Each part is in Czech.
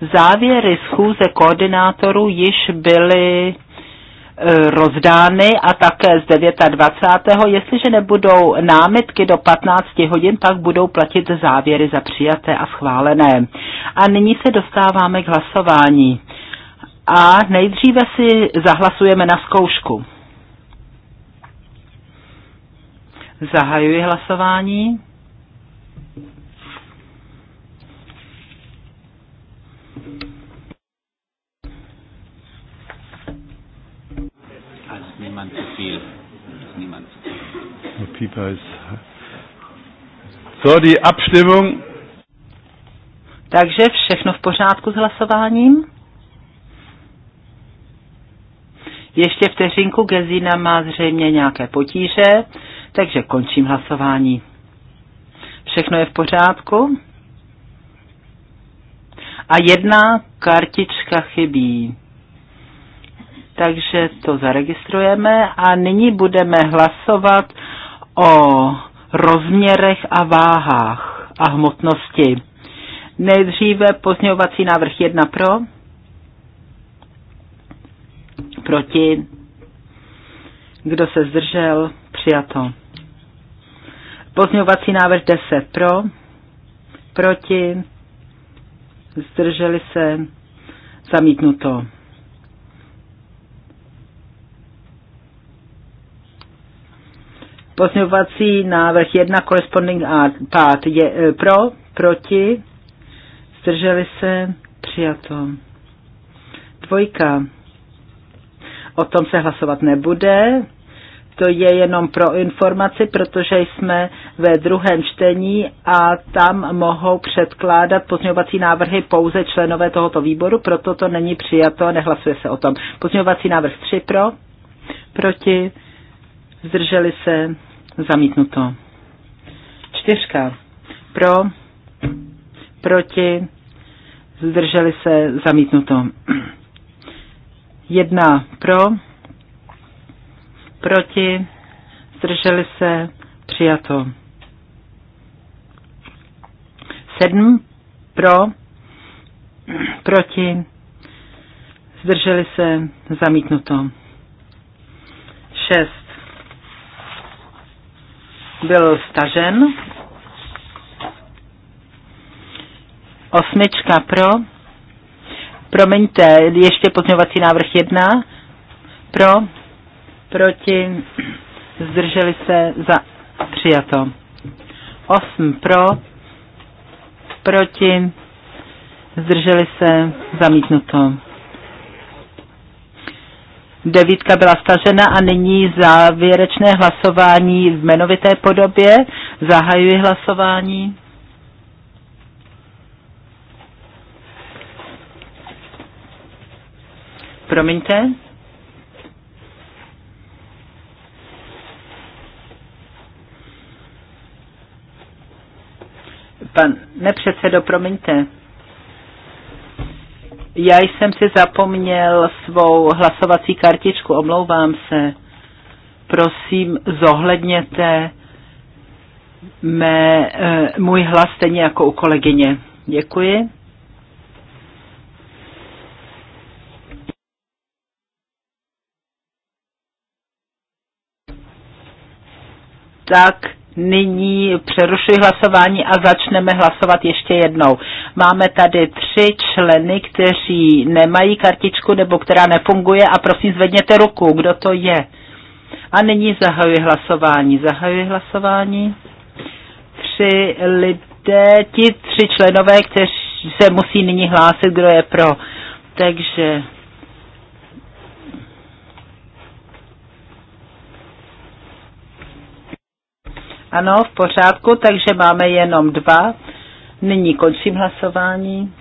Závěry schůze koordinátorů již byly eh, rozdány a také z 29. Jestliže nebudou námitky do 15 hodin, pak budou platit závěry za přijaté a schválené. A nyní se dostáváme k hlasování. A nejdříve si zahlasujeme na zkoušku. Zahajuji hlasování. Also niemand zu viel. Niemand zu viel. So, die Abstimmung. Takže všechno v pořádku s hlasováním? Ještě vteřinku, Gezina má zřejmě nějaké potíže, takže končím hlasování. Všechno je v pořádku? a jedna kartička chybí. Takže to zaregistrujeme a nyní budeme hlasovat o rozměrech a váhách a hmotnosti. Nejdříve pozměňovací návrh 1 pro, proti, kdo se zdržel, přijato. Pozměňovací návrh 10 pro, proti, zdrželi se, zamítnuto. Pozměňovací návrh 1 corresponding pát je eh, pro, proti, zdrželi se, přijato. Dvojka. O tom se hlasovat nebude to je jenom pro informaci, protože jsme ve druhém čtení a tam mohou předkládat pozměňovací návrhy pouze členové tohoto výboru, proto to není přijato a nehlasuje se o tom. Pozměňovací návrh 3 pro, proti, zdrželi se, zamítnuto. Čtyřka pro, proti, zdrželi se, zamítnuto. Jedna pro, proti, zdrželi se, přijato. Sedm pro, proti, zdrželi se, zamítnuto. Šest byl stažen. Osmička pro. Promiňte, ještě pozměňovací návrh jedna. Pro, proti, zdrželi se za přijato. 8 pro, proti, zdrželi se zamítnuto. Devítka byla stažena a nyní závěrečné hlasování v jmenovité podobě. Zahajuji hlasování. Promiňte. Pane předsedo, promiňte. Já jsem si zapomněl svou hlasovací kartičku, omlouvám se. Prosím, zohledněte mé, eh, můj hlas stejně jako u kolegyně. Děkuji. Tak nyní přerušuji hlasování a začneme hlasovat ještě jednou. Máme tady tři členy, kteří nemají kartičku nebo která nefunguje a prosím zvedněte ruku, kdo to je. A nyní zahajuji hlasování. Zahajuji hlasování. Tři lidé, ti tři členové, kteří se musí nyní hlásit, kdo je pro. Takže Ano, v pořádku, takže máme jenom dva. Nyní končím hlasování.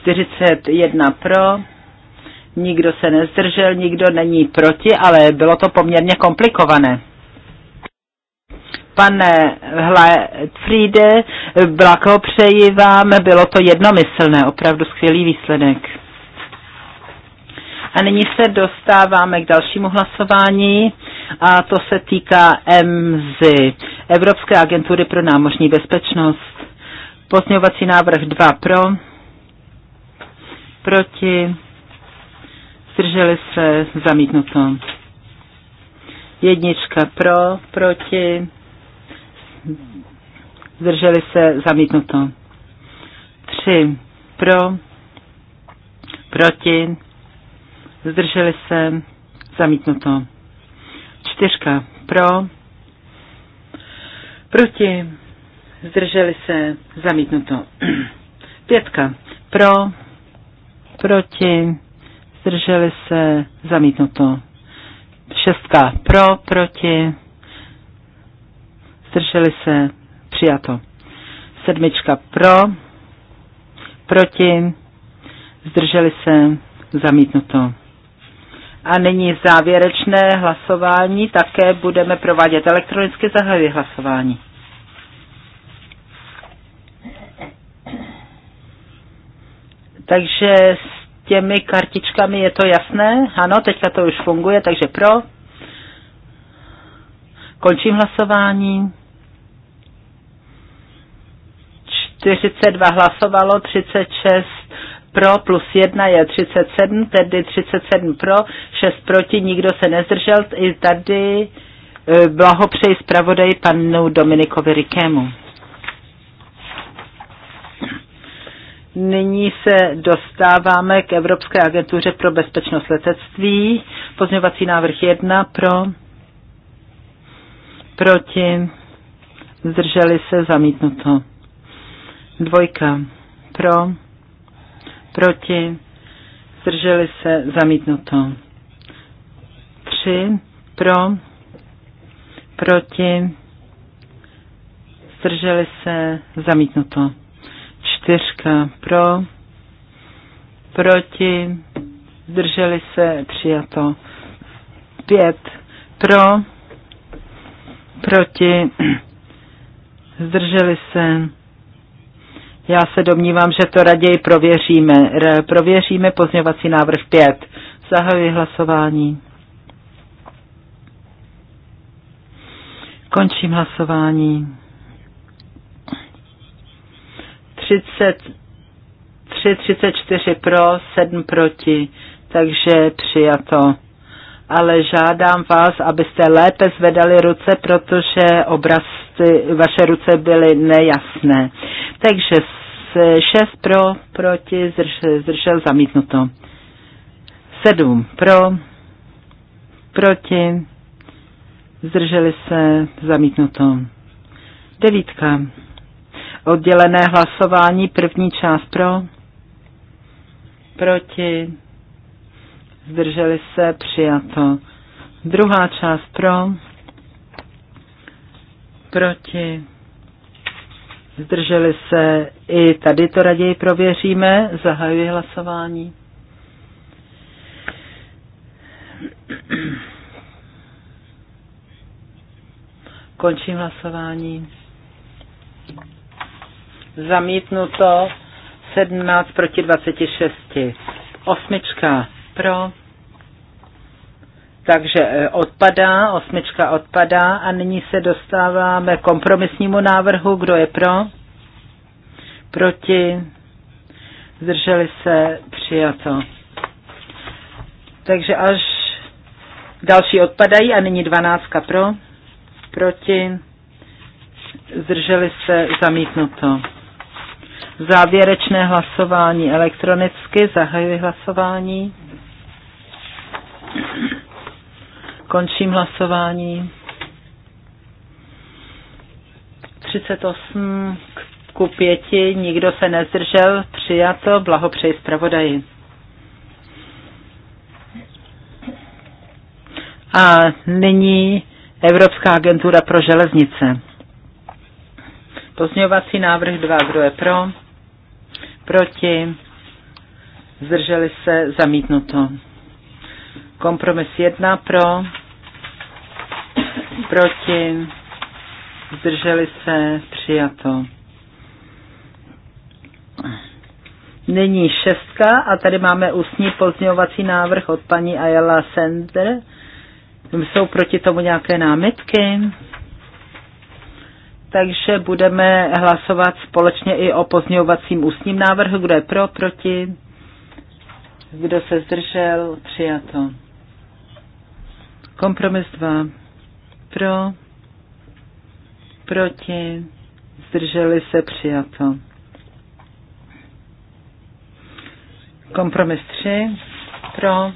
41 pro, nikdo se nezdržel, nikdo není proti, ale bylo to poměrně komplikované. Pane Friede, přeji vám, bylo to jednomyslné, opravdu skvělý výsledek. A nyní se dostáváme k dalšímu hlasování a to se týká EMZY, Evropské agentury pro námořní bezpečnost. Pozměňovací návrh 2 pro, proti, zdrželi se, zamítnuto. Jednička pro, proti, zdrželi se, zamítnuto. Tři pro, proti, zdrželi se, zamítnuto. Čtyřka pro, proti, zdrželi se, zamítnuto. Pětka pro, proti, zdrželi se, zamítnuto. Šestka pro, proti, zdrželi se, přijato. Sedmička pro, proti, zdrželi se, zamítnuto. A nyní závěrečné hlasování také budeme provádět elektronicky. zahajuje hlasování. Takže s těmi kartičkami je to jasné? Ano, teďka to už funguje, takže pro. Končím hlasování. 42 hlasovalo, 36 pro, plus 1 je 37, tedy 37 pro, 6 proti, nikdo se nezdržel. I tady eh, blahopřeji zpravodaji panu Dominikovi Rikému. Nyní se dostáváme k Evropské agentuře pro bezpečnost letectví. Pozměňovací návrh 1 pro, proti, zdrželi se, zamítnuto. Dvojka pro, proti, zdrželi se, zamítnuto. Tři pro, proti, zdrželi se, zamítnuto. čtyřka pro, proti, zdrželi se, přijato. pět pro, proti, zdrželi se, já se domnívám, že to raději prověříme. Re, prověříme pozměvací návrh 5. Zahajuji hlasování. Končím hlasování. 33, 34 pro, 7 proti, takže přijato ale žádám vás, abyste lépe zvedali ruce, protože obrazy, vaše ruce byly nejasné. Takže 6 pro, proti, zdržel zamítnuto. 7 pro, proti, zdrželi se, zamítnuto. Devítka. Oddělené hlasování, první část pro, proti, zdrželi se, přijato. Druhá část pro, proti, zdrželi se, i tady to raději prověříme, zahajuji hlasování. Končím hlasování. Zamítnuto 17 proti 26. Osmička pro, takže eh, odpadá, osmička odpadá a nyní se dostáváme k kompromisnímu návrhu. Kdo je pro? Proti? Zdrželi se? Přijato. Takže až další odpadají a nyní dvanáctka pro? Proti? Zdrželi se? Zamítnuto. Závěrečné hlasování elektronicky. Zahajuji hlasování. Thank you. Končím hlasování. 38 ku 5, nikdo se nezdržel, přijato, blahopřeji zpravodaji. A nyní Evropská agentura pro železnice. Pozměňovací návrh 2, kdo je pro? Proti? Zdrželi se, zamítnuto. Kompromis 1 pro, proti, zdrželi se, přijato. Nyní šestka a tady máme ústní pozměňovací návrh od paní Ayala Sender. Jsou proti tomu nějaké námitky? Takže budeme hlasovat společně i o pozměňovacím ústním návrhu. Kdo je pro, proti? Kdo se zdržel? Přijato. Kompromis 2. Pro, proti, zdrželi se přijato. Kompromis 3, pro,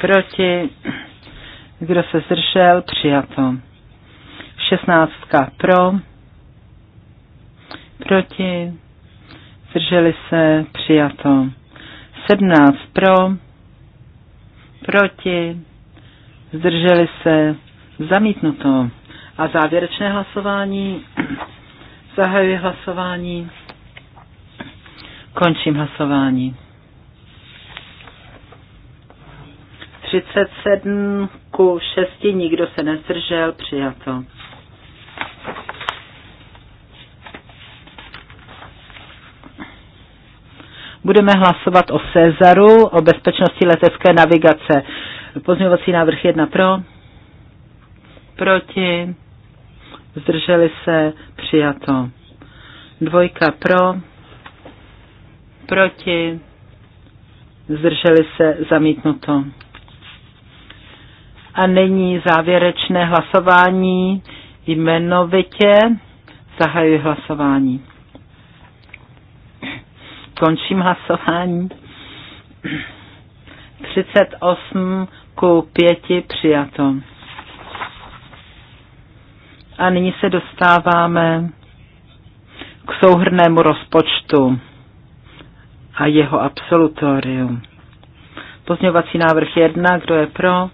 proti, kdo se zdržel, přijato. 16 pro, proti, zdrželi se, přijato. 17 pro, proti, zdrželi se, zamítnuto. A závěrečné hlasování, zahajuji hlasování, končím hlasování. 37 ku 6, nikdo se nezdržel, přijato. Budeme hlasovat o Cezaru, o bezpečnosti letecké navigace. Pozměňovací návrh 1 pro, proti, zdrželi se, přijato. Dvojka pro, proti, zdrželi se, zamítnuto. A nyní závěrečné hlasování jmenovitě. Zahajuji hlasování. Končím hlasování. 38 ku pěti přijato. A nyní se dostáváme k souhrnému rozpočtu a jeho absolutorium. Pozměňovací návrh jedna, kdo je pro?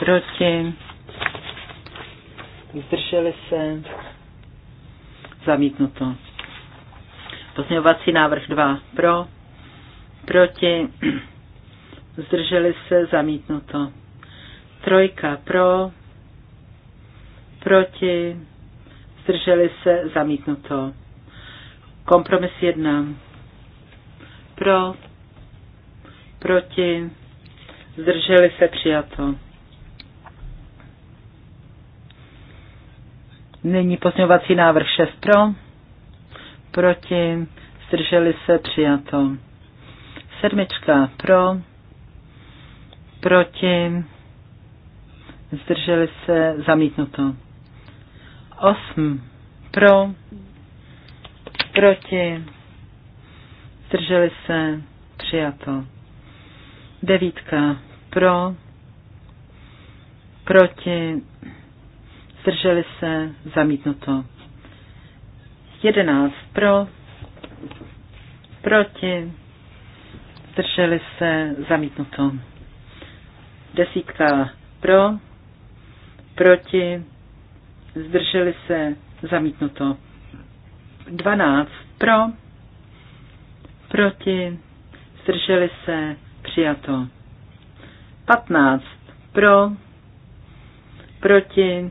Proti? Zdrželi se? Zamítnuto. Pozměňovací návrh dva, pro? Proti? zdrželi se, zamítnuto. Trojka pro, proti, zdrželi se, zamítnuto. Kompromis jedna. Pro, proti, zdrželi se, přijato. Nyní pozměňovací návrh 6 pro, proti, zdrželi se, přijato. Sedmička pro, proti, zdrželi se, zamítnuto. Osm pro, proti, zdrželi se, přijato. Devítka pro, proti, zdrželi se, zamítnuto. Jedenáct pro, proti, zdrželi se, zamítnuto. Desítka pro, proti, zdrželi se, zamítnuto. 12 pro, proti, zdrželi se, přijato. 15 pro, proti,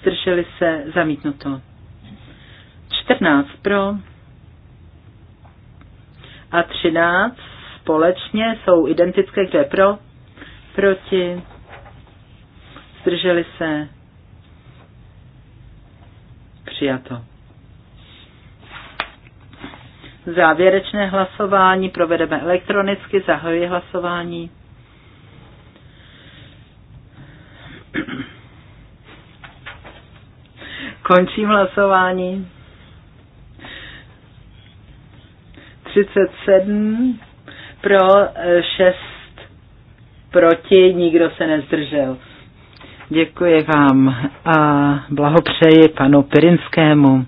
zdrželi se, zamítnuto. 14 pro a 13 společně jsou identické, kdo je pro, proti, zdrželi se, přijato. Závěrečné hlasování provedeme elektronicky, zahajuji hlasování. Končím hlasování. 37 pro 6 proti, nikdo se nezdržel. Děkuji vám a blahopřeji panu Pirinskému.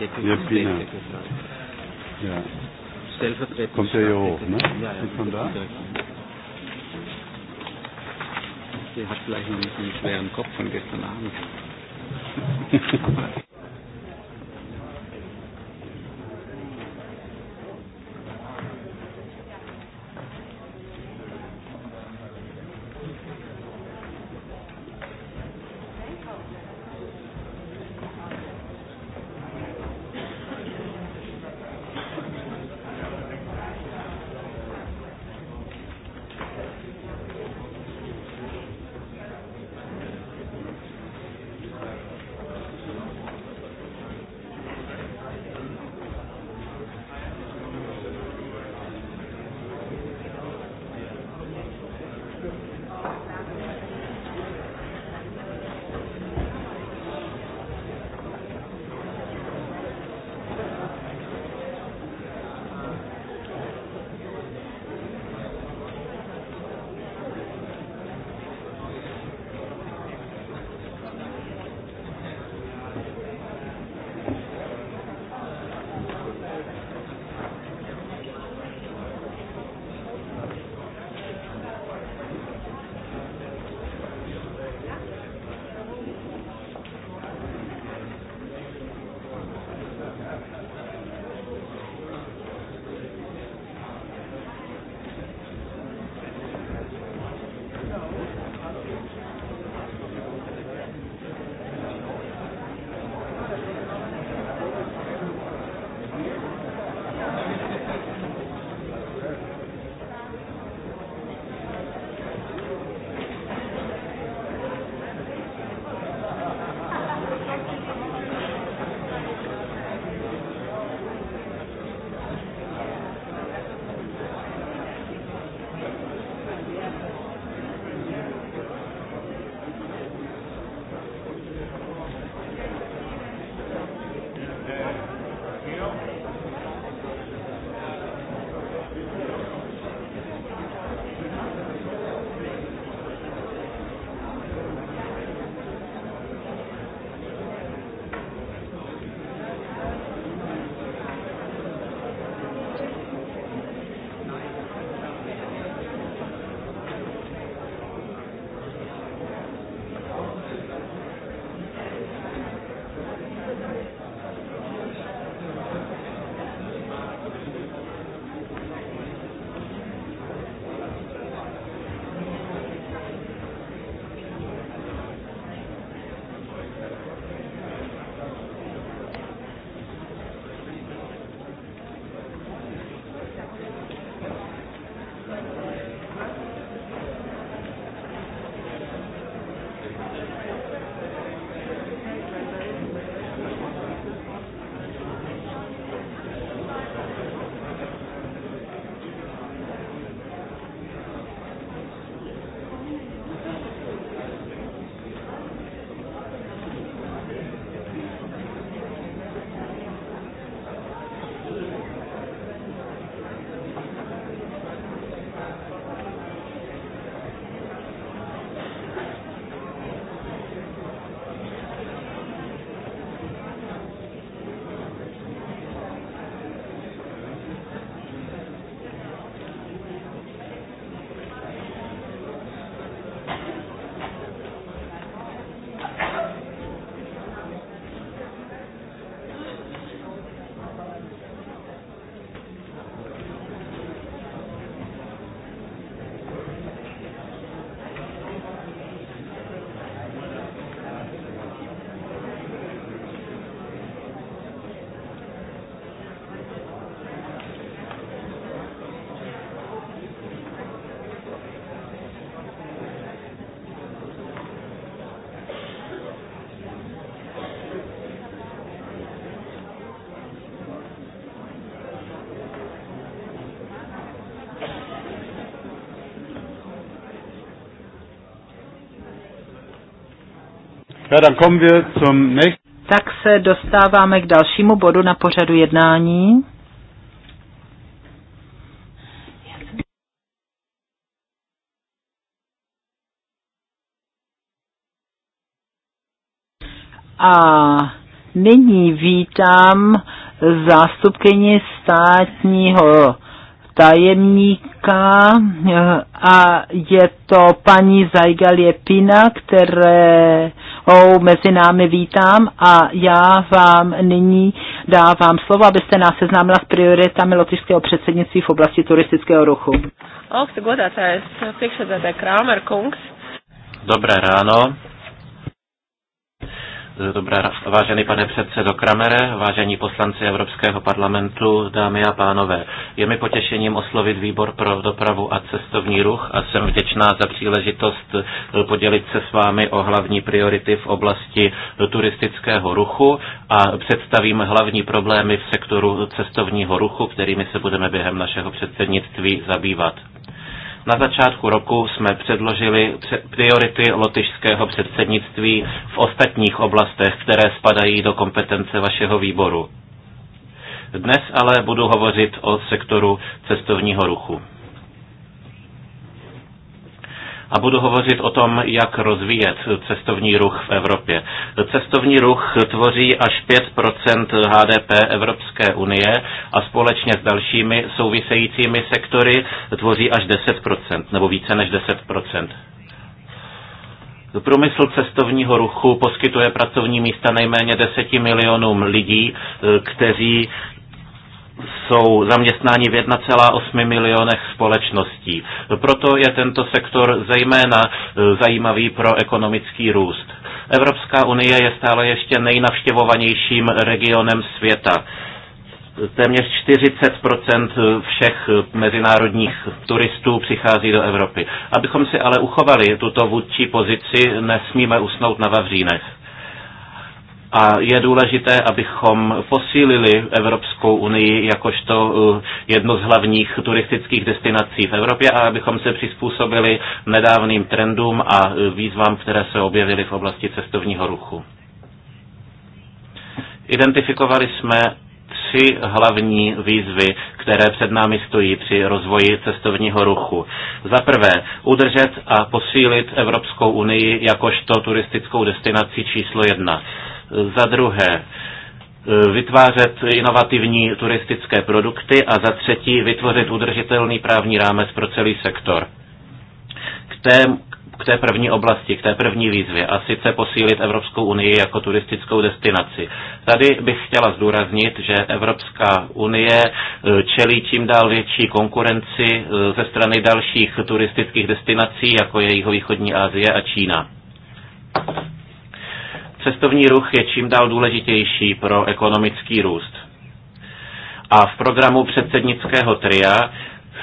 Er Jeppina. Ja. Stellvertretend. Kommt der hoch, ne? Ja, ja. von da? Sie hat vielleicht noch einen schweren Kopf von gestern Abend. Ja, wir zum Tak se dostáváme k dalšímu bodu na pořadu jednání. A nyní vítám zástupkyni státního tajemníka eh, a je to paní Zajgalie Pina, které mezi námi vítám a já vám nyní dávám slovo, abyste nás seznámila s prioritami lotyšského předsednictví v oblasti turistického ruchu. Dobré ráno, Dobrá, vážený pane předsedo Kramere, vážení poslanci Evropského parlamentu, dámy a pánové. Je mi potěšením oslovit výbor pro dopravu a cestovní ruch a jsem vděčná za příležitost podělit se s vámi o hlavní priority v oblasti turistického ruchu a představím hlavní problémy v sektoru cestovního ruchu, kterými se budeme během našeho předsednictví zabývat. Na začátku roku jsme předložili priority lotyšského předsednictví v ostatních oblastech, které spadají do kompetence vašeho výboru. Dnes ale budu hovořit o sektoru cestovního ruchu a budu hovořit o tom, jak rozvíjet cestovní ruch v Evropě. Cestovní ruch tvoří až 5 HDP Evropské unie a společně s dalšími souvisejícími sektory tvoří až 10 nebo více než 10 Průmysl cestovního ruchu poskytuje pracovní místa nejméně deseti milionům lidí, kteří jsou zaměstnáni v 1,8 milionech společností. Proto je tento sektor zejména e, zajímavý pro ekonomický růst. Evropská unie je stále ještě nejnavštěvovanějším regionem světa téměř 40 všech mezinárodních turistů přichází do Evropy. Abychom si ale uchovali tuto vůdčí pozici, nesmíme usnout na Vavřínech. A je důležité, abychom posílili Evropskou unii jakožto uh, jedno z hlavních turistických destinací v Evropě a abychom se přizpůsobili nedávným trendům a uh, výzvám, které se objevily v oblasti cestovního ruchu. Identifikovali jsme tři hlavní výzvy, které před námi stojí při rozvoji cestovního ruchu. Za prvé, udržet a posílit Evropskou unii jakožto turistickou destinaci číslo jedna za druhé e, vytvářet inovativní turistické produkty a za třetí vytvořit udržitelný právní rámec pro celý sektor. K té, k té první oblasti, k té první výzvě a sice posílit Evropskou unii jako turistickou destinaci. Tady bych chtěla zdůraznit, že Evropská unie e, čelí čím dál větší konkurenci e, ze strany dalších turistických destinací, jako je Jihovýchodní Asie a Čína. Cestovní ruch je čím dál důležitější pro ekonomický růst. A v programu předsednického tria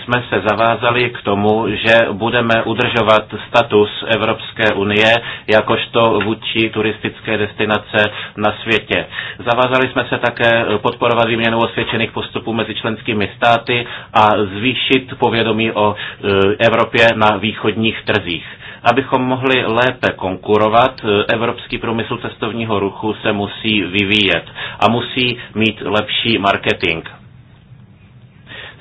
jsme se zavázali k tomu, že budeme udržovat status Evropské unie jakožto vůdčí turistické destinace na světě. Zavázali jsme se také podporovat výměnu osvědčených postupů mezi členskými státy a zvýšit povědomí o e, Evropě na východních trzích. Abychom mohli lépe konkurovat, e, evropský průmysl cestovního ruchu se musí vyvíjet a musí mít lepší marketing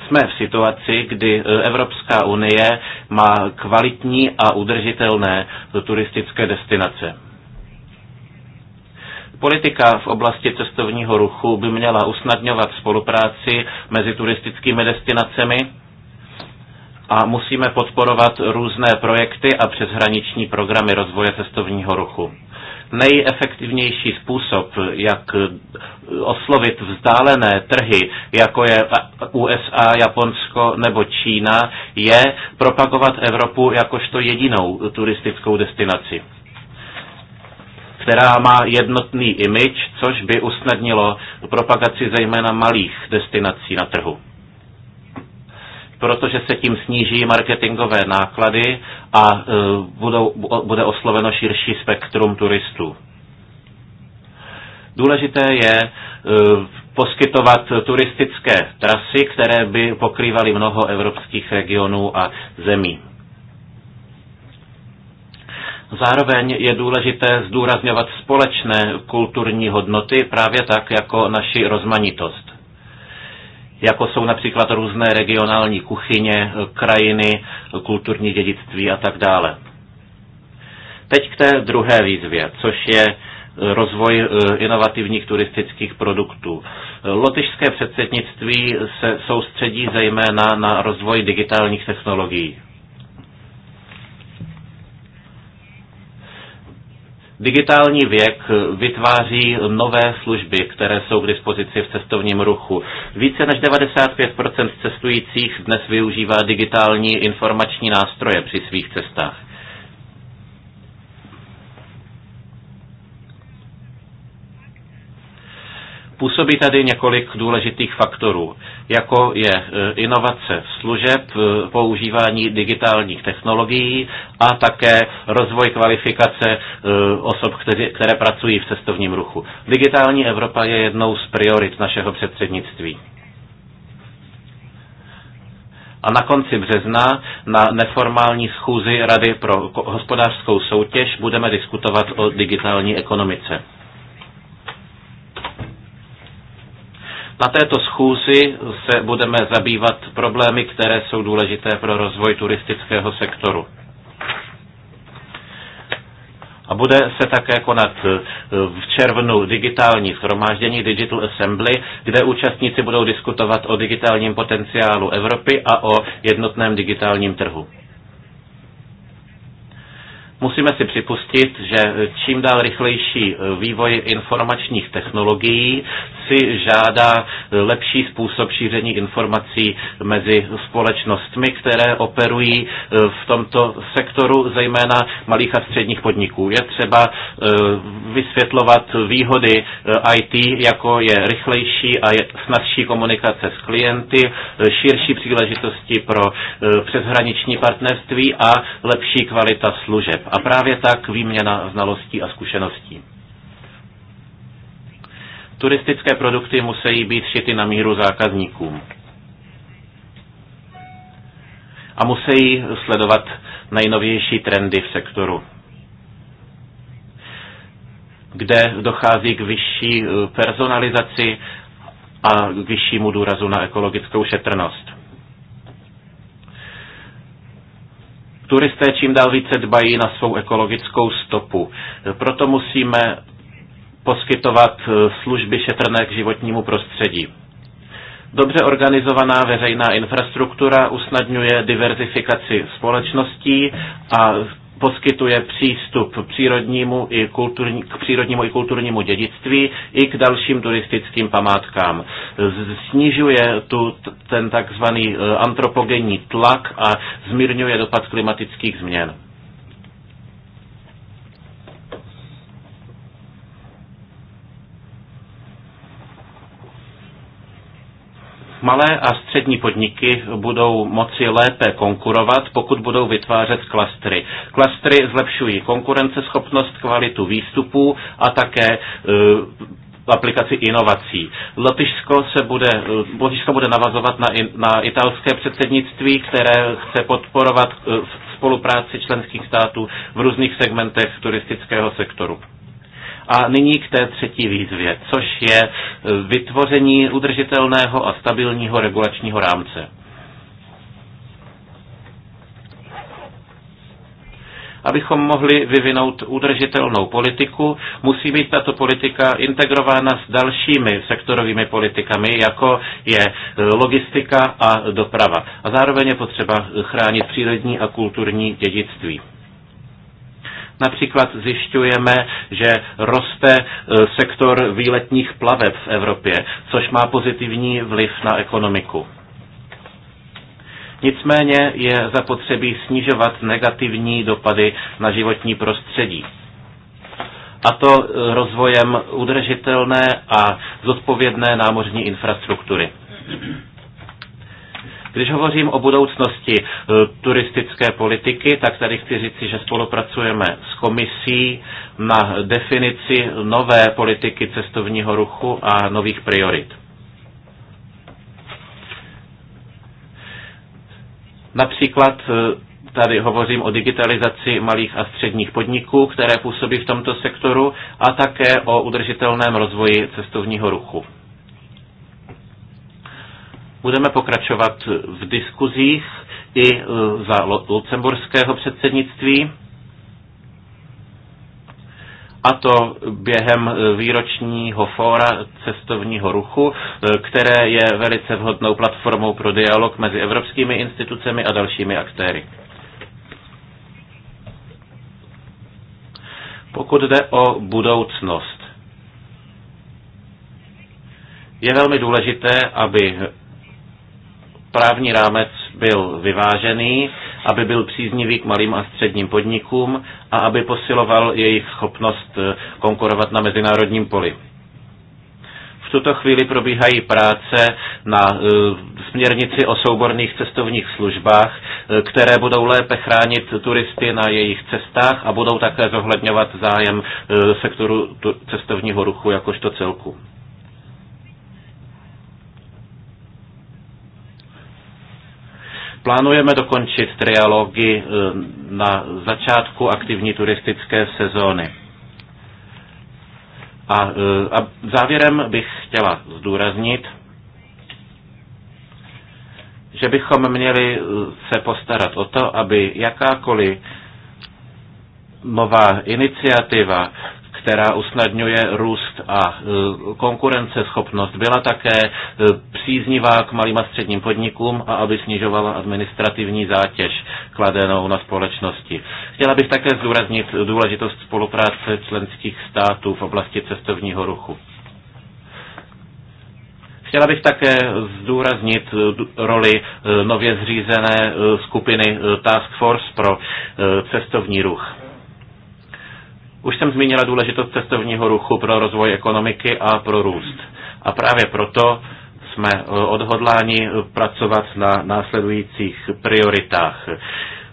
jsme v situaci, kdy e, Evropská unie má kvalitní a udržitelné turistické destinace. Politika v oblasti cestovního ruchu by měla usnadňovat spolupráci mezi turistickými destinacemi a musíme podporovat různé projekty a přeshraniční programy rozvoje cestovního ruchu. Nejefektivnější způsob, jak oslovit vzdálené trhy, jako je USA, Japonsko nebo Čína, je propagovat Evropu jakožto jedinou turistickou destinaci která má jednotný image, což by usnadnilo propagaci zejména malých destinací na trhu protože se tím sníží marketingové náklady a e, budou, bude osloveno širší spektrum turistů. Důležité je e, poskytovat turistické trasy, které by pokrývaly mnoho evropských regionů a zemí. Zároveň je důležité zdůrazňovat společné kulturní hodnoty právě tak jako naši rozmanitost jako jsou například různé regionální kuchyně, krajiny, kulturní dědictví a tak dále. Teď k té druhé výzvě, což je e, rozvoj e, inovativních turistických produktů. Lotyšské předsednictví se soustředí zejména na rozvoj digitálních technologií. Digitální věk vytváří nové služby, které jsou k dispozici v cestovním ruchu. Více než 95% cestujících dnes využívá digitální informační nástroje při svých cestách. Působí tady několik důležitých faktorů jako je e, inovace služeb, e, používání digitálních technologií a také rozvoj kvalifikace e, osob, které, které pracují v cestovním ruchu. Digitální Evropa je jednou z priorit našeho předsednictví. A na konci března na neformální schůzi Rady pro hospodářskou soutěž budeme diskutovat o digitální ekonomice. Na této schůzi se budeme zabývat problémy, které jsou důležité pro rozvoj turistického sektoru. A bude se také konat eh, v červnu digitální shromáždění Digital Assembly, kde účastníci budou diskutovat o digitálním potenciálu Evropy a o jednotném digitálním trhu. Musíme si připustit, že čím dál rychlejší eh, vývoj informačních technologií si žádá eh, lepší způsob šíření informací mezi společnostmi, které operují eh, v tomto sektoru, zejména malých a středních podniků. Je třeba vysvětlovat výhody IT, jako je rychlejší a je snadší komunikace s klienty, širší příležitosti pro přeshraniční partnerství a lepší kvalita služeb. A právě tak výměna znalostí a zkušeností. Turistické produkty musí být šity na míru zákazníkům. A musí sledovat nejnovější trendy v sektoru kde dochází k vyšší eh, personalizaci a k vyššímu důrazu na ekologickou šetrnost. Turisté čím dál více dbají na svou ekologickou stopu. Proto musíme poskytovat eh, služby šetrné k životnímu prostředí. Dobře organizovaná veřejná infrastruktura usnadňuje diverzifikaci společností a poskytuje přístup přírodnímu i kulturní, k přírodnímu i kulturnímu dědictví i k dalším turistickým památkám. Snižuje tu ten takzvaný eh, antropogenní tlak a zmírňuje dopad klimatických změn. Malé a střední podniky budou moci lépe konkurovat, pokud budou vytvářet klastry. Klastry zlepšují konkurenceschopnost, kvalitu výstupů a také e, aplikaci inovací. Lotyšsko, se bude, e, Lotyšsko bude navazovat na, na italské předsednictví, které chce podporovat e, spolupráci členských států v různých segmentech turistického sektoru. A nyní k té třetí výzvě, což je e, vytvoření udržitelného a stabilního regulačního rámce. Abychom mohli vyvinout udržitelnou politiku, musí být tato politika integrována s dalšími sektorovými politikami, jako je e, logistika a doprava. A zároveň je potřeba chránit přírodní a kulturní dědictví. Například zjišťujeme, že roste e, sektor výletních plaveb v Evropě, což má pozitivní vliv na ekonomiku. Nicméně je zapotřebí snižovat negativní dopady na životní prostředí a to e, rozvojem udržitelné a zodpovědné námořní infrastruktury. Když hovořím o budoucnosti eh, turistické politiky, tak tady chci říci, že spolupracujeme s komisí na definici nové politiky cestovního ruchu a nových priorit. Například eh, tady hovořím o digitalizaci malých a středních podniků, které působí v tomto sektoru, a také o udržitelném rozvoji cestovního ruchu. Budeme pokračovat v diskuzích i e, za lucemburského předsednictví a to během e, výročního fóra cestovního ruchu, e, které je velice vhodnou platformou pro dialog mezi evropskými institucemi a dalšími aktéry. Pokud jde o budoucnost, je velmi důležité, aby právní rámec byl vyvážený, aby byl příznivý k malým a středním podnikům a aby posiloval jejich schopnost eh, konkurovat na mezinárodním poli. V tuto chvíli probíhají práce na eh, směrnici o souborných cestovních službách, eh, které budou lépe chránit turisty na jejich cestách a budou také zohledňovat zájem sektoru cestovního ruchu jakožto celku. Plánujeme dokončit trialogy eh, na začátku aktivní turistické sezóny. A, eh, a závěrem bych chtěla zdůraznit, že bychom měli eh, se postarat o to, aby jakákoliv nová iniciativa která usnadňuje růst a e, konkurenceschopnost, byla také e, příznivá k malým a středním podnikům a aby snižovala administrativní zátěž kladenou na společnosti. Chtěla bych také zdůraznit důležitost spolupráce členských států v oblasti cestovního ruchu. Chtěla bych také zdůraznit e, roli nově zřízené skupiny Task Force pro cestovní ruch. Už jsem zmínila důležitost cestovního ruchu pro rozvoj ekonomiky a pro růst. A právě proto jsme eh, odhodláni pracovat na následujících prioritách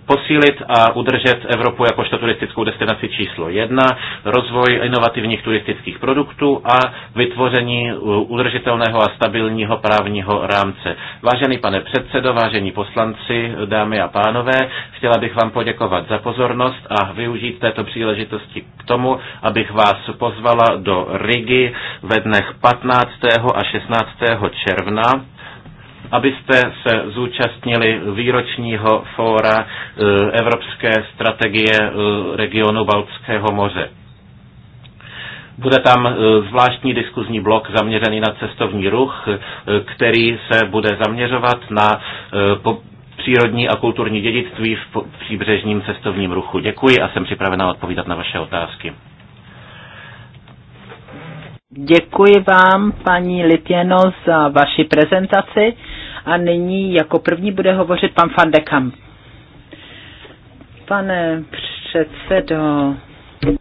posílit a udržet Evropu jakožto turistickou destinaci číslo jedna, rozvoj inovativních turistických produktů a vytvoření uh, udržitelného a stabilního právního rámce. Vážený pane předsedo, vážení poslanci, dámy a pánové, chtěla bych vám poděkovat za pozornost a využít této příležitosti k tomu, abych vás pozvala do Rigi ve dnech 15. a 16. června abyste se zúčastnili výročního fóra eh, Evropské strategie eh, regionu Baltského moře. Bude tam eh, zvláštní diskuzní blok zaměřený na cestovní ruch, který se bude zaměřovat na přírodní a kulturní dědictví v příbřežním cestovním ruchu. Děkuji a jsem připravena odpovídat na vaše otázky. Děkuji vám, paní Lipěno, za vaši prezentaci. A nyní jako první bude hovořit pan van de Kamp. Pane předsedo.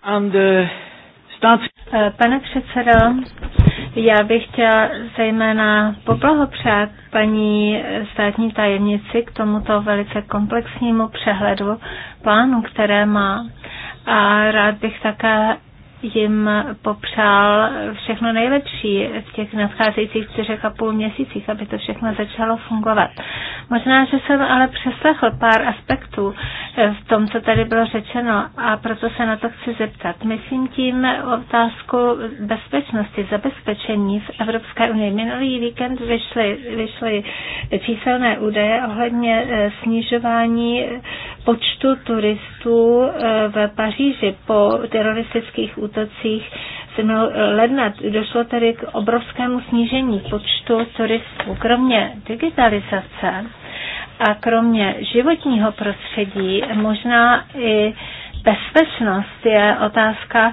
And, uh, stát... Eh, pane předsedo, já bych chtěla zejména poblahopřát paní státní tajemnici k tomuto velice komplexnímu přehledu plánu, které má. A rád bych také jim popřál všechno nejlepší v těch nadcházejících čtyřech a půl měsících, aby to všechno začalo fungovat. Možná, že jsem ale přeslechl pár aspektů v tom, co tady bylo řečeno a proto se na to chci zeptat. Myslím tím otázku bezpečnosti, zabezpečení v Evropské unii. Minulý víkend vyšly, vyšly číselné údaje ohledně eh, snižování počtu turistů eh, v Paříži po teroristických útocích 7. ledna. Došlo tedy k obrovskému snížení počtu turistů. Kromě digitalizace a kromě životního prostředí možná i bezpečnost je otázka,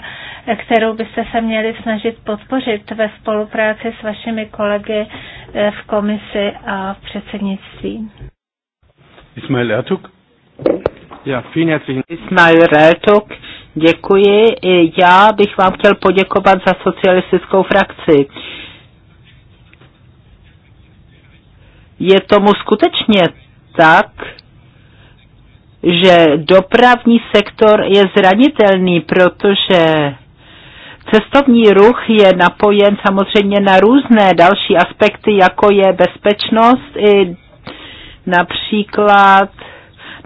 kterou byste se měli snažit podpořit ve spolupráci s vašimi kolegy eh, v komisi a v předsednictví. Ismail Ertug. Ja, vielen Ismail Rétok, děkuji. Já bych vám chtěl poděkovat za socialistickou frakci. Je tomu skutečně tak, že dopravní sektor je zranitelný, protože Cestovní ruch je napojen samozřejmě na různé další aspekty, jako je bezpečnost i například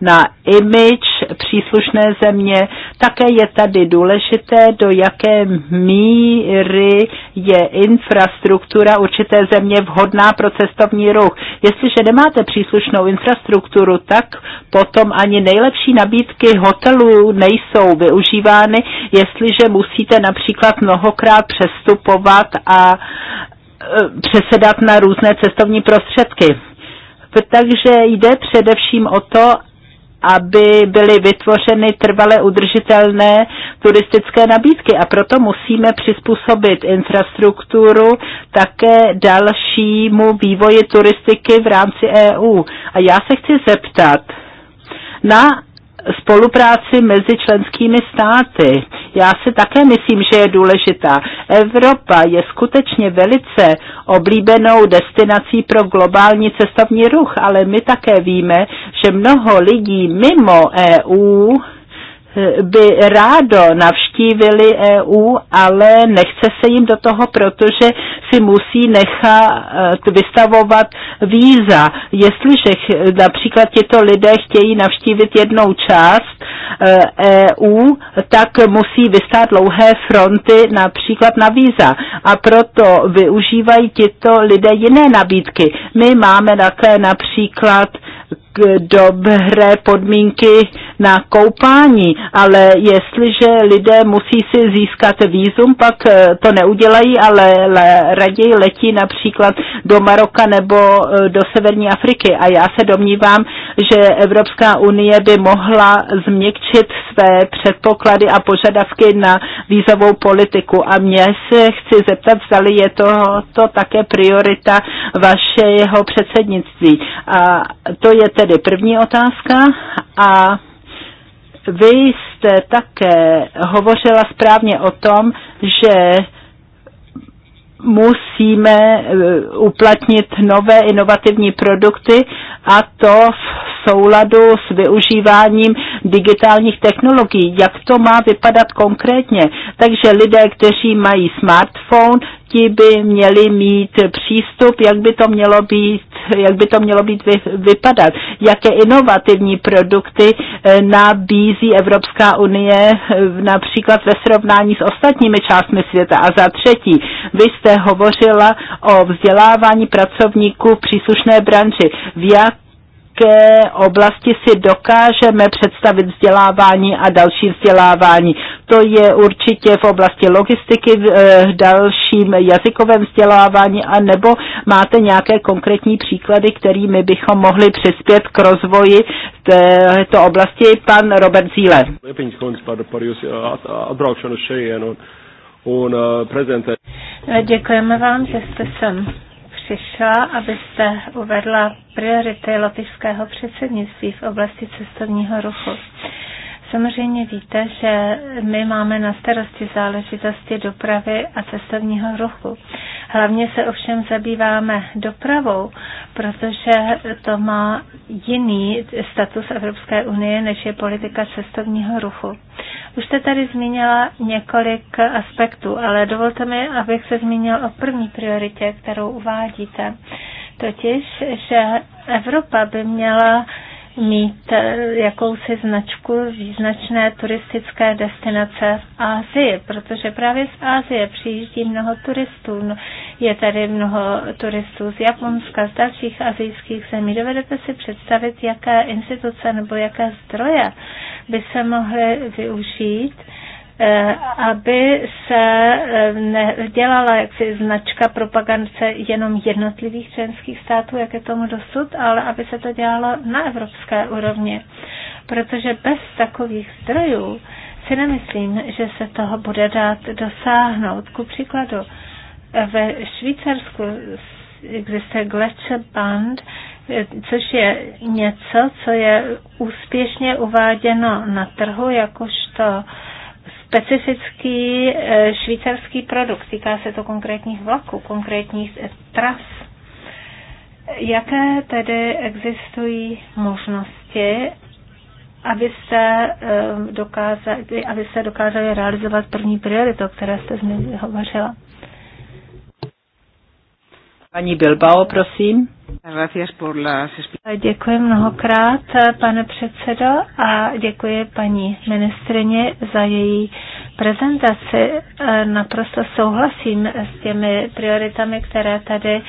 na image příslušné země. Také je tady důležité, do jaké míry je infrastruktura určité země vhodná pro cestovní ruch. Jestliže nemáte příslušnou infrastrukturu, tak potom ani nejlepší nabídky hotelů nejsou využívány, jestliže musíte například mnohokrát přestupovat a e, přesedat na různé cestovní prostředky. Takže jde především o to, aby byly vytvořeny trvale udržitelné turistické nabídky a proto musíme přizpůsobit infrastrukturu také dalšímu vývoji turistiky v rámci EU. A já se chci zeptat na spolupráci mezi členskými státy. Já si také myslím, že je důležitá. Evropa je skutečně velice oblíbenou destinací pro globální cestovní ruch, ale my také víme, že mnoho lidí mimo EU by rádo navštívili EU, ale nechce se jim do toho, protože si musí nechat eh, vystavovat víza. Jestliže například tito lidé chtějí navštívit jednou část EU, eh, e tak musí vystát dlouhé fronty například na víza. A proto využívají tito lidé jiné nabídky. My máme také například dobré podmínky na koupání, ale jestliže lidé musí si získat výzum, pak eh, to neudělají, ale le, raději letí například do Maroka nebo eh, do Severní Afriky. A já se domnívám, že Evropská unie by mohla změkčit své předpoklady a požadavky na vízovou politiku. A mě se chci zeptat, zdali je to, to také priorita vašeho předsednictví. A to je tedy tedy první otázka. A vy jste také hovořila správně o tom, že musíme eh, uplatnit nové inovativní produkty a to v souladu s využíváním digitálních technologií. Jak to má vypadat konkrétně? Takže lidé, kteří mají smartphone, ti by měli mít přístup, jak by to mělo být, jak by to mělo být vy, vypadat, jaké inovativní produkty eh, nabízí Evropská unie eh, například ve srovnání s ostatními částmi světa. A za třetí, vy jste hovořila o vzdělávání pracovníků v příslušné branži. V jak jaké oblasti si dokážeme představit vzdělávání a další vzdělávání. To je určitě v oblasti logistiky, eh, v dalším jazykovém vzdělávání, a nebo máte nějaké konkrétní příklady, kterými bychom mohli přispět k rozvoji této oblasti. Pan Robert Zíle. Děkujeme vám, že jste sem přišla, abyste uvedla priority lotyšského předsednictví v oblasti cestovního ruchu. Samozřejmě víte, že my máme na starosti záležitosti dopravy a cestovního ruchu. Hlavně se ovšem zabýváme dopravou, protože to má jiný status Evropské unie, než je politika cestovního ruchu. Už jste tady zmínila několik aspektů, ale dovolte mi, abych se zmínil o první prioritě, kterou uvádíte. Totiž, že Evropa by měla mít eh, jakousi značku význačné turistické destinace v Ázii, protože právě z Ázie přijíždí mnoho turistů. No, je tady mnoho turistů z Japonska, z dalších azijských zemí. Dovedete si představit, jaké instituce nebo jaké zdroje by se mohly využít Eh, aby se eh, nedělala jaksi značka propagance jenom jednotlivých členských států, jak je tomu dosud, ale aby se to dělalo na evropské úrovni. Protože bez takových zdrojů si nemyslím, že se toho bude dát dosáhnout. Ku příkladu, ve Švýcarsku existuje Band, což je něco, co je úspěšně uváděno na trhu jakožto uh, specifický eh, švýcarský produkt. Týká se to konkrétních vlaků, konkrétních tras. Jaké tedy existují možnosti, aby se, eh, dokázali, aby se dokázali realizovat první prioritu, o které jste hovořila? Paní Bilbao, prosím. Děkuji mnohokrát, pane předsedo, a děkuji paní ministrině za její prezentaci. Naprosto souhlasím s těmi prioritami, které tady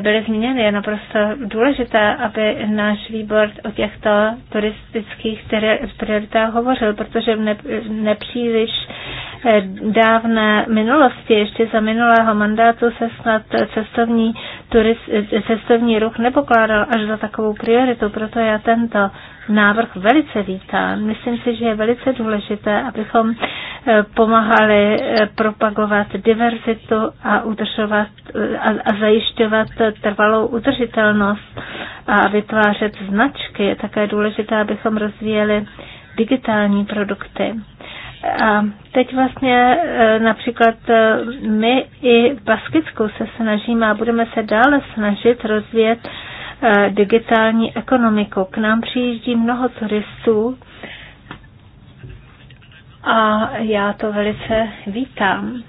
byly zmíněny. Je naprosto důležité, aby náš výbor o těchto turistických prioritách hovořil, protože nepříliš Eh, dávné minulosti, ještě za minulého mandátu se snad cestovní, turist, eh, cestovní ruch nepokládal až za takovou prioritu, proto já tento návrh velice vítám. Myslím si, že je velice důležité, abychom eh, pomáhali propagovat diverzitu a, udržovat, a, a zajišťovat trvalou udržitelnost a vytvářet značky. Je také důležité, abychom rozvíjeli digitální produkty. A teď vlastně e, například e, my i v Baskicku se snažíme a budeme se dále snažit rozvíjet e, digitální ekonomiku. K nám přijíždí mnoho turistů a já to velice vítám.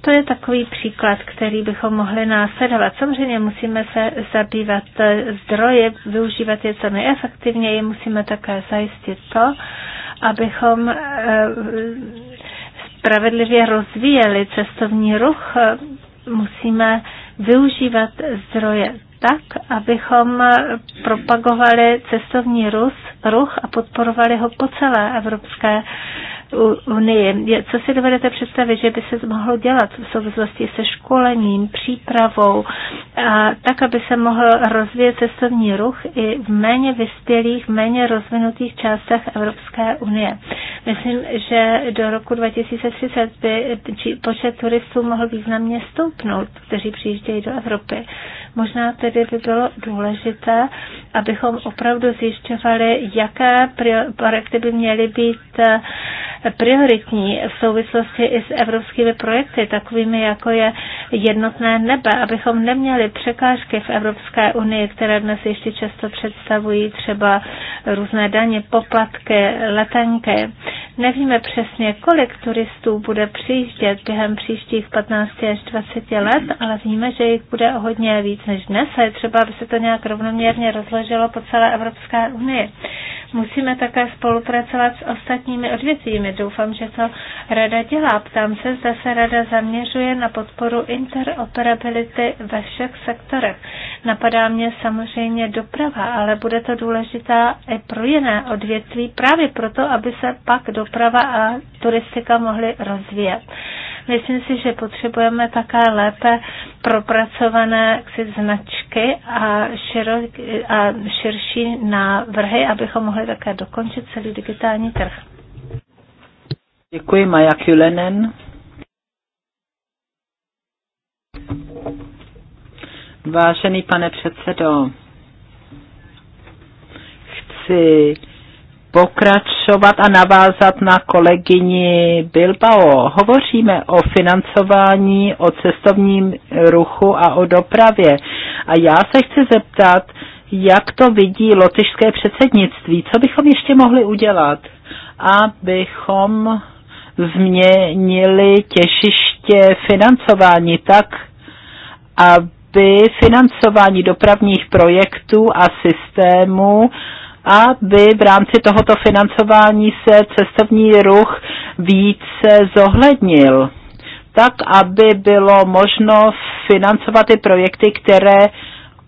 To je takový příklad, který bychom mohli následovat. Samozřejmě musíme se zabývat zdroje, využívat je co nejefektivněji, musíme také zajistit to, abychom eh, spravedlivě rozvíjeli cestovní ruch, eh, musíme využívat zdroje tak, abychom eh, propagovali cestovní ruch a podporovali ho po celé Evropské unii. Co si dovedete představit, že by se mohlo dělat v souvislosti se školením, přípravou, a tak, aby se mohl rozvíjet cestovní ruch i v méně vyspělých, méně rozvinutých částech Evropské unie. Myslím, že do roku 2030 by počet turistů mohl významně stoupnout, kteří přijíždějí do Evropy. Možná tedy by bylo důležité, abychom opravdu zjišťovali, jaké projekty by měly být eh, prioritní v souvislosti i s evropskými projekty, takovými jako je jednotné nebe, abychom neměli překážky v Evropské unii, které dnes ještě často představují třeba různé daně, poplatky, letenky. Nevíme přesně, kolik turistů bude přijíždět během příštích 15 až 20 let, ale víme, že jich bude o hodně víc než dnes a je třeba, aby se to nějak rovnoměrně rozložilo po celé Evropské unii. Musíme také spolupracovat s ostatními odvětvími. Doufám, že to rada dělá. Ptám se, zda se rada zaměřuje na podporu interoperability ve všech sektorech. Napadá mě samozřejmě doprava, ale bude to důležitá i pro jiné odvětví právě proto, aby se pak doprava a turistika mohly rozvíjet. Myslím si, že potřebujeme také lépe propracované si značky a, širok, a širší návrhy, abychom mohli také dokončit celý digitální trh. Děkuji, Maja Kulenen. Vážený pane předsedo, chci pokračovat a navázat na kolegyni Bilbao. Hovoříme o financování, o cestovním ruchu a o dopravě. A já se chci zeptat, jak to vidí lotyšské předsednictví. Co bychom ještě mohli udělat, abychom změnili těžiště financování tak, aby financování dopravních projektů a systémů aby v rámci tohoto financování se cestovní ruch více zohlednil, tak aby bylo možno financovat ty projekty, které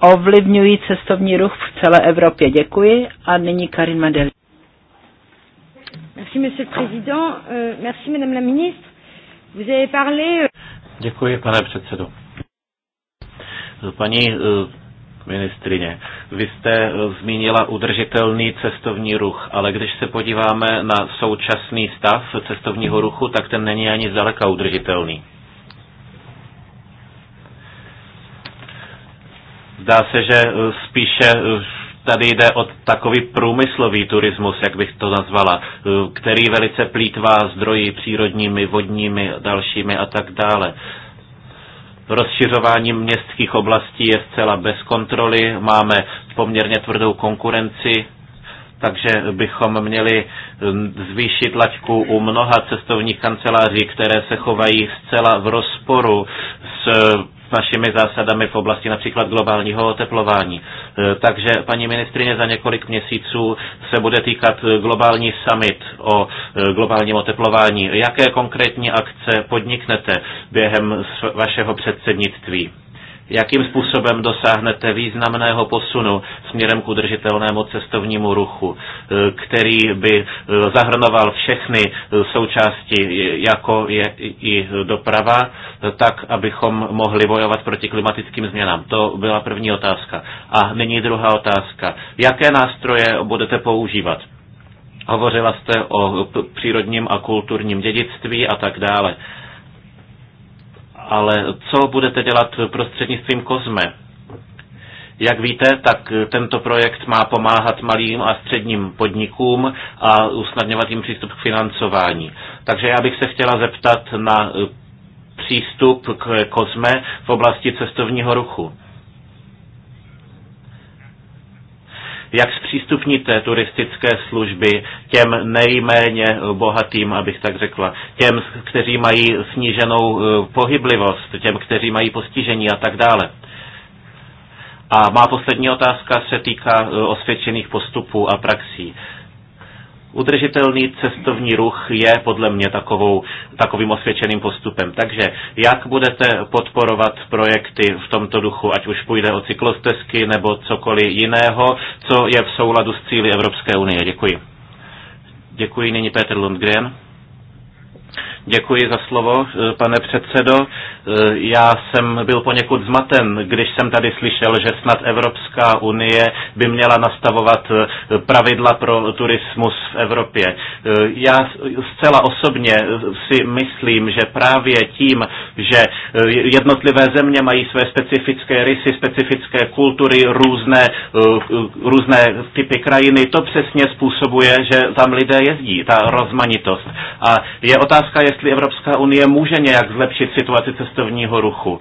ovlivňují cestovní ruch v celé Evropě. Děkuji a nyní Karin Madeli. Merci, monsieur le président. Euh, merci, madame la ministre. Vous avez parlé... Euh, Děkuji, pane předsedo. Paní ministrině. Vy jste eh, zmínila udržitelný cestovní ruch, ale když se podíváme na současný stav cestovního ruchu, tak ten není ani zdaleka udržitelný. Zdá se, že eh, spíše eh, tady jde o takový průmyslový turismus, jak bych to nazvala, který velice plítvá zdroji přírodními, vodními, dalšími a tak dále. Rozšiřování městských oblastí je zcela bez kontroly, máme poměrně tvrdou konkurenci, takže bychom měli hm, zvýšit laťku u mnoha cestovních kanceláří, které se chovají zcela v rozporu s s našimi zásadami v oblasti například globálního oteplování. E, takže paní ministrině za několik měsíců se bude týkat globální summit o e, globálním oteplování. Jaké konkrétní akce podniknete během vašeho předsednictví? jakým způsobem dosáhnete významného posunu směrem k udržitelnému cestovnímu ruchu, e, který by e, zahrnoval všechny e, součásti, jako je i doprava, tak, abychom mohli bojovat proti klimatickým změnám. To byla první otázka. A nyní druhá otázka. Jaké nástroje budete používat? Hovořila jste o přírodním a kulturním dědictví a tak dále ale co budete dělat prostřednictvím Kozme? Jak víte, tak tento projekt má pomáhat malým a středním podnikům a usnadňovat jim přístup k financování. Takže já bych se chtěla zeptat na přístup k Kozme v oblasti cestovního ruchu. jak zpřístupníte turistické služby těm nejméně bohatým, abych tak řekla, těm, kteří mají sníženou eh, pohyblivost, těm, kteří mají postižení a tak dále. A má poslední otázka se týká eh, osvědčených postupů a praxí. Udržitelný cestovní ruch je podle mě takovou, takovým osvědčeným postupem. Takže jak budete podporovat projekty v tomto duchu, ať už půjde o cyklostezky nebo cokoliv jiného, co je v souladu s cíly Evropské unie? Děkuji. Děkuji, nyní Petr Lundgren. Děkuji za slovo, eh, pane předsedo. Eh, já jsem byl poněkud zmaten, když jsem tady slyšel, že snad Evropská unie by měla nastavovat eh, pravidla pro turismus v Evropě. Já zcela osobně si myslím, že právě tím, že jednotlivé země mají své specifické rysy, specifické kultury, různé, různé typy krajiny, to přesně způsobuje, že tam lidé jezdí, ta rozmanitost. A je otázka, je jestli Evropská unie může nějak zlepšit situaci cestovního ruchu.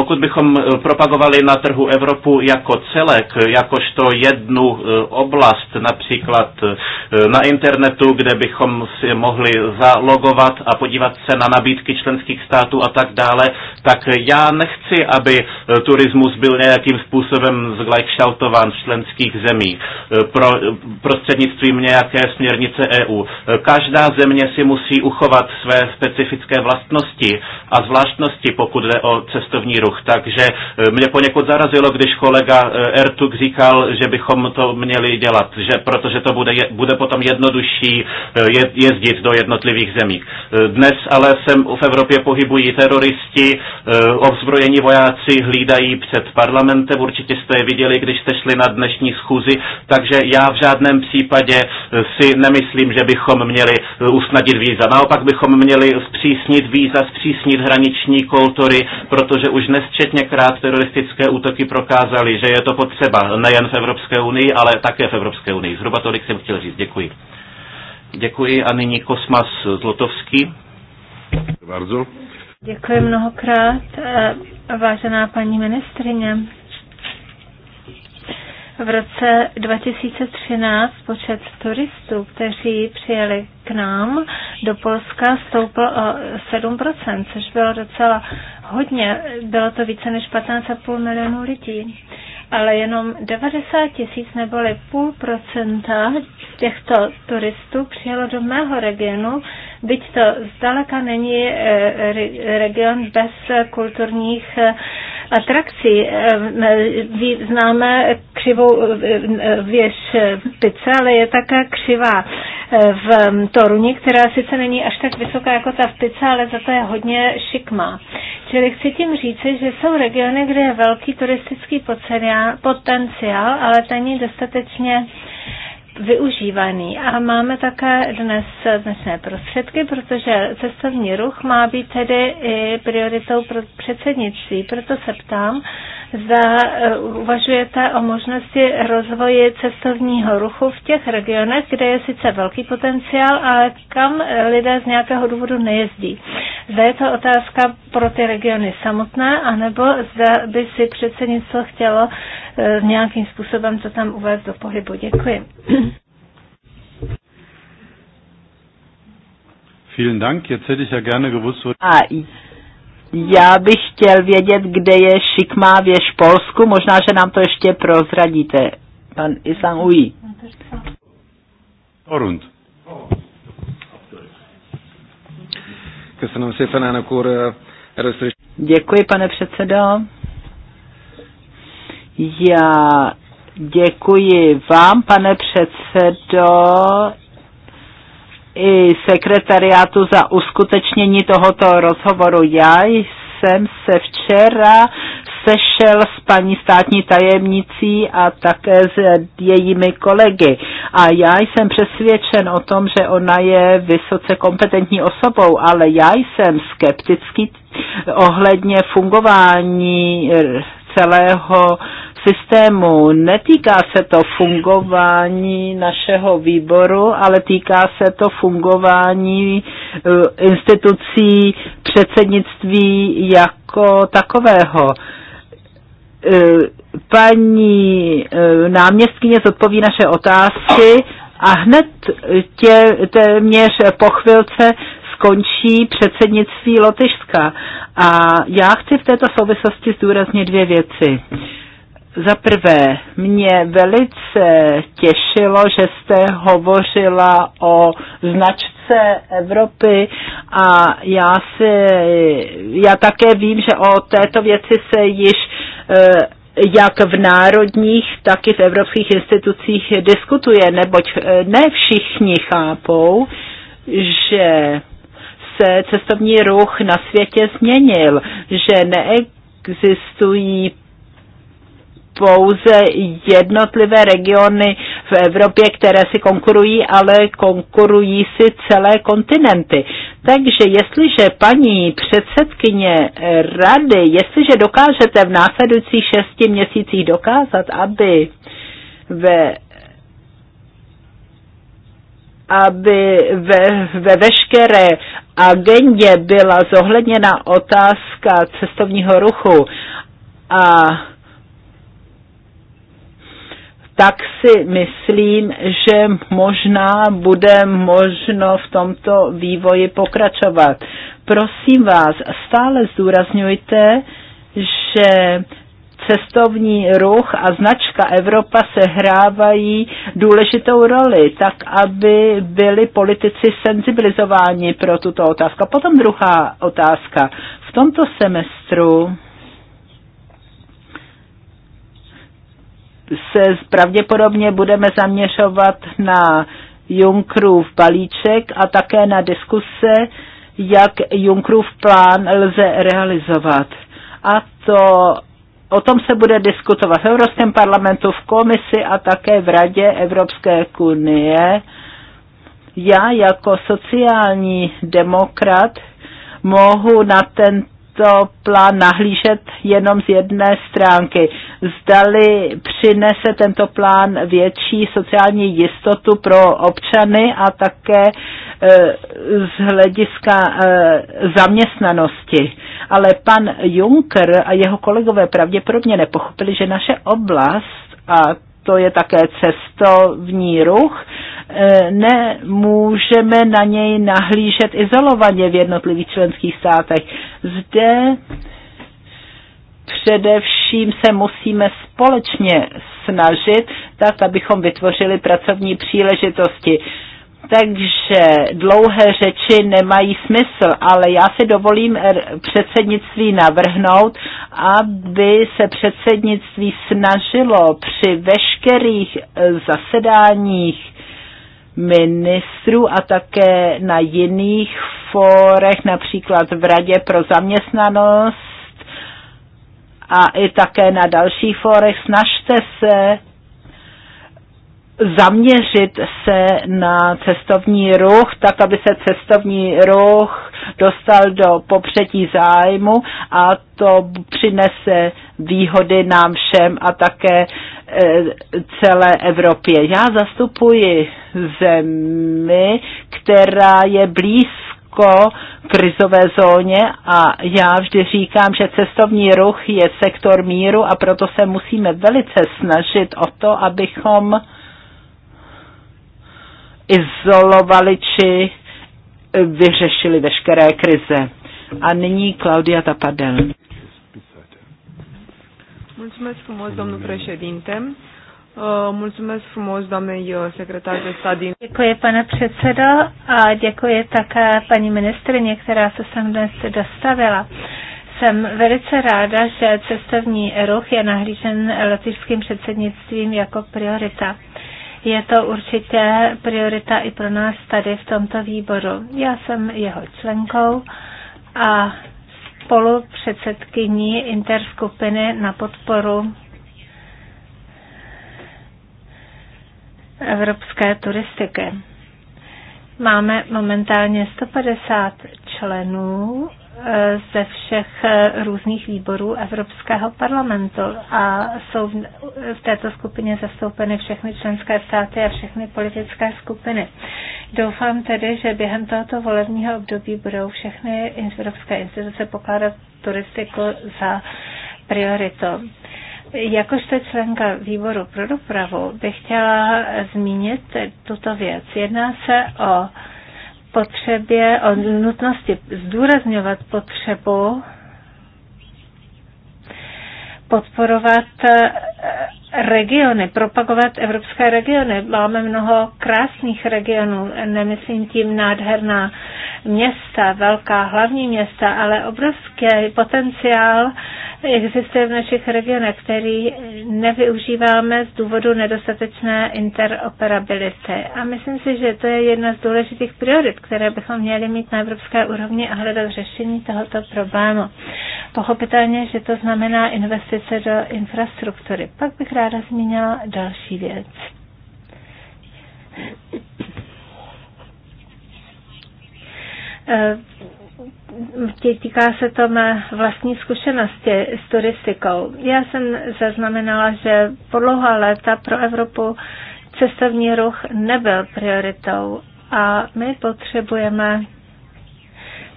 Pokud bychom eh, propagovali na trhu Evropu jako celek, jakožto jednu eh, oblast, například eh, na internetu, kde bychom si mohli zalogovat a podívat se na nabídky členských států a tak dále, tak já nechci, aby turismus byl nějakým způsobem zglajkšaltován v členských zemích pro, prostřednictvím nějaké směrnice EU. Každá země si musí uchovat své specifické vlastnosti a zvláštnosti, pokud jde o cestovní ruch druh. Takže eh, mě poněkud zarazilo, když kolega eh, Ertuk říkal, že bychom to měli dělat, že, protože to bude, bude potom jednodušší eh, je, jezdit do jednotlivých zemí. Dnes ale sem v Evropě pohybují teroristi, ovzbrojení vojáci hlídají před parlamentem, určitě jste je viděli, když jste šli na dnešní schůzi, takže já v žádném případě si nemyslím, že bychom měli usnadit víza. Naopak bychom měli zpřísnit víza, zpřísnit hraniční kultury, protože už nesčetněkrát teroristické útoky prokázaly, že je to potřeba nejen v Evropské unii, ale také v Evropské unii. Zhruba tolik jsem chtěl říct. Děkuji. Děkuji a nyní Kosmas Zlotovský. Bardzo. Děkuji mnohokrát, eh, vážená paní ministrině. V roce 2013 počet turistů, kteří přijeli k nám do Polska, stoupl o 7%, což bylo docela hodně, bylo to více než 15,5 milionů lidí, ale jenom 90 tisíc neboli půl procenta těchto turistů přijelo do mého regionu, byť to zdaleka není eh, region bez kulturních eh, atrakcí. Eh, známe křivou eh, věž eh, pice, ale je také křivá v mm, Toruni, která sice není až tak vysoká jako ta v pice, ale za to je hodně šikmá. Čili chci tím říci, že jsou regiony, kde je velký turistický potenciál, ale ten není dostatečně využívaný. A máme také dnes značné prostředky, protože cestovní ruch má být tedy i prioritou pro předsednictví. Proto se ptám, zda eh, uvažujete o možnosti rozvoje cestovního ruchu v těch regionech, kde je sice velký potenciál, ale kam lidé z nějakého důvodu nejezdí. Zda je to otázka pro ty regiony samotné, anebo zda by si něco chtělo eh, nějakým způsobem to tam uvést do pohybu. Děkuji. Vielen Dank. Jetzt hätte ich ja gerne gewusst, ah, já bych chtěl vědět, kde je šikmá věž v Polsku. Možná, že nám to ještě prozradíte. Pan Isan Uji. Orund. Děkuji, pane předsedo. Já děkuji vám, pane předsedo, i sekretariátu za uskutečnění tohoto rozhovoru. Já jsem se včera sešel s paní státní tajemnicí a také s jejími kolegy. A já jsem přesvědčen o tom, že ona je vysoce kompetentní osobou, ale já jsem skeptický ohledně fungování eh, celého systému. Netýká se to fungování našeho výboru, ale týká se to fungování eh, institucí předsednictví jako takového. Eh, paní eh, náměstkyně zodpoví naše otázky a hned tě, téměř po chvilce skončí předsednictví Lotyšska. A já chci v této souvislosti zdůraznit dvě věci. Za prvé, mě velice těšilo, že jste hovořila o značce Evropy a já, si, já také vím, že o této věci se již eh, jak v národních, tak i v evropských institucích diskutuje, neboť eh, ne všichni chápou, že se cestovní ruch na světě změnil, že neexistují pouze jednotlivé regiony v Evropě, které si konkurují, ale konkurují si celé kontinenty. Takže jestliže paní předsedkyně rady, jestliže dokážete v následujících šesti měsících dokázat, aby ve aby ve, ve veškeré agendě byla zohledněna otázka cestovního ruchu a tak si myslím, že možná bude možno v tomto vývoji pokračovat. Prosím vás, stále zdůrazňujte, že cestovní ruch a značka Evropa sehrávají důležitou roli, tak aby byli politici senzibilizováni pro tuto otázku. Potom druhá otázka. V tomto semestru se pravděpodobně budeme zaměřovat na Junkrův balíček a také na diskuse, jak Junkrův plán lze realizovat. A to o tom se bude diskutovat v Evropském parlamentu, v komisi a také v Radě Evropské unie. Já jako sociální demokrat mohu na tento plán nahlížet jenom z jedné stránky zdali přinese tento plán větší sociální jistotu pro občany a také e, z hlediska e, zaměstnanosti. Ale pan Juncker a jeho kolegové pravděpodobně nepochopili, že naše oblast a to je také cestovní ruch, e, nemůžeme na něj nahlížet izolovaně v jednotlivých členských státech. Zde Především se musíme společně snažit, tak abychom vytvořili pracovní příležitosti. Takže dlouhé řeči nemají smysl, ale já si dovolím předsednictví navrhnout, aby se předsednictví snažilo při veškerých e, zasedáních ministrů a také na jiných fórech, například v Radě pro zaměstnanost, a i také na dalších fórech. Snažte se zaměřit se na cestovní ruch, tak aby se cestovní ruch dostal do popřetí zájmu a to přinese výhody nám všem a také e, celé Evropě. Já zastupuji zemi, která je blíz. Řecko krizové zóně a já vždy říkám, že cestovní ruch je sektor míru a proto se musíme velice snažit o to, abychom izolovali či vyřešili veškeré krize. A nyní Claudia Tapadel. Mulțumesc frumos, domnul președinte. Eh, mulțumesc frumos, doamnei eh, secretar de stat din... Děkuji, pane předsedo, a děkuji také paní ministrině, která se sem dnes dostavila. Jsem velice ráda, že cestovní ruch je nahlížen latinským předsednictvím jako priorita. Je to určitě priorita i pro nás tady v tomto výboru. Já jsem jeho členkou a spolu interskupiny na podporu evropské turistiky. Máme momentálně 150 členů eh, ze všech eh, různých výborů Evropského parlamentu a jsou v této skupině zastoupeny všechny členské státy a všechny politické skupiny. Doufám tedy, že během tohoto volebního období budou všechny evropské instituce pokládat turistiku za prioritu. Jakožto členka výboru pro dopravu bych chtěla zmínit tuto věc. Jedná se o potřebě, o nutnosti zdůrazňovat potřebu podporovat regiony, propagovat evropské regiony. Máme mnoho krásných regionů, nemyslím tím nádherná města, velká hlavní města, ale obrovský potenciál existuje v našich regionech, který nevyužíváme z důvodu nedostatečné interoperability. A myslím si, že to je jedna z důležitých priorit, které bychom měli mít na evropské úrovni a hledat řešení tohoto problému. Pochopitelně, že to znamená investice do infrastruktury. Pak bych ráda zmínila další věc. Eh, týká se to mé vlastní zkušenosti s turistikou. Já jsem zaznamenala, že po dlouhá léta pro Evropu cestovní ruch nebyl prioritou a my potřebujeme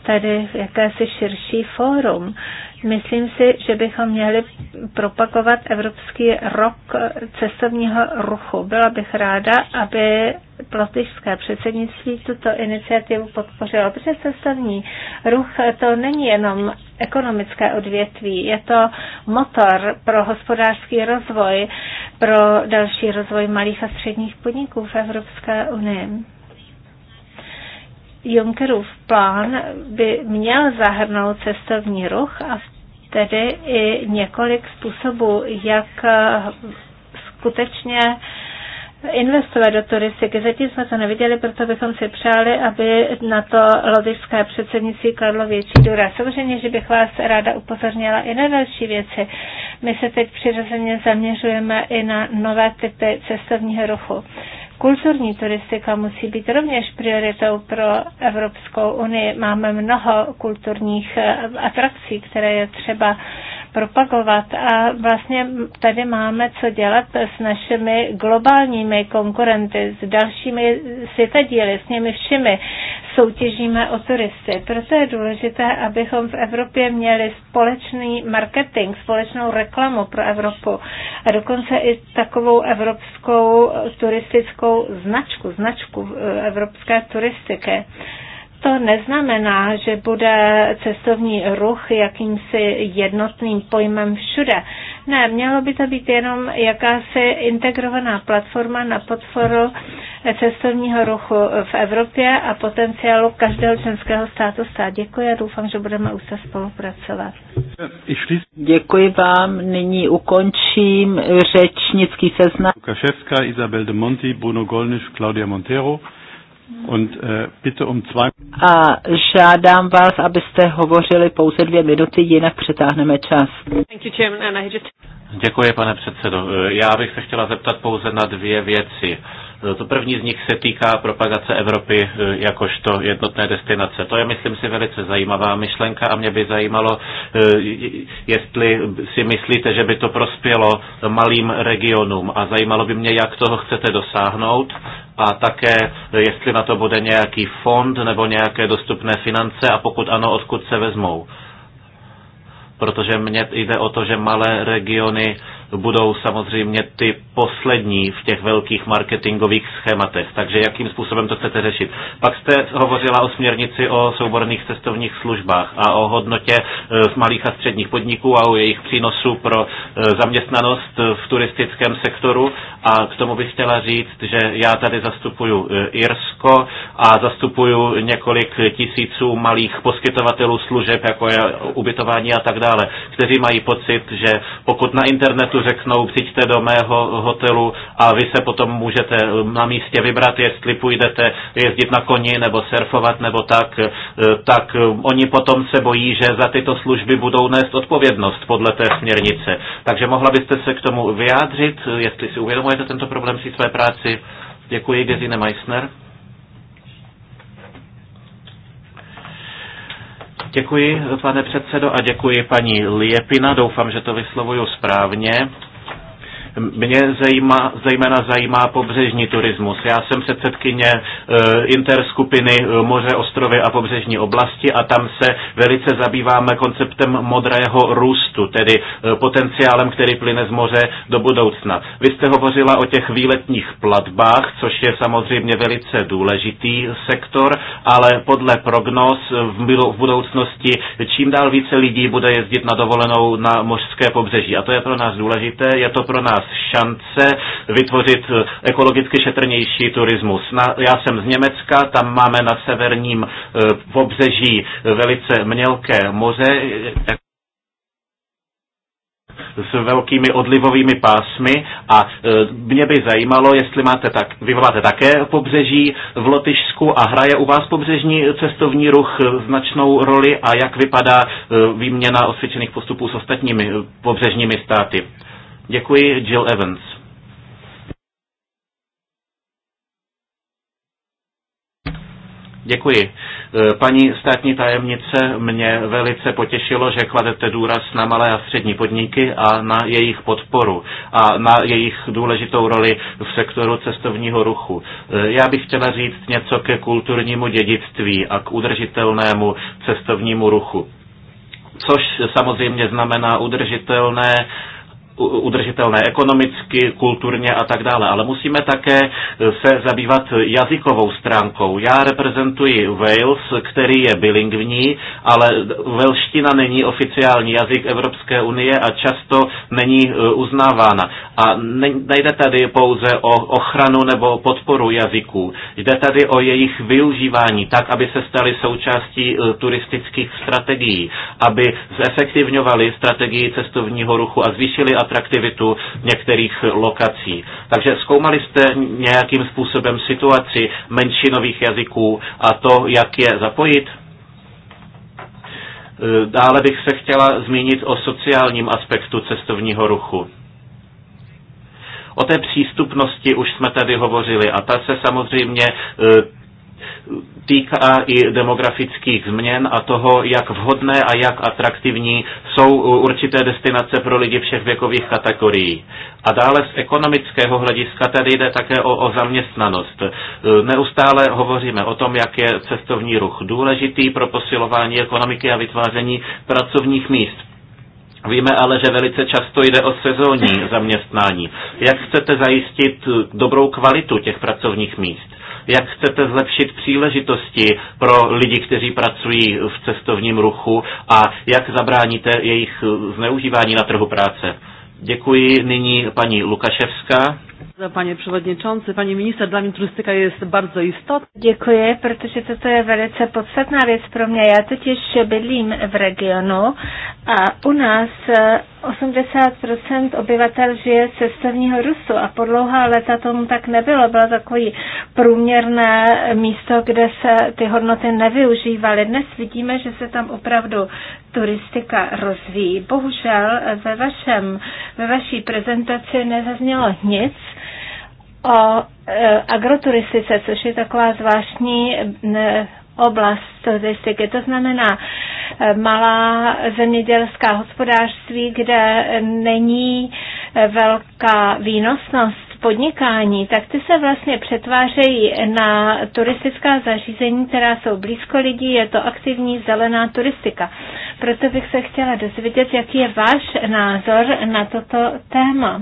tedy jakési širší fórum. Myslím si, že bychom měli propakovat Evropský rok cestovního ruchu. Byla bych ráda, aby plotyšské předsednictví tuto iniciativu podpořilo, protože cestovní ruch to není jenom ekonomické odvětví, je to motor pro hospodářský rozvoj, pro další rozvoj malých a středních podniků v Evropské unii. Junckerův plán by měl zahrnout cestovní ruch a tedy i několik způsobů, jak skutečně investovat do turistiky. Zatím jsme to neviděli, proto bychom si přáli, aby na to lotyšské předsednictví kladlo větší důraz. Samozřejmě, že bych vás ráda upozornila i na další věci. My se teď přirozeně zaměřujeme i na nové typy cestovního ruchu. Kulturní turistika musí být rovněž prioritou pro Evropskou unii. Máme mnoho kulturních eh, atrakcí, které je třeba propagovat a vlastně tady máme co dělat s našimi globálními konkurenty, s dalšími světadíly, s nimi všemi soutěžíme o turisty. Proto je důležité, abychom v Evropě měli společný marketing, společnou reklamu pro Evropu, a dokonce i takovou evropskou turistickou značku, značku e, evropské turistiky to neznamená, že bude cestovní ruch jakýmsi jednotným pojmem všude. Ne, mělo by to být jenom jakási integrovaná platforma na podporu cestovního ruchu v Evropě a potenciálu každého členského státu stát. Děkuji a doufám, že budeme už se spolupracovat. Děkuji vám. Nyní ukončím řečnický seznam. Kaševská, Isabel de Monti, Bruno Golniš, Claudia Montero. Und, äh, bitte um zwei... A žádám vás, abyste hovořili pouze dvě minuty, jinak přetáhneme čas. Děkuji, pane předsedo. E, já bych se chtěla zeptat pouze na dvě věci. Eh, to první z nich se týká propagace Evropy eh, jakožto jednotné destinace. To je, myslím si, velice zajímavá myšlenka a mě by zajímalo, eh, jestli si myslíte, že by to prospělo malým regionům a zajímalo by mě, jak toho chcete dosáhnout a také, jestli na to bude nějaký fond nebo nějaké dostupné finance a pokud ano, odkud se vezmou. Protože mně jde o to, že malé regiony budou samozřejmě ty poslední v těch velkých marketingových schématech. Takže jakým způsobem to chcete řešit? Pak jste hovořila o směrnici o souborných cestovních službách a o hodnotě eh, z malých a středních podniků a o jejich přínosu pro eh, zaměstnanost eh, v turistickém sektoru. A k tomu bych chtěla říct, že já tady zastupuju Irsko a zastupuju několik tisíců malých poskytovatelů služeb, jako je ubytování a tak dále, kteří mají pocit, že pokud na internetu řeknou, přijďte do mého hotelu a vy se potom můžete na místě vybrat, jestli půjdete jezdit na koni nebo surfovat nebo tak, e, tak e, oni potom se bojí, že za tyto služby budou nést odpovědnost podle té směrnice. Takže mohla byste se k tomu vyjádřit, jestli si uvědomujete tento problém při své práci? Děkuji, Gesine Meissner. Děkuji, pane předsedo, a děkuji paní Liepina. Doufám, že to vyslovuju správně. Mě zajímá, zejména zajímá pobřežní turismus. Já jsem předsedkyně e, interskupiny e, Moře, ostrovy a pobřežní oblasti a tam se velice zabýváme konceptem modrého růstu, tedy e, potenciálem, který plyne z moře do budoucna. Vy jste hovořila o těch výletních platbách, což je samozřejmě velice důležitý sektor, ale podle prognóz v budoucnosti čím dál více lidí bude jezdit na dovolenou na mořské pobřeží. A to je pro nás důležité, je to pro nás šance vytvořit eh, ekologicky šetrnější turismus. Na, já jsem z Německa, tam máme na severním eh, v obřeží eh, velice mělké moře s velkými odlivovými pásmy a mě by zajímalo, jestli máte tak, vy máte také pobřeží v Lotyšsku a hraje u vás pobřežní cestovní ruch značnou roli a jak vypadá výměna osvědčených postupů s ostatními pobřežními státy. Děkuji, Jill Evans. Děkuji. E, paní státní tajemnice, mě velice potěšilo, že kladete důraz na malé a střední podniky a na jejich podporu a na jejich důležitou roli v sektoru cestovního ruchu. E, já bych chtěla říct něco ke kulturnímu dědictví a k udržitelnému cestovnímu ruchu. Což samozřejmě znamená udržitelné udržitelné ekonomicky, kulturně a tak dále. Ale musíme také eh, se zabývat jazykovou stránkou. Já reprezentuji Wales, který je bilingvní, ale velština není oficiální jazyk Evropské unie a často není eh, uznávána. A nejde tady pouze o ochranu nebo podporu jazyků. Jde tady o jejich využívání tak, aby se staly součástí eh, turistických strategií, aby zefektivňovali strategii cestovního ruchu a zvýšily atraktivitu některých lokací. Takže zkoumali jste nějakým způsobem situaci menšinových jazyků a to, jak je zapojit? E, dále bych se chtěla zmínit o sociálním aspektu cestovního ruchu. O té přístupnosti už jsme tady hovořili a ta se samozřejmě e, týká i demografických změn a toho, jak vhodné a jak atraktivní jsou určité destinace pro lidi všech věkových kategorií. A dále z ekonomického hlediska tady jde také o, o zaměstnanost. Neustále hovoříme o tom, jak je cestovní ruch důležitý pro posilování ekonomiky a vytváření pracovních míst. Víme ale, že velice často jde o sezónní zaměstnání. Jak chcete zajistit dobrou kvalitu těch pracovních míst? Jak chcete zlepšit příležitosti pro lidi, kteří pracují v cestovním ruchu a jak zabráníte jejich zneužívání na trhu práce? Děkuji nyní paní Lukaševská panie przewodniczący, pani minister, dla mnie turystyka je bardzo istotna. Děkuji, protože toto je velice podstawna rzecz pro mě. Já totiž byłem v regionu a u nás 80% eh, obyvatel żyje z cestovního Rusu a po dlouhá leta tomu tak było. Było takový průměrné místo, kde se te hodnoty wyużywali. Dnes vidíme, že se tam opravdu turistika rozvíjí. Bohužel eh, ve, vašem, ve vaší prezentaci nezaznělo nic o e, agroturistice, což je taková zvláštní e, oblast turistiky. To znamená e, malá zemědělská hospodářství, kde není velká výnosnost podnikání, tak ty se vlastně přetvářejí na turistická zařízení, která jsou blízko lidí, je to aktivní zelená turistika. Proto bych se chtěla dozvědět, jaký je váš názor na toto téma.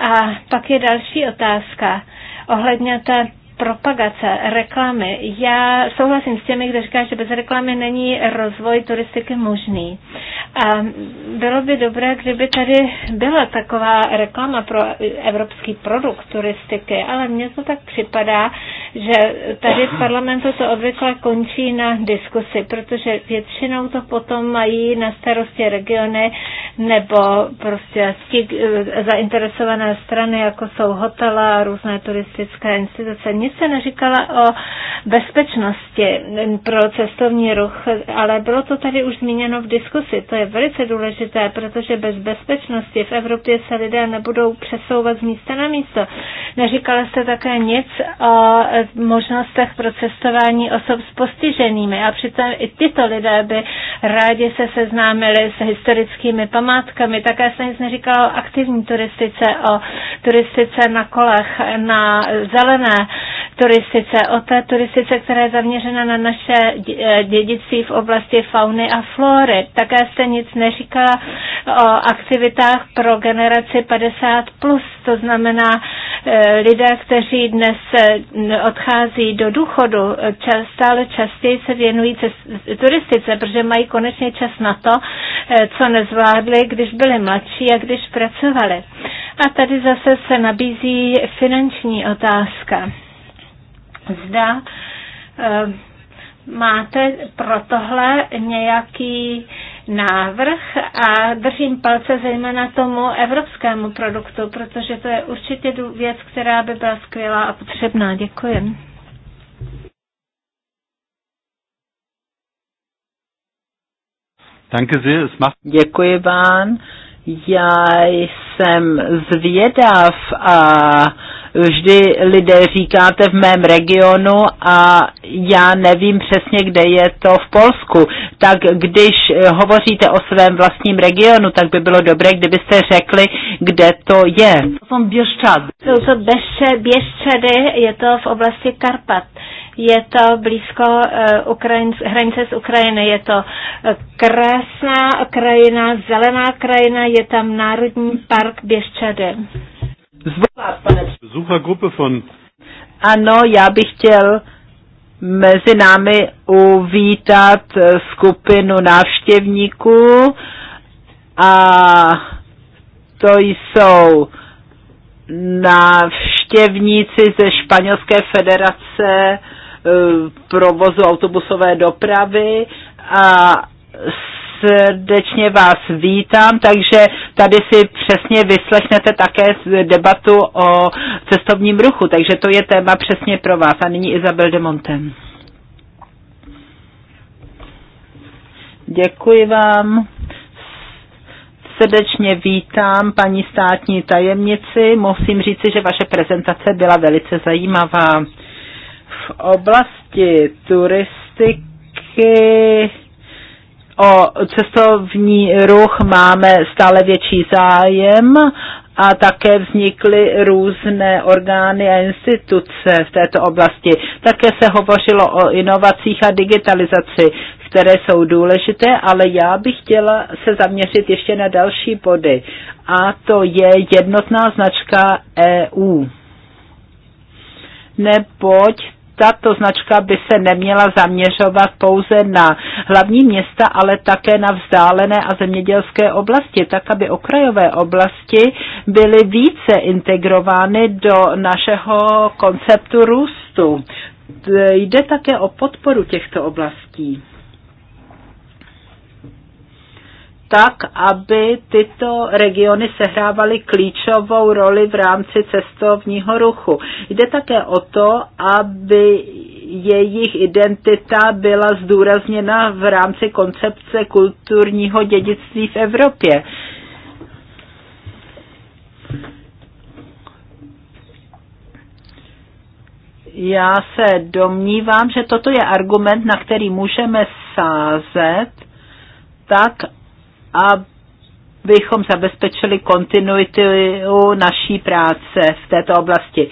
A pak je další otázka ohledně té propagace, reklamy. Já souhlasím s těmi, kdo říká, že bez reklamy není rozvoj turistiky možný. A bylo by dobré, kdyby tady byla taková reklama pro evropský produkt turistiky, ale mně to tak připadá, že tady v parlamentu to obvykle končí na diskusi, protože většinou to potom mají na starosti regiony nebo prostě ti eh, zainteresované strany, jako jsou hotela a různé turistické instituce. Nic se neříkala o bezpečnosti mm, pro cestovní ruch, ale bylo to tady už zmíněno v diskusi. To je velice důležité, protože bez bezpečnosti v Evropě se lidé nebudou přesouvat z místa na místo. Neříkala jste také nic o eh, možnostech pro cestování osob s postiženými a přitom i tyto lidé by rádi se seznámili s historickými památkami. Také jsem nic neříkala o aktivní turistice, o turistice na kolech, na zelené turistice, o té turistice, která je zaměřena na naše dědictví v oblasti fauny a flory. Také jste nic neříkala o aktivitách pro generaci 50+, plus, to znamená eh, lidé, kteří dnes eh, odchází do důchodu, čas, stále častěji se věnují turistice, protože mají konečně čas na to, eh, co nezvládli, když byli mladší a když pracovali. A tady zase se nabízí finanční otázka. Zda eh, máte pro tohle nějaký návrh a držím palce zejména tomu evropskému produktu, protože to je určitě věc, která by byla skvělá a potřebná. Děkuji. Děkuji vám. Já jsem zvědav a vždy lidé říkáte v mém regionu a já nevím přesně, kde je to v Polsku. Tak když eh, hovoříte o svém vlastním regionu, tak by bylo dobré, kdybyste řekli, kde to je. Jsou Běščad. Jsou to Běščady, je to v oblasti Karpat. Je to blízko uh, Ukrajin, hranice s Ukrajiny, je to eh, krásná krajina, zelená krajina, je tam Národní park Běščady zvolat, pane Ano, já bych chtěl mezi námi uvítat skupinu návštěvníků a to jsou návštěvníci ze Španělské federace eh, provozu autobusové dopravy a srdečně vás vítám, takže tady si přesně vyslechnete také debatu o cestovním ruchu, takže to je téma přesně pro vás. A nyní Izabel de Montem. Děkuji vám. Srdečně vítám paní státní tajemnici. Musím říci, že vaše prezentace byla velice zajímavá. V oblasti turistiky o cestovní ruch máme stále větší zájem a také vznikly různé orgány a instituce v této oblasti. Také se hovořilo o inovacích a digitalizaci, které jsou důležité, ale já bych chtěla se zaměřit ještě na další body. A to je jednotná značka EU. Neboť tato značka by se neměla zaměřovat pouze na hlavní města, ale také na vzdálené a zemědělské oblasti, tak aby okrajové oblasti byly více integrovány do našeho konceptu růstu. Jde také o podporu těchto oblastí. tak, aby tyto regiony sehrávaly klíčovou roli v rámci cestovního ruchu. Jde také o to, aby jejich identita byla zdůrazněna v rámci koncepce kulturního dědictví v Evropě. Já se domnívám, že toto je argument, na který můžeme sázet, tak, abychom zabezpečili kontinuitu naší práce v této oblasti.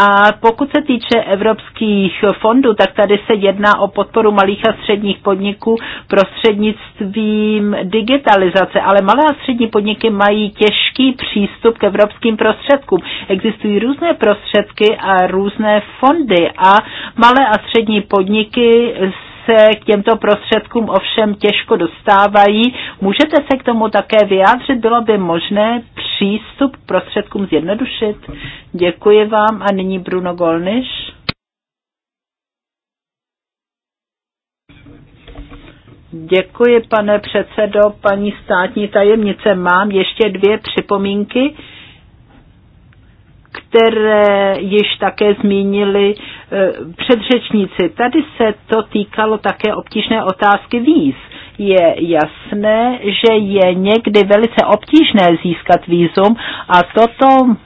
A pokud se týče evropských fondů, tak tady se jedná o podporu malých a středních podniků prostřednictvím digitalizace, ale malé a střední podniky mají těžký přístup k evropským prostředkům. Existují různé prostředky a různé fondy a malé a střední podniky se k těmto prostředkům ovšem těžko dostávají. Můžete se k tomu také vyjádřit? Bylo by možné přístup k prostředkům zjednodušit? Děkuji vám a nyní Bruno Golniš. Děkuji, pane předsedo, paní státní tajemnice. Mám ještě dvě připomínky které již také zmínili eh, předřečníci. Tady se to týkalo také obtížné otázky víz. Je jasné, že je někdy velice obtížné získat vízum a toto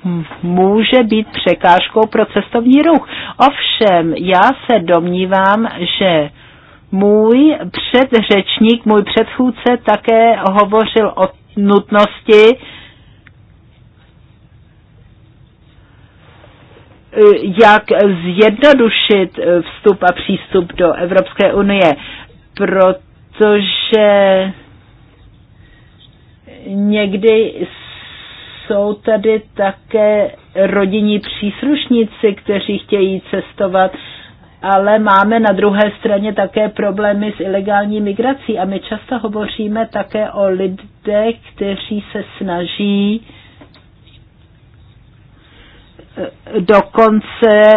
může být překážkou pro cestovní ruch. Ovšem, já se domnívám, že můj předřečník, můj předchůdce také hovořil o nutnosti Eh, jak zjednodušit eh, vstup a přístup do Evropské unie, protože někdy jsou tady také rodinní příslušníci, kteří chtějí cestovat, ale máme na druhé straně také problémy s ilegální migrací a my často hovoříme také o lidech, kteří se snaží dokonce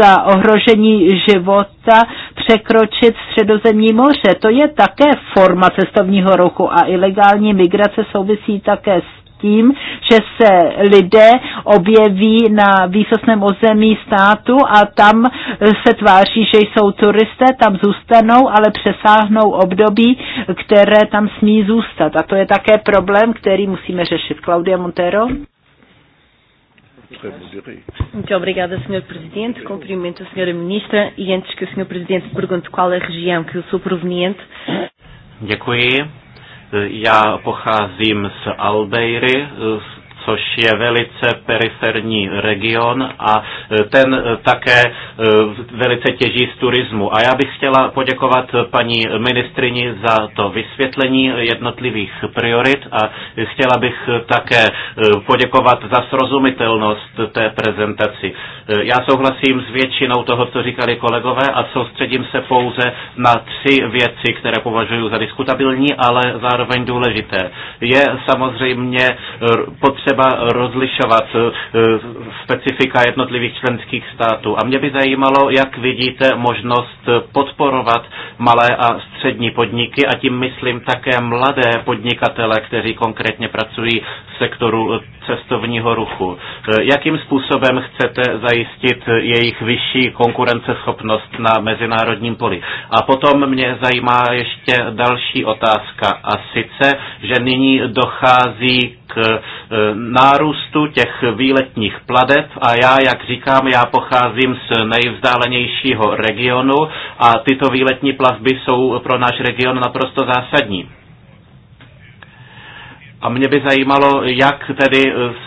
za ohrožení života překročit středozemní moře. To je také forma cestovního ruchu a ilegální migrace souvisí také s tím, že se lidé objeví na výsostném ozemí státu a tam se tváří, že jsou turisté, tam zůstanou, ale přesáhnou období, které tam smí zůstat. A to je také problém, který musíme řešit. Claudia Montero? Muito obrigada, Sr. Presidente. Cumprimento a Sra. Ministra e antes que o Sr. Presidente pergunte qual é a região que eu sou proveniente. Děkuji. Já pocházím z Albeiry, což je velice periferní region a e, ten e, také e, velice těží z turismu. A já bych chtěla poděkovat paní ministrini za to vysvětlení jednotlivých priorit a chtěla bych také poděkovat za srozumitelnost té prezentaci. Já souhlasím s většinou toho, co říkali kolegové a soustředím se pouze na tři věci, které považuji za diskutabilní, ale zároveň důležité. Je samozřejmě potřeba třeba rozlišovat eh, specifika jednotlivých členských států. A mě by zajímalo, jak vidíte možnost podporovat malé a střední podniky a tím myslím také mladé podnikatele, kteří konkrétně pracují v sektoru cestovního ruchu. Eh, jakým způsobem chcete zajistit jejich vyšší konkurenceschopnost na mezinárodním poli? A potom mě zajímá ještě další otázka a sice, že nyní dochází k e, nárůstu těch výletních pladeb a já, jak říkám, já pocházím z nejvzdálenějšího regionu a tyto výletní plavby jsou pro náš region naprosto zásadní. A mě by zajímalo, jak tedy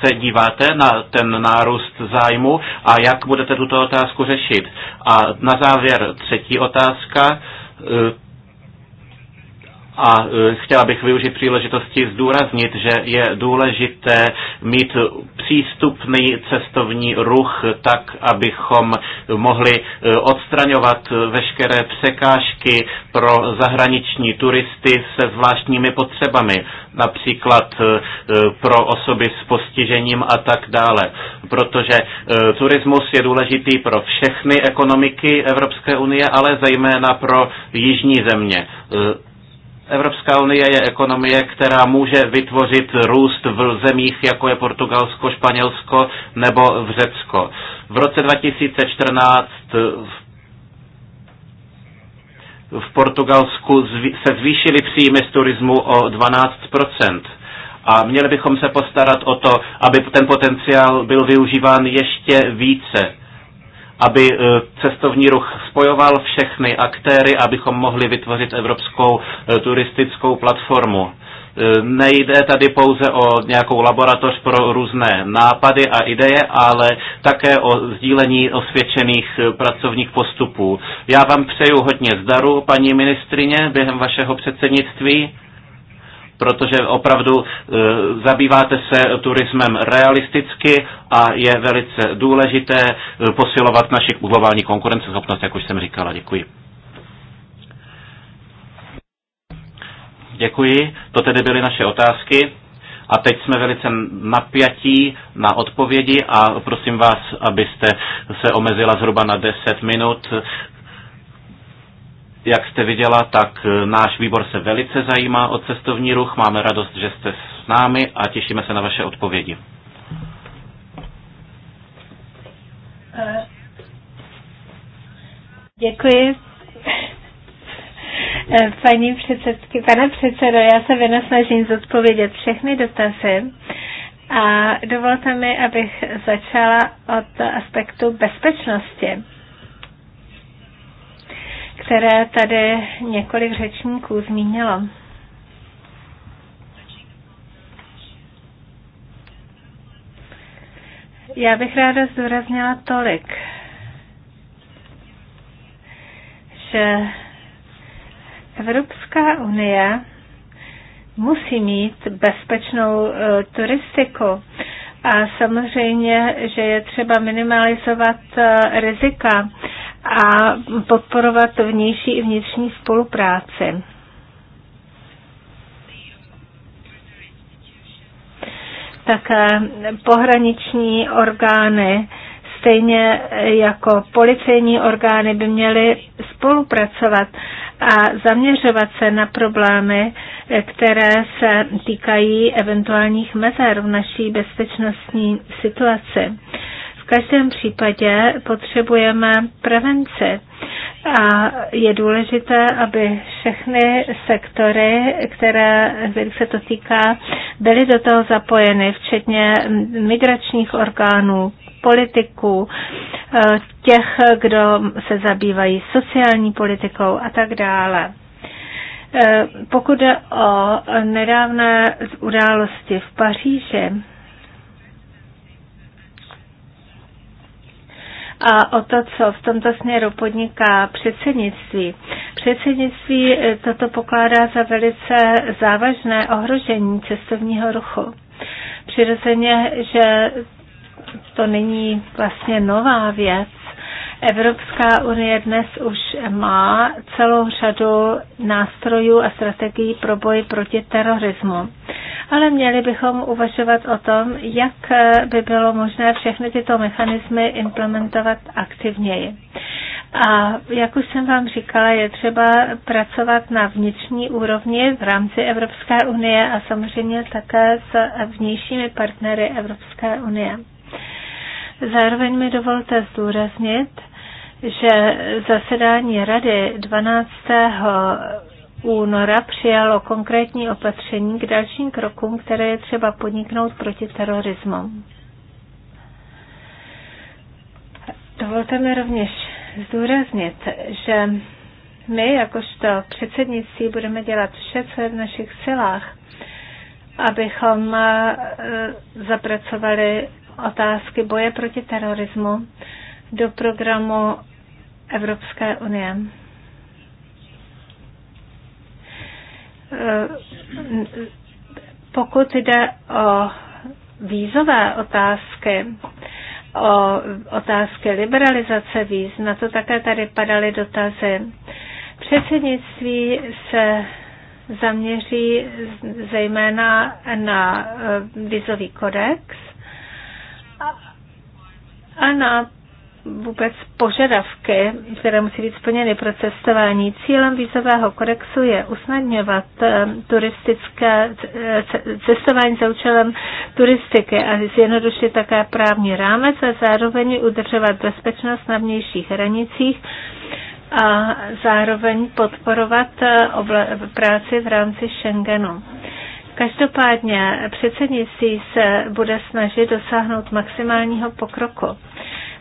se díváte na ten nárůst zájmu a jak budete tuto otázku řešit. A na závěr třetí otázka e, a e, chtěla bych využít příležitosti zdůraznit, že je důležité mít přístupný cestovní ruch tak, abychom mohli e, odstraňovat veškeré překážky pro zahraniční turisty se zvláštními potřebami, například e, pro osoby s postižením a tak dále. Protože turismus je důležitý pro všechny ekonomiky Evropské unie, ale zejména pro jižní země Evropská unie je ekonomie, která může vytvořit růst v zemích, jako je Portugalsko, Španělsko nebo v Řecko. V roce 2014 v Portugalsku se zvýšily příjmy z turismu o 12 a měli bychom se postarat o to, aby ten potenciál byl využíván ještě více aby eh, cestovní ruch spojoval všechny aktéry, abychom mohli vytvořit evropskou eh, turistickou platformu. Eh, nejde tady pouze o nějakou laboratoř pro různé nápady a ideje, ale také o sdílení osvědčených pracovních postupů. Já vám přeju hodně zdaru, paní ministrině, během vašeho předsednictví protože opravdu eh, zabýváte se turismem realisticky a je velice důležité eh, posilovat naši globální konkurenceschopnost, jak už jsem říkala. Děkuji. Děkuji. To tedy byly naše otázky. A teď jsme velice napjatí na odpovědi a prosím vás, abyste se omezila zhruba na 10 minut. Jak jste viděla, tak e, náš výbor se velice zajímá o cestovní ruch. Máme radost, že jste s námi a těšíme se na vaše odpovědi. E, děkuji. E, paní předsedky, pane předsedo, já se snažím zodpovědět všechny dotazy. A dovolte mi, abych začala od aspektu bezpečnosti které tady několik řečníků zmínilo. Já bych ráda zdůraznila tolik, že Evropská unie musí mít bezpečnou eh, turistiku. A samozřejmě, že je třeba minimalizovat eh, rizika a podporovat vnější i vnitřní spolupráci. Také eh, pohraniční orgány, stejně jako policejní orgány, by měly spolupracovat a zaměřovat se na problémy, které se týkají eventuálních mezer v naší bezpečnostní situaci každém případě potřebujeme prevenci a je důležité, aby všechny sektory, které se to týká, byly do toho zapojeny, včetně migračních orgánů, politiků, eh, těch, kdo se zabývají sociální politikou a tak dále. Eh, pokud jde o nedávné události v Paříži, a o to, co v tomto směru podniká předsednictví. Předsednictví eh, toto pokládá za velice závažné ohrožení cestovního ruchu. Přirozeně, že to není vlastně nová věc, Evropská unie dnes už má celou řadu nástrojů a strategií pro boj proti terorismu ale měli bychom uvažovat o tom, jak eh, by bylo možné všechny tyto mechanismy implementovat aktivněji. A jak už jsem vám říkala, je třeba pracovat na vnitřní úrovni v rámci Evropské unie a samozřejmě také s vnějšími partnery Evropské unie. Zároveň mi dovolte zdůraznit, že zasedání Rady 12 února přijalo konkrétní opatření k dalším krokům, které je třeba podniknout proti terorismu. Dovolte mi rovněž zdůraznit, že my, jakožto předsednictví, budeme dělat vše, co je v našich silách, abychom eh, zapracovali otázky boje proti terorismu do programu Evropské unie. Eh, pokud jde o vízové otázky, o otázky liberalizace víz, na to také tady padaly dotazy. Předsednictví se zaměří zejména na eh, vizový kodex a na vůbec požadavky, které musí být splněny pro cestování. Cílem vízového kodexu je usnadňovat eh, turistické eh, cestování za účelem turistiky a zjednodušit také právní rámec a zároveň udržovat bezpečnost na vnějších hranicích a zároveň podporovat eh, práci v rámci Schengenu. Každopádně předsednictví se bude snažit dosáhnout maximálního pokroku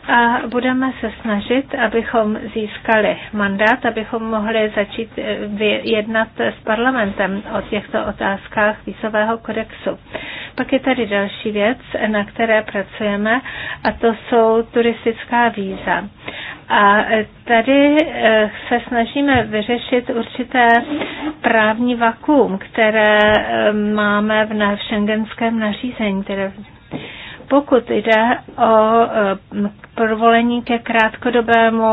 a budeme se snažit, abychom získali mandát, abychom mohli začít eh, jednat s parlamentem o těchto otázkách vízového kodexu. Pak je tady další věc, na které pracujeme, a to jsou turistická víza. A eh, tady eh, se snažíme vyřešit určité právní vakuum, které máme v šengenském nařízení, které pokud jde o eh, provolení ke krátkodobému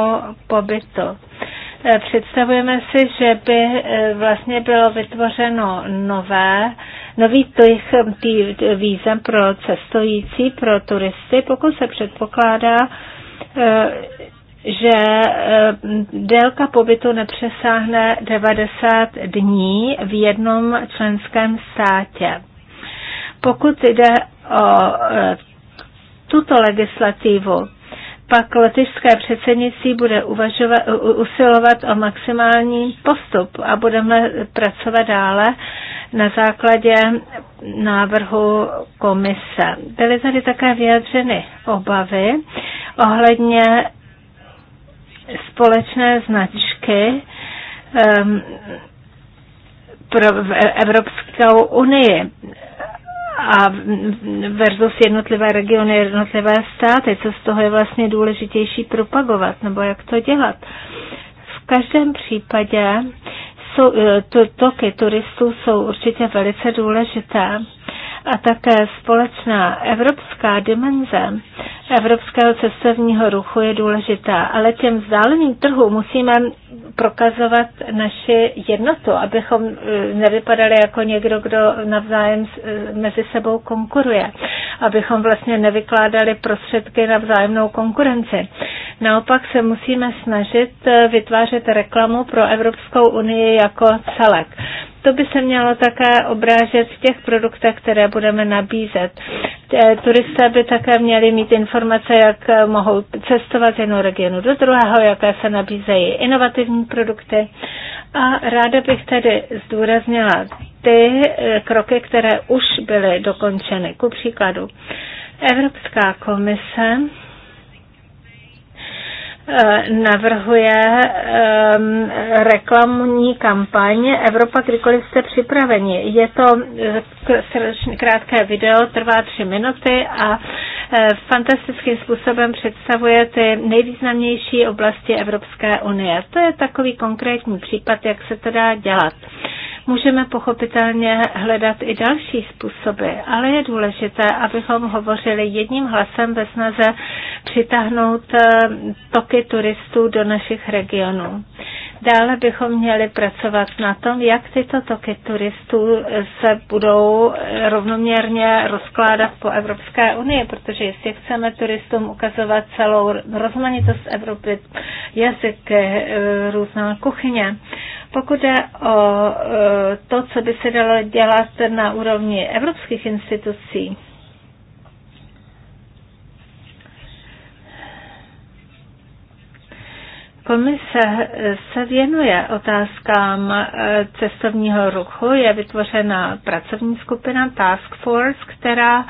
pobytu, eh, představujeme si, že by eh, vlastně bylo vytvořeno nové, nový tý vízem pro cestující, pro turisty, pokud se předpokládá, že délka pobytu nepřesáhne 90 dní v jednom členském státě. Pokud jde o e, tuto legislativu, pak lotyšské předsednictví bude uvažovat, usilovat o maximální postup a budeme pracovat dále na základě návrhu komise. Byly tady také vyjadřeny obavy ohledně společné značky um, pro Evropskou unii a versus jednotlivé regiony, jednotlivé státy, co z toho je vlastně důležitější propagovat, nebo jak to dělat. V každém případě jsou, eh, to, toky turistů jsou určitě velice důležité a také společná evropská dimenze evropského cestovního ruchu je důležitá, ale těm vzdáleným trhu musíme prokazovat naši jednotu, abychom eh, nevypadali jako někdo, kdo navzájem eh, mezi sebou konkuruje, abychom vlastně nevykládali prostředky na vzájemnou konkurenci. Naopak se musíme snažit eh, vytvářet reklamu pro Evropskou unii jako celek. To by se mělo také obrážet v těch produktech, které budeme nabízet. Eh, turisté by také měli mít informace, jak eh, mohou cestovat z jednoho regionu do druhého, jaké se nabízejí inovativní produkty. A ráda bych tedy zdůraznila ty kroky, které už byly dokončeny. Ku příkladu, Evropská komise Eh, navrhuje um, reklamní kampaň Evropa, kdykoliv jste připraveni. Je to eh, krátké video, trvá tři minuty a eh, fantastickým způsobem představuje ty nejvýznamnější oblasti Evropské unie. To je takový konkrétní případ, jak se to dá dělat. Můžeme pochopitelně hledat i další způsoby, ale je důležité, abychom hovořili jedním hlasem ve snaze přitáhnout eh, toky turistů do našich regionů. Dále bychom měli pracovat na tom, jak tyto toky turistů eh, se budou eh, rovnoměrně rozkládat po Evropské unii, protože jestli chceme turistům ukazovat celou rozmanitost Evropy, jazyky, různá kuchyně, pokud je o e, to, co by se dalo dělat na úrovni evropských institucí, Komise se věnuje otázkám e, cestovního ruchu. Je vytvořena pracovní skupina Task Force, která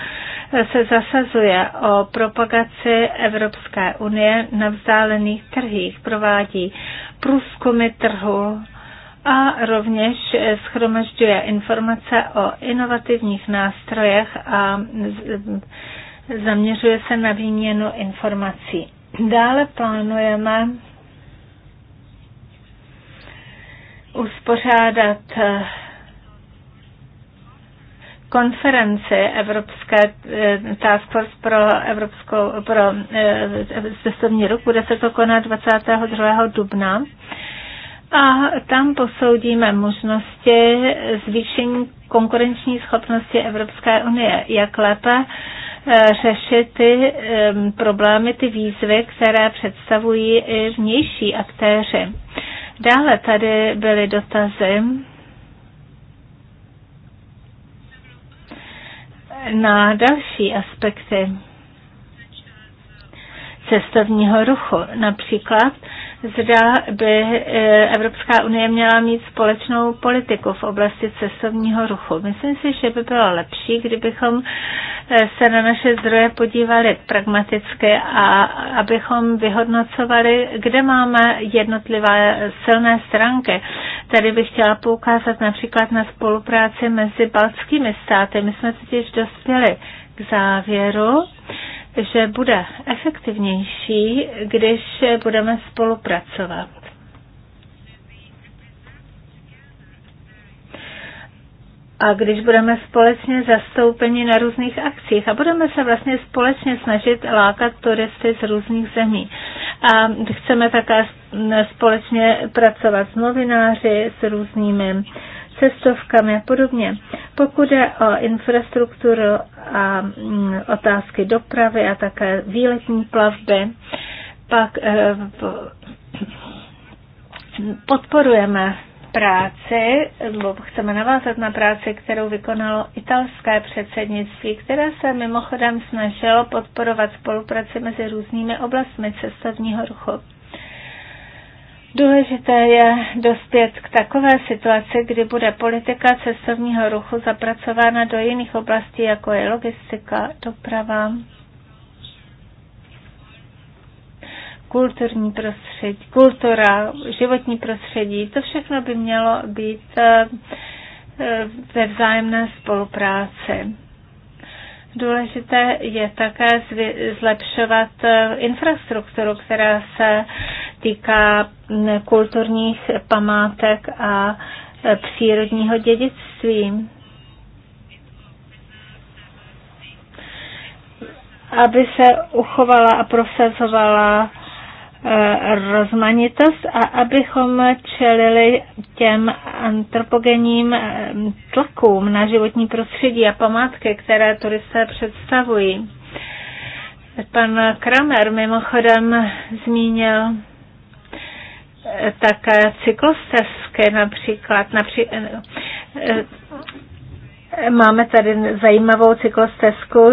e, se zasazuje o propagaci Evropské unie na vzdálených trhích. Provádí průzkumy trhu, a rovněž eh, schromažďuje informace o inovativních nástrojech a eh, zaměřuje se na výměnu informací. Dále plánujeme uspořádat eh, konferenci Evropské Task Force pro Evropskou pro cestovní ruch. Bude se to konat 22. dubna a tam posoudíme možnosti zvýšení konkurenční schopnosti Evropské unie, jak lépe eh, řešit ty problémy, ty výzvy, které představují i vnější aktéři. Dále tady byly dotazy na další aspekty cestovního ruchu, například zda by e, Evropská unie měla mít společnou politiku v oblasti cestovního ruchu. Myslím si, že by bylo lepší, kdybychom e, se na naše zdroje podívali pragmaticky a abychom vyhodnocovali, kde máme jednotlivé silné stránky. Tady bych chtěla poukázat například na spolupráci mezi baltskými státy. My jsme totiž dospěli k závěru, že bude efektivnější, když budeme spolupracovat. a když budeme společně zastoupeni na různých akcích a budeme se vlastně společně snažit lákat turisty z různých zemí. A chceme také společně pracovat s novináři, s různými cestovkami a podobně. Pokud je o infrastrukturu a mm, otázky dopravy a také výletní plavby, pak eh, podporujeme práci, nebo chceme navázat na práci, kterou vykonalo italské předsednictví, které se mimochodem snažilo podporovat spolupráci mezi různými oblastmi cestovního ruchu. Důležité je dospět k takové situaci, kdy bude politika cestovního ruchu zapracována do jiných oblastí, jako je logistika, doprava, kulturní prostředí, kultura, životní prostředí. To všechno by mělo být eh, ve vzájemné spolupráci. Důležité je také zlepšovat eh, infrastrukturu, která se týká mm, kulturních památek a eh, přírodního dědictví. Aby se uchovala a prosazovala rozmanitost a abychom čelili těm antropogenním eh, tlakům na životní prostředí a památky, které turisté představují. Pan Kramer mimochodem zmínil eh, také cyklostezky například, napří, eh, Máme tady zajímavou cyklostezku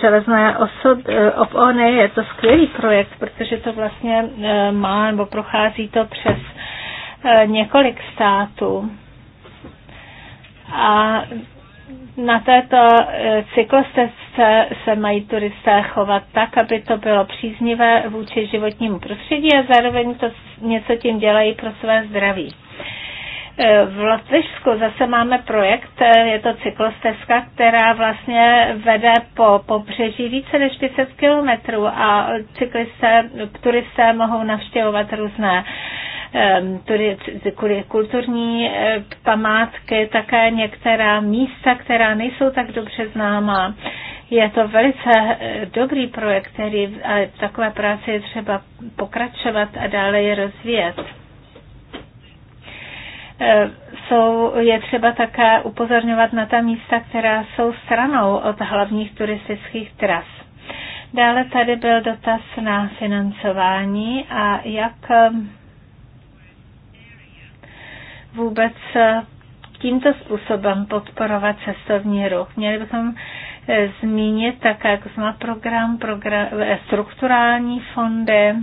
železné osob, eh, opony. Je to skvělý projekt, protože to vlastně eh, má nebo prochází to přes eh, několik států. A na této cyklostezce se mají turisté chovat tak, aby to bylo příznivé vůči životnímu prostředí a zároveň to něco tím dělají pro své zdraví. E, v Lotyšsku zase máme projekt, e, je to cyklostezka, která vlastně vede po pobřeží více než 500 kilometrů a cyklisté, turisté mohou navštěvovat různé e, tudy, kulturní památky, také některá místa, která nejsou tak dobře známá. Je to velice dobrý projekt, který v takové práce je třeba pokračovat a dále je rozvíjet. Eh, jsou, je třeba také upozorňovat na ta místa, která jsou stranou od hlavních turistických tras. Dále tady byl dotaz na financování a jak eh, vůbec eh, tímto způsobem podporovat cestovní ruch. Měli bychom zmínit také, jako jsme program, program, strukturální fondy,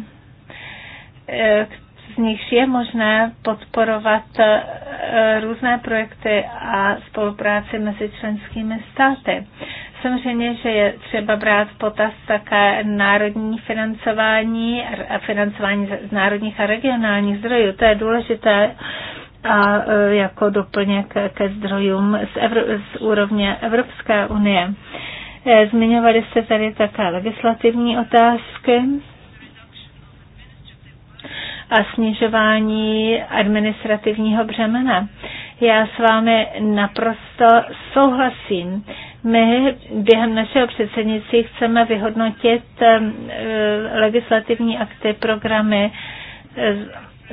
z nich je možné podporovat eh, různé projekty a spolupráci mezi členskými státy. Samozřejmě, že je třeba brát potaz také národní financování a financování z národních a regionálních zdrojů. To je důležité a eh, jako doplněk ke zdrojům z, Evro- z úrovně Evropské unie. Eh, zmiňovaly se tady také legislativní otázky a snižování administrativního břemene. Já s vámi naprosto souhlasím. My během našeho předsednictví chceme vyhodnotit um, eh, legislativní akty, programy eh,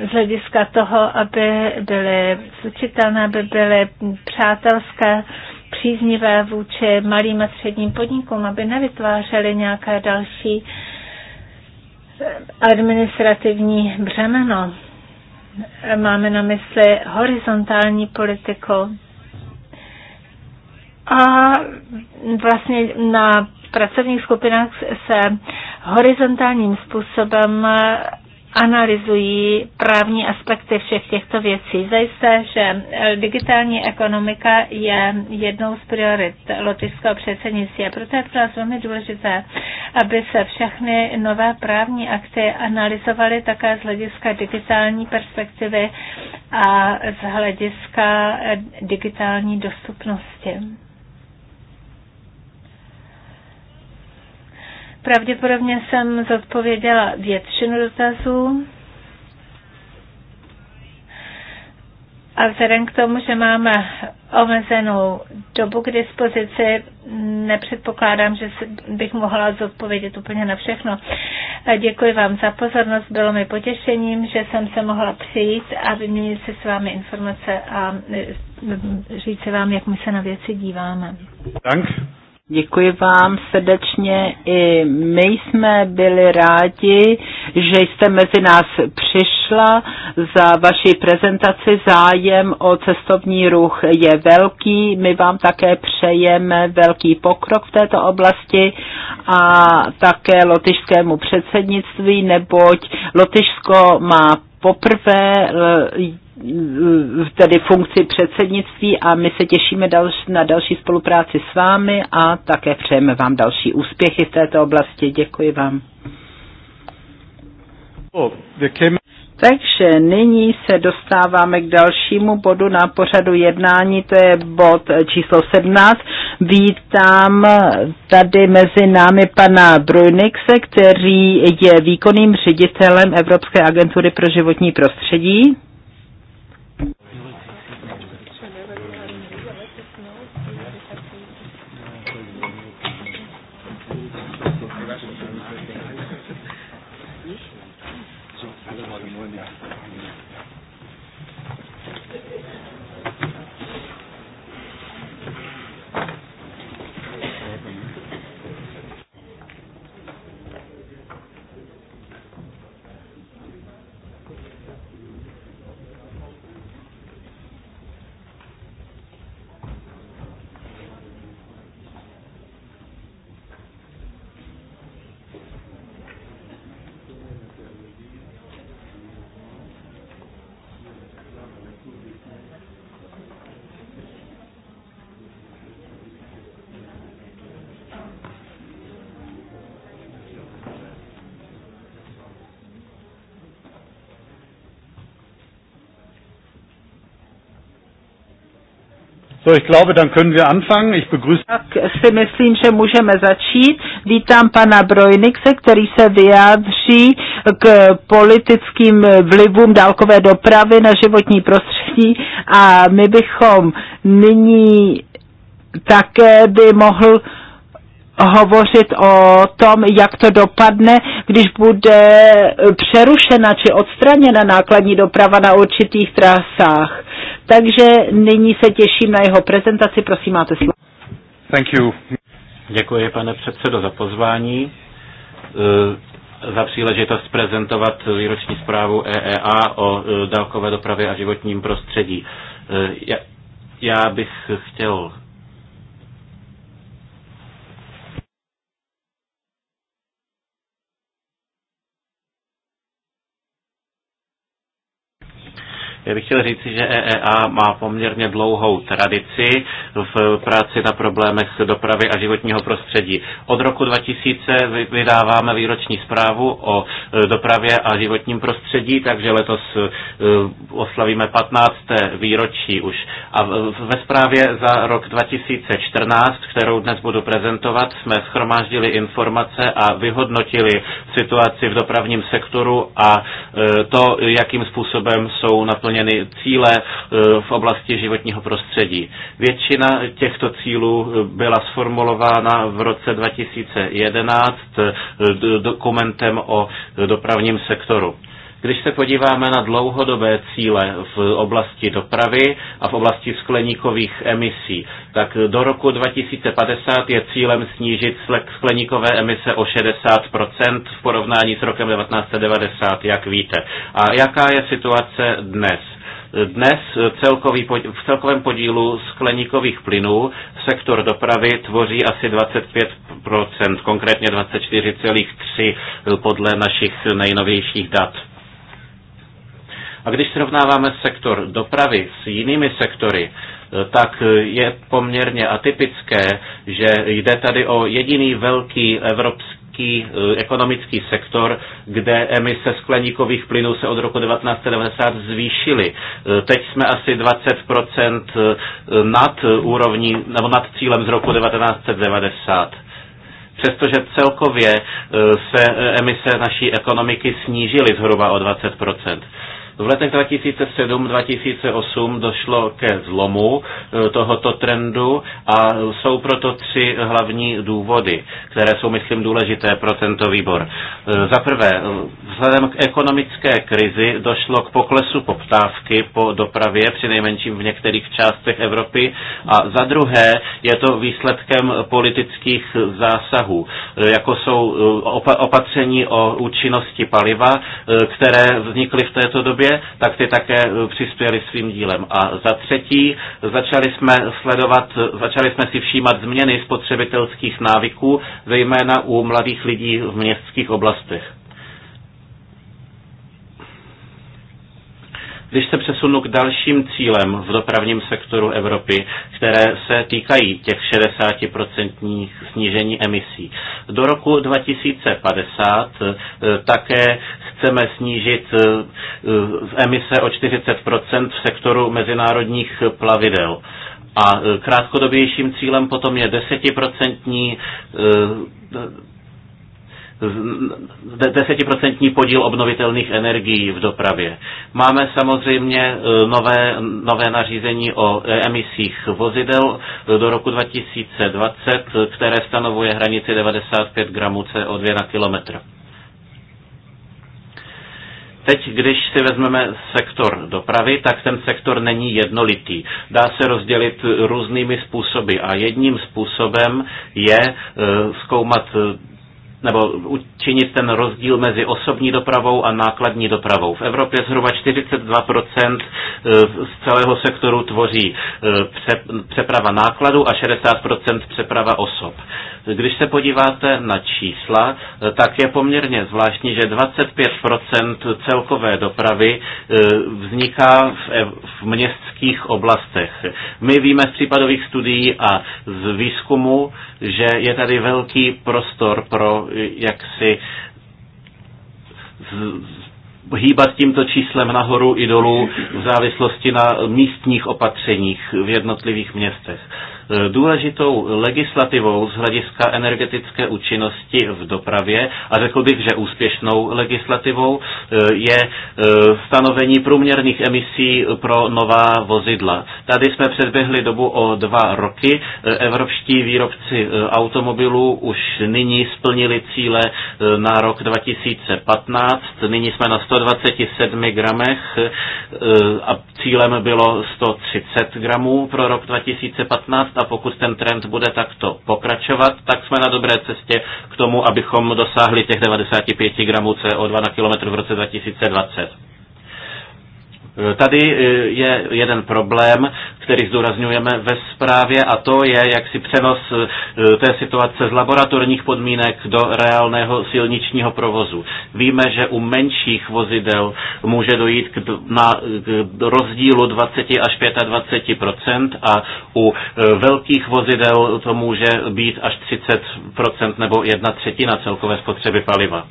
z hlediska toho, aby byly slučitelné, aby byly přátelské, příznivé vůči malým a středním podnikům, aby nevytvářely nějaké další administrativní břemeno. Máme na mysli horizontální politiku a vlastně na pracovních skupinách se horizontálním způsobem analyzují právní aspekty všech těchto věcí. Zajisté, že eh, digitální ekonomika je jednou z priorit lotyšského předsednictví a proto je pro nás velmi důležité, aby se všechny nové právní akty analyzovaly také z hlediska digitální perspektivy a z hlediska eh, digitální dostupnosti. Pravděpodobně jsem zodpověděla většinu dotazů. A vzhledem k tomu, že máme omezenou dobu k dispozici, nepředpokládám, že bych mohla zodpovědět úplně na všechno. Děkuji vám za pozornost, bylo mi potěšením, že jsem se mohla přijít a vyměnit se s vámi informace a e, říct se vám, jak my se na věci díváme. Dank. Děkuji vám srdečně. I my jsme byli rádi, že jste mezi nás přišla za vaši prezentaci. Zájem o cestovní ruch je velký. My vám také přejeme velký pokrok v této oblasti a také lotyšskému předsednictví, neboť Lotyšsko má poprvé tedy funkci předsednictví a my se těšíme další, na další spolupráci s vámi a také přejeme vám další úspěchy v této oblasti. Děkuji vám. Oh, takže nyní se dostáváme k dalšímu bodu na pořadu jednání, to je bod číslo 17. Vítám tady mezi námi pana Brujnixe, který je výkonným ředitelem Evropské agentury pro životní prostředí. So, ich glaube, dann können wir anfangen. Ich begrüße... Tak si myslím, že můžeme začít. Vítám pana Brojnixe, který se vyjádří k politickým vlivům dálkové dopravy na životní prostředí a my bychom nyní také by mohl hovořit o tom, jak to dopadne, když bude přerušena či odstraněna nákladní doprava na určitých trasách takže nyní se těším na jeho prezentaci. Prosím, máte slovo. Thank you. Děkuji, pane předsedo, za pozvání e, za příležitost prezentovat výroční zprávu EEA o e, dálkové dopravě a životním prostředí. E, já bych chtěl Já bych chtěl říci, že EEA má poměrně dlouhou tradici v práci na problémech dopravy a životního prostředí. Od roku 2000 vydáváme výroční zprávu o e, dopravě a životním prostředí, takže letos e, oslavíme 15. výročí už. A ve zprávě za rok 2014, kterou dnes budu prezentovat, jsme schromáždili informace a vyhodnotili situaci v dopravním sektoru a e, to, jakým způsobem jsou naplněny splněny cíle e, v oblasti životního prostředí. Většina těchto cílů e, byla sformulována v roce 2011 e, dokumentem o dopravním sektoru. Když se podíváme na dlouhodobé cíle v oblasti dopravy a v oblasti skleníkových emisí, tak do roku 2050 je cílem snížit skleníkové emise o 60% v porovnání s rokem 1990, jak víte. A jaká je situace dnes? Dnes celkový, v celkovém podílu skleníkových plynů sektor dopravy tvoří asi 25 konkrétně 24,3 podle našich nejnovějších dat. A když srovnáváme sektor dopravy s jinými sektory, eh, tak eh, je poměrně atypické, že jde tady o jediný velký evropský eh, ekonomický sektor, kde emise skleníkových plynů se od roku 1990 zvýšily. Teď jsme asi 20% nad úrovní, nebo nad cílem z roku 1990. Přestože celkově se emise naší ekonomiky snížily zhruba o 20 v letech 2007-2008 došlo ke zlomu eh, tohoto trendu a jsou proto tři hlavní důvody, které jsou, myslím, důležité pro tento výbor. Eh, za prvé, eh, vzhledem k ekonomické krizi došlo k poklesu poptávky po dopravě, při nejmenším v některých částech Evropy, a za druhé je to výsledkem politických zásahů, jako jsou opatření o účinnosti paliva, které vznikly v této době Evropě, tak ty také eh, přispěli svým dílem. A za třetí, začali jsme sledovat, začali jsme si všímat změny spotřebitelských návyků, zejména u mladých lidí v městských oblastech. Když se přesunu k dalším cílem v dopravním sektoru Evropy, které se týkají těch 60% snížení emisí, do roku 2050 eh, také chceme snížit eh, eh, emise o 40% v sektoru mezinárodních plavidel. A krátkodobějším cílem potom je 10% desetiprocentní podíl obnovitelných energií v dopravě. Máme samozřejmě e, nové, nové nařízení o e, emisích vozidel e, do roku 2020, které stanovuje hranici 95 gramů CO2 na kilometr. Teď, když si vezmeme sektor dopravy, tak ten sektor není jednolitý. Dá se rozdělit různými způsoby a jedním způsobem je zkoumat nebo učinit ten rozdíl mezi osobní dopravou a nákladní dopravou. V Evropě zhruba 42% e, z celého sektoru tvoří e, přeprava nákladu a 60% přeprava osob. Když se podíváte na čísla, e, tak je poměrně zvláštní, že 25% celkové dopravy vzniká v městských oblastech. My víme z případových studií a z výzkumu, že je tady velký prostor pro jaksi hýbat tímto číslem nahoru i dolů v závislosti na místních opatřeních v jednotlivých městech. Eh, důležitou legislativou z hlediska energetické účinnosti v dopravě, a řekl bych, že úspěšnou legislativou, eh, je eh, stanovení průměrných emisí pro nová vozidla. Tady jsme předběhli dobu o dva roky. Evropští výrobci automobilů už nyní splnili cíle na rok 2015. Nyní jsme na 127 gramech a cílem bylo 130 gramů pro rok 2015 a pokud ten trend bude takto pokračovat, tak jsme na dobré cestě k tomu, abychom dosáhli těch 95 gramů CO2 na kilometr v roce 2020. Tady eh, je jeden problém, který zdůrazňujeme ve zprávě a to je jaksi přenos eh, té situace z laboratorních podmínek do reálného silničního provozu. Víme, že u menších vozidel může dojít k, na, k rozdílu 20 až 25 a u eh, velkých vozidel to může být až 30 nebo jedna třetina celkové spotřeby paliva.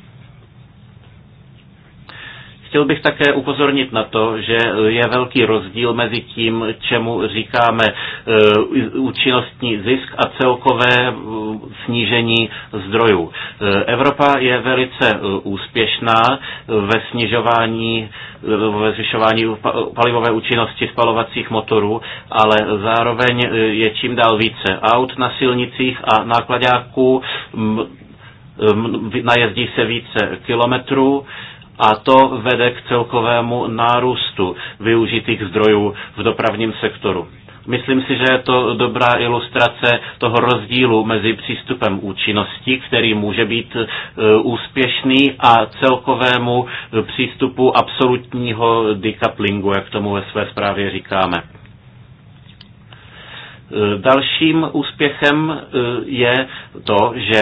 Chtěl bych také upozornit na to, že je velký rozdíl mezi tím, čemu říkáme eh, účinnostní zisk a celkové eh, snížení zdrojů. Eh, Evropa je velice úspěšná ve snižování ve zvyšování palivové účinnosti spalovacích motorů, ale zároveň je čím dál více aut na silnicích a nákladáků, najezdí se více kilometrů, a to vede k celkovému nárůstu využitých zdrojů v dopravním sektoru. Myslím si, že je to dobrá ilustrace toho rozdílu mezi přístupem účinnosti, který může být e, úspěšný, a celkovému e, přístupu absolutního decouplingu, jak tomu ve své zprávě říkáme. E, dalším úspěchem je to, že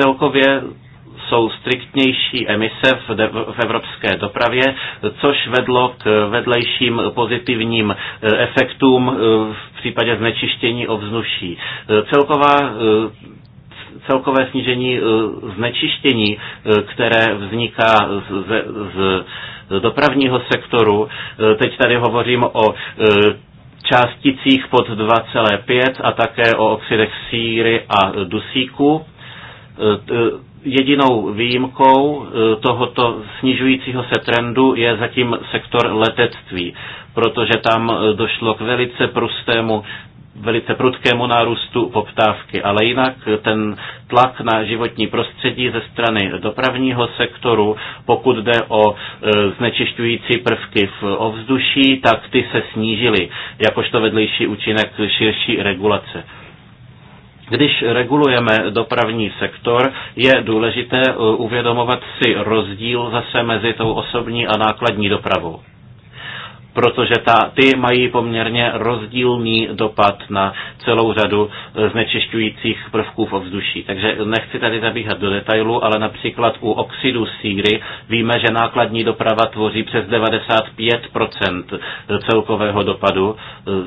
celkově jsou striktnější emise v, de, v evropské dopravě, což vedlo k vedlejším pozitivním e, efektům e, v případě znečištění ovzduší. E, celková celkové snížení znečištění, které vzniká z, z, z dopravního sektoru. Teď tady hovořím o částicích pod 2,5 a také o oxidech síry a dusíku Jedinou výjimkou e, tohoto snižujícího se trendu je zatím sektor letectví, protože tam e, došlo k velice prustému velice prudkému nárůstu poptávky, ale jinak e, ten tlak na životní prostředí ze strany dopravního sektoru, pokud jde o znečišťující prvky v ovzduší, tak ty se snížily, jakožto vedlejší účinek širší regulace. Když regulujeme dopravní sektor, je důležité eh, uvědomovat si rozdíl zase mezi tou osobní a nákladní dopravou protože ta, ty mají poměrně rozdílný dopad na celou řadu eh, znečišťujících prvků v ovzduší. Takže nechci tady zabíhat do detailu, ale například u oxidu síry víme, že nákladní doprava tvoří přes 95% eh, celkového dopadu,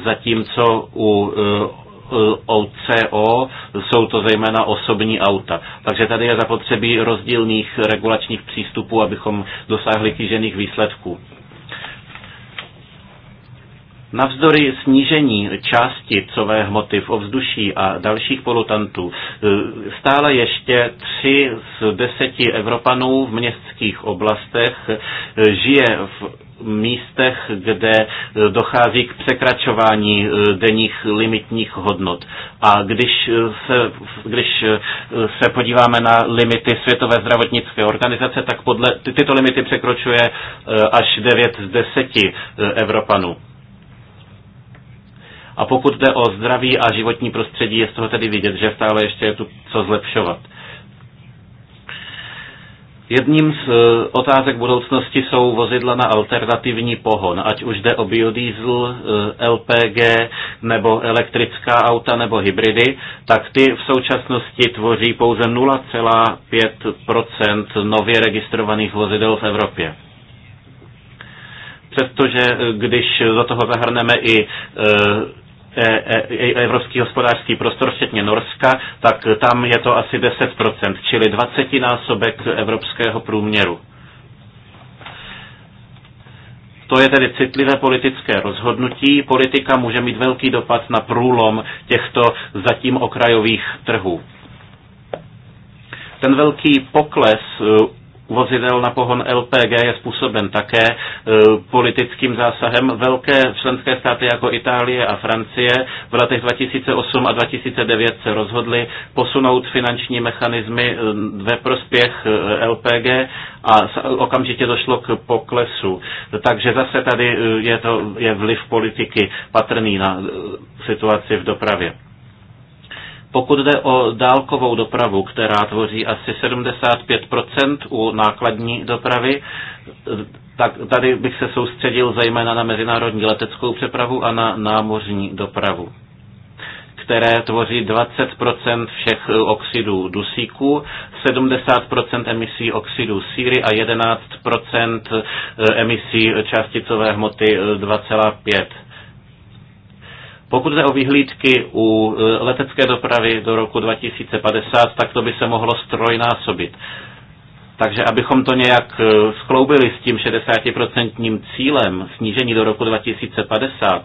zatímco u OCO eh, jsou to zejména osobní auta. Takže tady je zapotřebí rozdílných regulačních přístupů, abychom dosáhli kýžených výsledků. Navzdory snížení části cové hmoty v ovzduší a dalších polutantů eh, stále ještě tři z deseti Evropanů v městských oblastech eh, žije v místech, kde eh, dochází k překračování eh, denních limitních hodnot. A když eh, se, když se podíváme na limity Světové zdravotnické organizace, tak podle, ty, tyto limity překročuje až 9 z 10 Evropanů. A pokud jde o zdraví a životní prostředí, je z toho tedy vidět, že stále ještě je tu co zlepšovat. Jedním z eh, otázek budoucnosti jsou vozidla na alternativní pohon, ať už jde o biodiesel, eh, LPG nebo elektrická auta nebo hybridy, tak ty v současnosti tvoří pouze 0,5 nově registrovaných vozidel v Evropě. Přestože eh, když do toho zahrneme i E, e, e, evropský hospodářský prostor, včetně Norska, tak tam je to asi 10%, čili 20 násobek evropského průměru. To je tedy citlivé politické rozhodnutí. Politika může mít velký dopad na průlom těchto zatím okrajových trhů. Ten velký pokles vozidel na pohon LPG je způsoben také e, politickým zásahem. Velké členské státy jako Itálie a Francie v letech 2008 a 2009 se rozhodly posunout finanční mechanismy e, ve prospěch e, LPG a okamžitě došlo k poklesu. Takže zase tady je, to, je vliv politiky patrný na situaci v dopravě. Pokud jde o dálkovou dopravu, která tvoří asi 75 u nákladní dopravy, tak tady bych se soustředil zejména na mezinárodní leteckou přepravu a na námořní dopravu které tvoří 20 všech oxidů dusíku, 70 emisí oxidů síry a 11 emisí částicové hmoty 2,5. Pokud jde o vyhlídky u e, letecké dopravy do roku 2050, tak to by se mohlo strojnásobit. Takže abychom to nějak e, skloubili s tím 60% cílem snížení do roku 2050,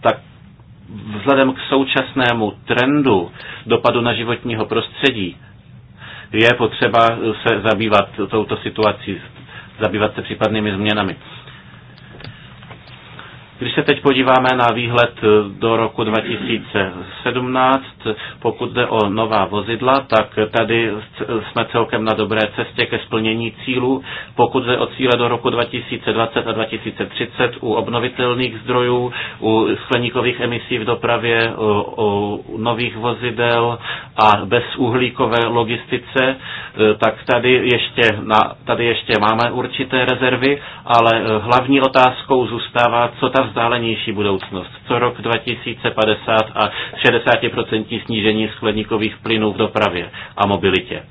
tak vzhledem k současnému trendu dopadu na životního prostředí je potřeba se zabývat touto situací, zabývat se případnými změnami. Když se teď podíváme na výhled eh, do roku 2017, pokud jde o nová vozidla, tak tady jsme celkem na dobré cestě ke splnění cílů. Pokud jde o cíle do roku 2020 a 2030 u obnovitelných zdrojů, u skleníkových emisí v dopravě, u nových vozidel a bezuhlíkové logistice, eh, tak tady ještě, na, tady ještě máme určité rezervy, ale eh, hlavní otázkou zůstává, co ta vzdálenější budoucnost, co rok 2050 a 60% snížení skleníkových plynů v dopravě a mobilitě.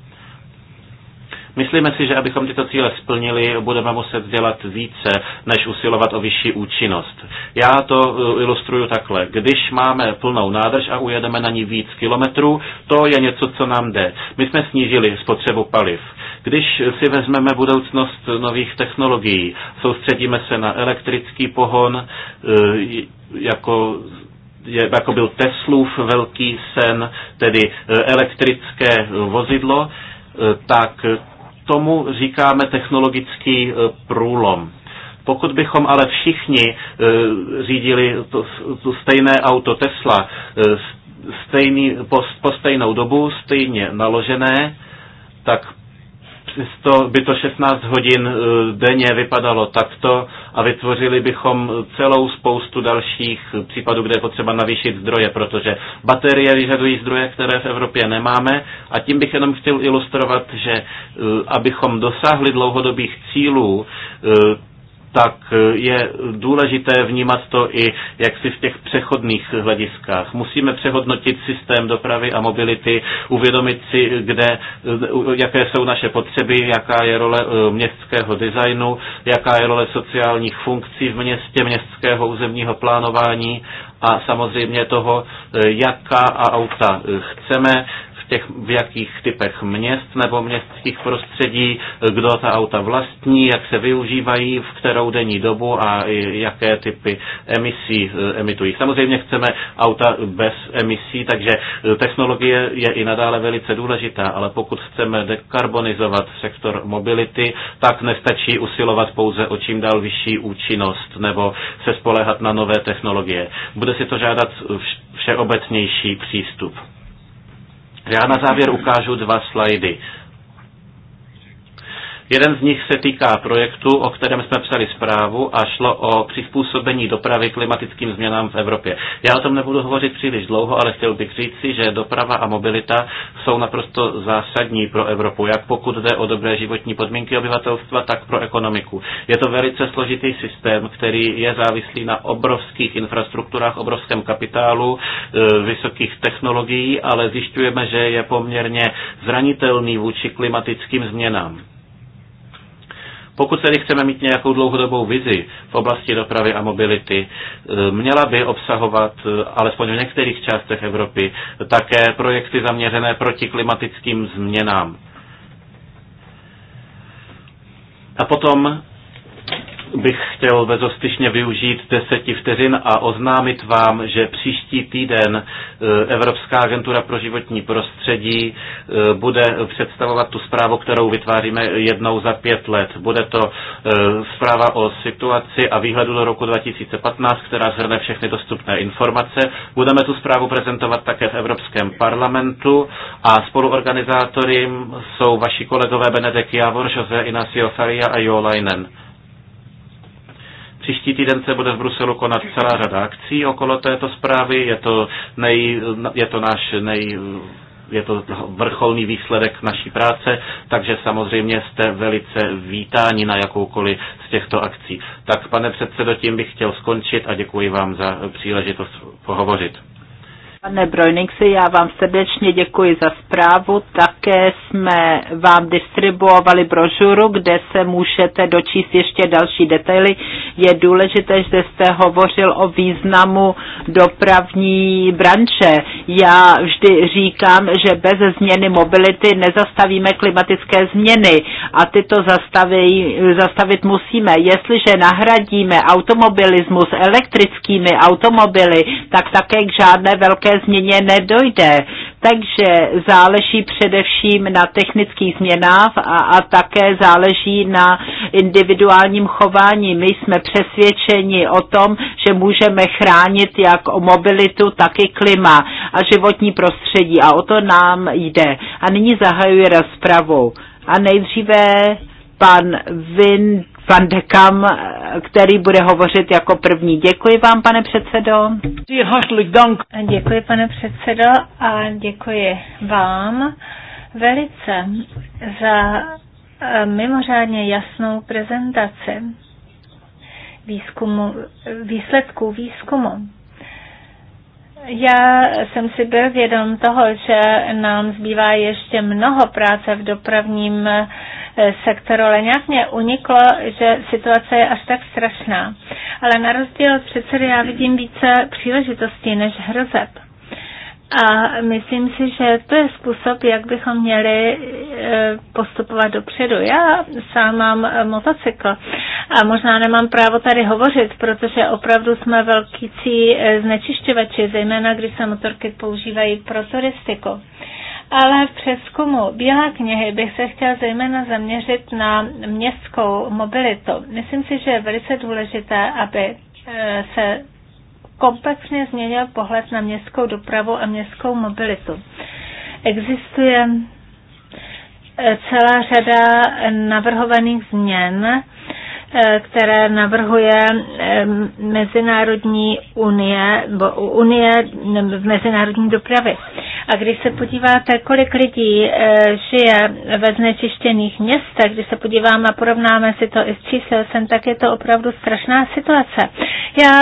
Myslíme si, že abychom tyto cíle splnili, budeme muset dělat více, než usilovat o vyšší účinnost. Já to eh, ilustruju takhle. Když máme plnou nádrž a ujedeme na ní víc kilometrů, to je něco, co nám jde. My jsme snížili spotřebu paliv. Když si vezmeme budoucnost nových technologií, soustředíme se na elektrický pohon, eh, jako je, jako byl Teslův velký sen, tedy eh, elektrické vozidlo, tak tomu říkáme technologický e, průlom. Pokud bychom ale všichni e, řídili to, to stejné auto Tesla e, stejný, po, po stejnou dobu, stejně naložené, tak přesto by to 16 hodin eh, denně vypadalo takto a vytvořili bychom celou spoustu dalších případů, kde je potřeba navýšit zdroje, protože baterie vyžadují zdroje, které v Evropě nemáme a tím bych jenom chtěl ilustrovat, že eh, abychom dosáhli dlouhodobých cílů, eh, tak eh, je důležité vnímat to i jaksi v těch přechodných hlediskách. Musíme přehodnotit systém dopravy a mobility, uvědomit si, kde, eh, jaké jsou naše potřeby, jaká je role eh, městského designu, jaká je role sociálních funkcí v městě, městského územního plánování a samozřejmě toho, jaká auta chceme, těch, v jakých typech měst nebo městských prostředí, kdo ta auta vlastní, jak se využívají, v kterou denní dobu a jaké typy emisí eh, emitují. Samozřejmě chceme auta bez emisí, takže eh, technologie je i nadále velice důležitá, ale pokud chceme dekarbonizovat sektor mobility, tak nestačí usilovat pouze o čím dál vyšší účinnost nebo se spolehat na nové technologie. Bude si to žádat všeobecnější přístup. Já na závěr ukážu dva slajdy. Jeden z nich se týká projektu, o kterém jsme psali zprávu a šlo o přizpůsobení dopravy klimatickým změnám v Evropě. Já o tom nebudu hovořit příliš dlouho, ale chtěl bych říci, že doprava a mobilita jsou naprosto zásadní pro Evropu, jak pokud jde o dobré životní podmínky obyvatelstva, tak pro ekonomiku. Je to velice složitý systém, který je závislý na obrovských infrastrukturách, obrovském kapitálu, e, vysokých technologií, ale zjišťujeme, že je poměrně zranitelný vůči klimatickým změnám. Pokud tedy chceme mít nějakou dlouhodobou vizi v oblasti dopravy a mobility, e, měla by obsahovat e, alespoň v některých částech Evropy také projekty zaměřené proti klimatickým změnám. A potom bych chtěl bezostyšně využít deseti vteřin a oznámit vám, že příští týden e, Evropská agentura pro životní prostředí e, bude představovat tu zprávu, kterou vytváříme jednou za pět let. Bude to e, zpráva o situaci a výhledu do roku 2015, která zhrne všechny dostupné informace. Budeme tu zprávu prezentovat také v Evropském parlamentu a spoluorganizátory jsou vaši kolegové Benedek Javor, José Inacio Faria a Jo Leinen. Příští týden se bude v Bruselu konat celá řada akcí okolo této zprávy. Je to, nej, je to náš nej, je to vrcholný výsledek naší práce, takže samozřejmě jste velice vítáni na jakoukoliv z těchto akcí. Tak pane předsedo, tím bych chtěl skončit a děkuji vám za příležitost pohovořit. Pane Brojningsi, já vám srdečně děkuji za zprávu. Také jsme vám distribuovali brožuru, kde se můžete dočíst ještě další detaily. Je důležité, že jste hovořil o významu dopravní branže. Já vždy říkám, že bez změny mobility nezastavíme klimatické změny a tyto zastaví, zastavit musíme. Jestliže nahradíme automobilismus elektrickými automobily, tak také k žádné velké změně nedojde. Takže záleží především na technických změnách a, a také záleží na individuálním chování. My jsme přesvědčeni o tom, že můžeme chránit jak o mobilitu, tak i klima a životní prostředí. A o to nám jde. A nyní zahajuji rozpravu. A nejdříve pan Vin Van de Kam, který bude hovořit jako první. Děkuji vám, pane předsedo. Děkuji, pane předsedo, a děkuji vám velice za eh, mimořádně jasnou prezentaci výzkumu, výsledků výzkumu. Já jsem si byl vědom toho, že nám zbývá ještě mnoho práce v dopravním Eh, sektoru, ale nějak mě uniklo, že situace je až tak strašná. Ale na rozdíl od předsedy já vidím více příležitostí než hrozeb. A myslím si, že to je způsob, jak bychom měli eh, postupovat dopředu. Já sám mám eh, motocykl a možná nemám právo tady hovořit, protože opravdu jsme velkící znečišťovači, zejména když se motorky používají pro turistiku ale v přeskumu Bílé knihy bych se chtěl zejména zaměřit na městskou mobilitu. Myslím si, že je velice důležité, aby e, se komplexně změnil pohled na městskou dopravu a městskou mobilitu. Existuje e, celá řada navrhovaných změn, které navrhuje Mezinárodní unie, bo unie v mezinárodní dopravy. A když se podíváte, kolik lidí eh, žije ve znečištěných městech, když se podíváme a porovnáme si to i s číslem, tak je to opravdu strašná situace. Já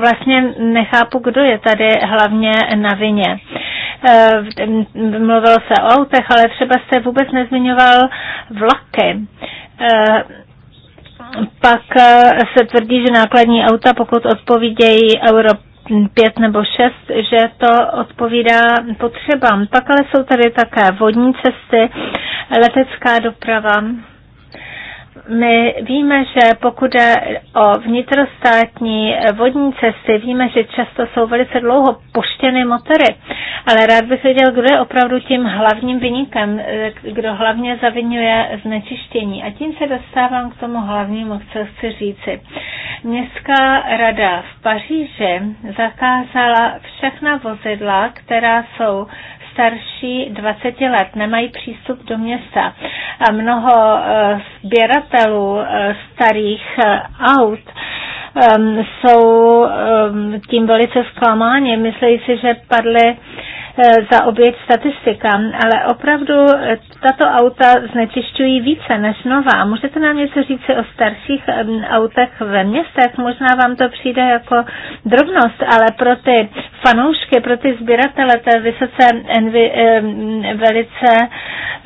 vlastně nechápu, kdo je tady hlavně na vině eh, mluvil se o autech, ale třeba se vůbec nezmiňoval vlaky. Eh, pak eh, se tvrdí, že nákladní auta, pokud odpovídají Euro 5 nebo 6, že to odpovídá potřebám. Pak ale jsou tady také vodní cesty, letecká doprava. My víme, že pokud je o vnitrostátní vodní cesty, víme, že často jsou velice dlouho poštěny motory, ale rád bych věděl, kdo je opravdu tím hlavním vynikem, kdo hlavně zavinuje znečištění. A tím se dostávám k tomu hlavnímu, co chci říci. Městská rada v Paříži zakázala všechna vozidla, která jsou starší 20 let, nemají přístup do města. A mnoho eh, sběratelů eh, starých eh, aut Ehm, jsou ehm, tím velice zklamáni. Myslí si, že padly eh, za oběť statistikám, ale opravdu eh, tato auta znečišťují více než nová. Můžete nám něco říct o starších ehm, autech ve městech? Možná vám to přijde jako drobnost, ale pro ty fanoušky, pro ty sběratele, to je vysoce envy, velice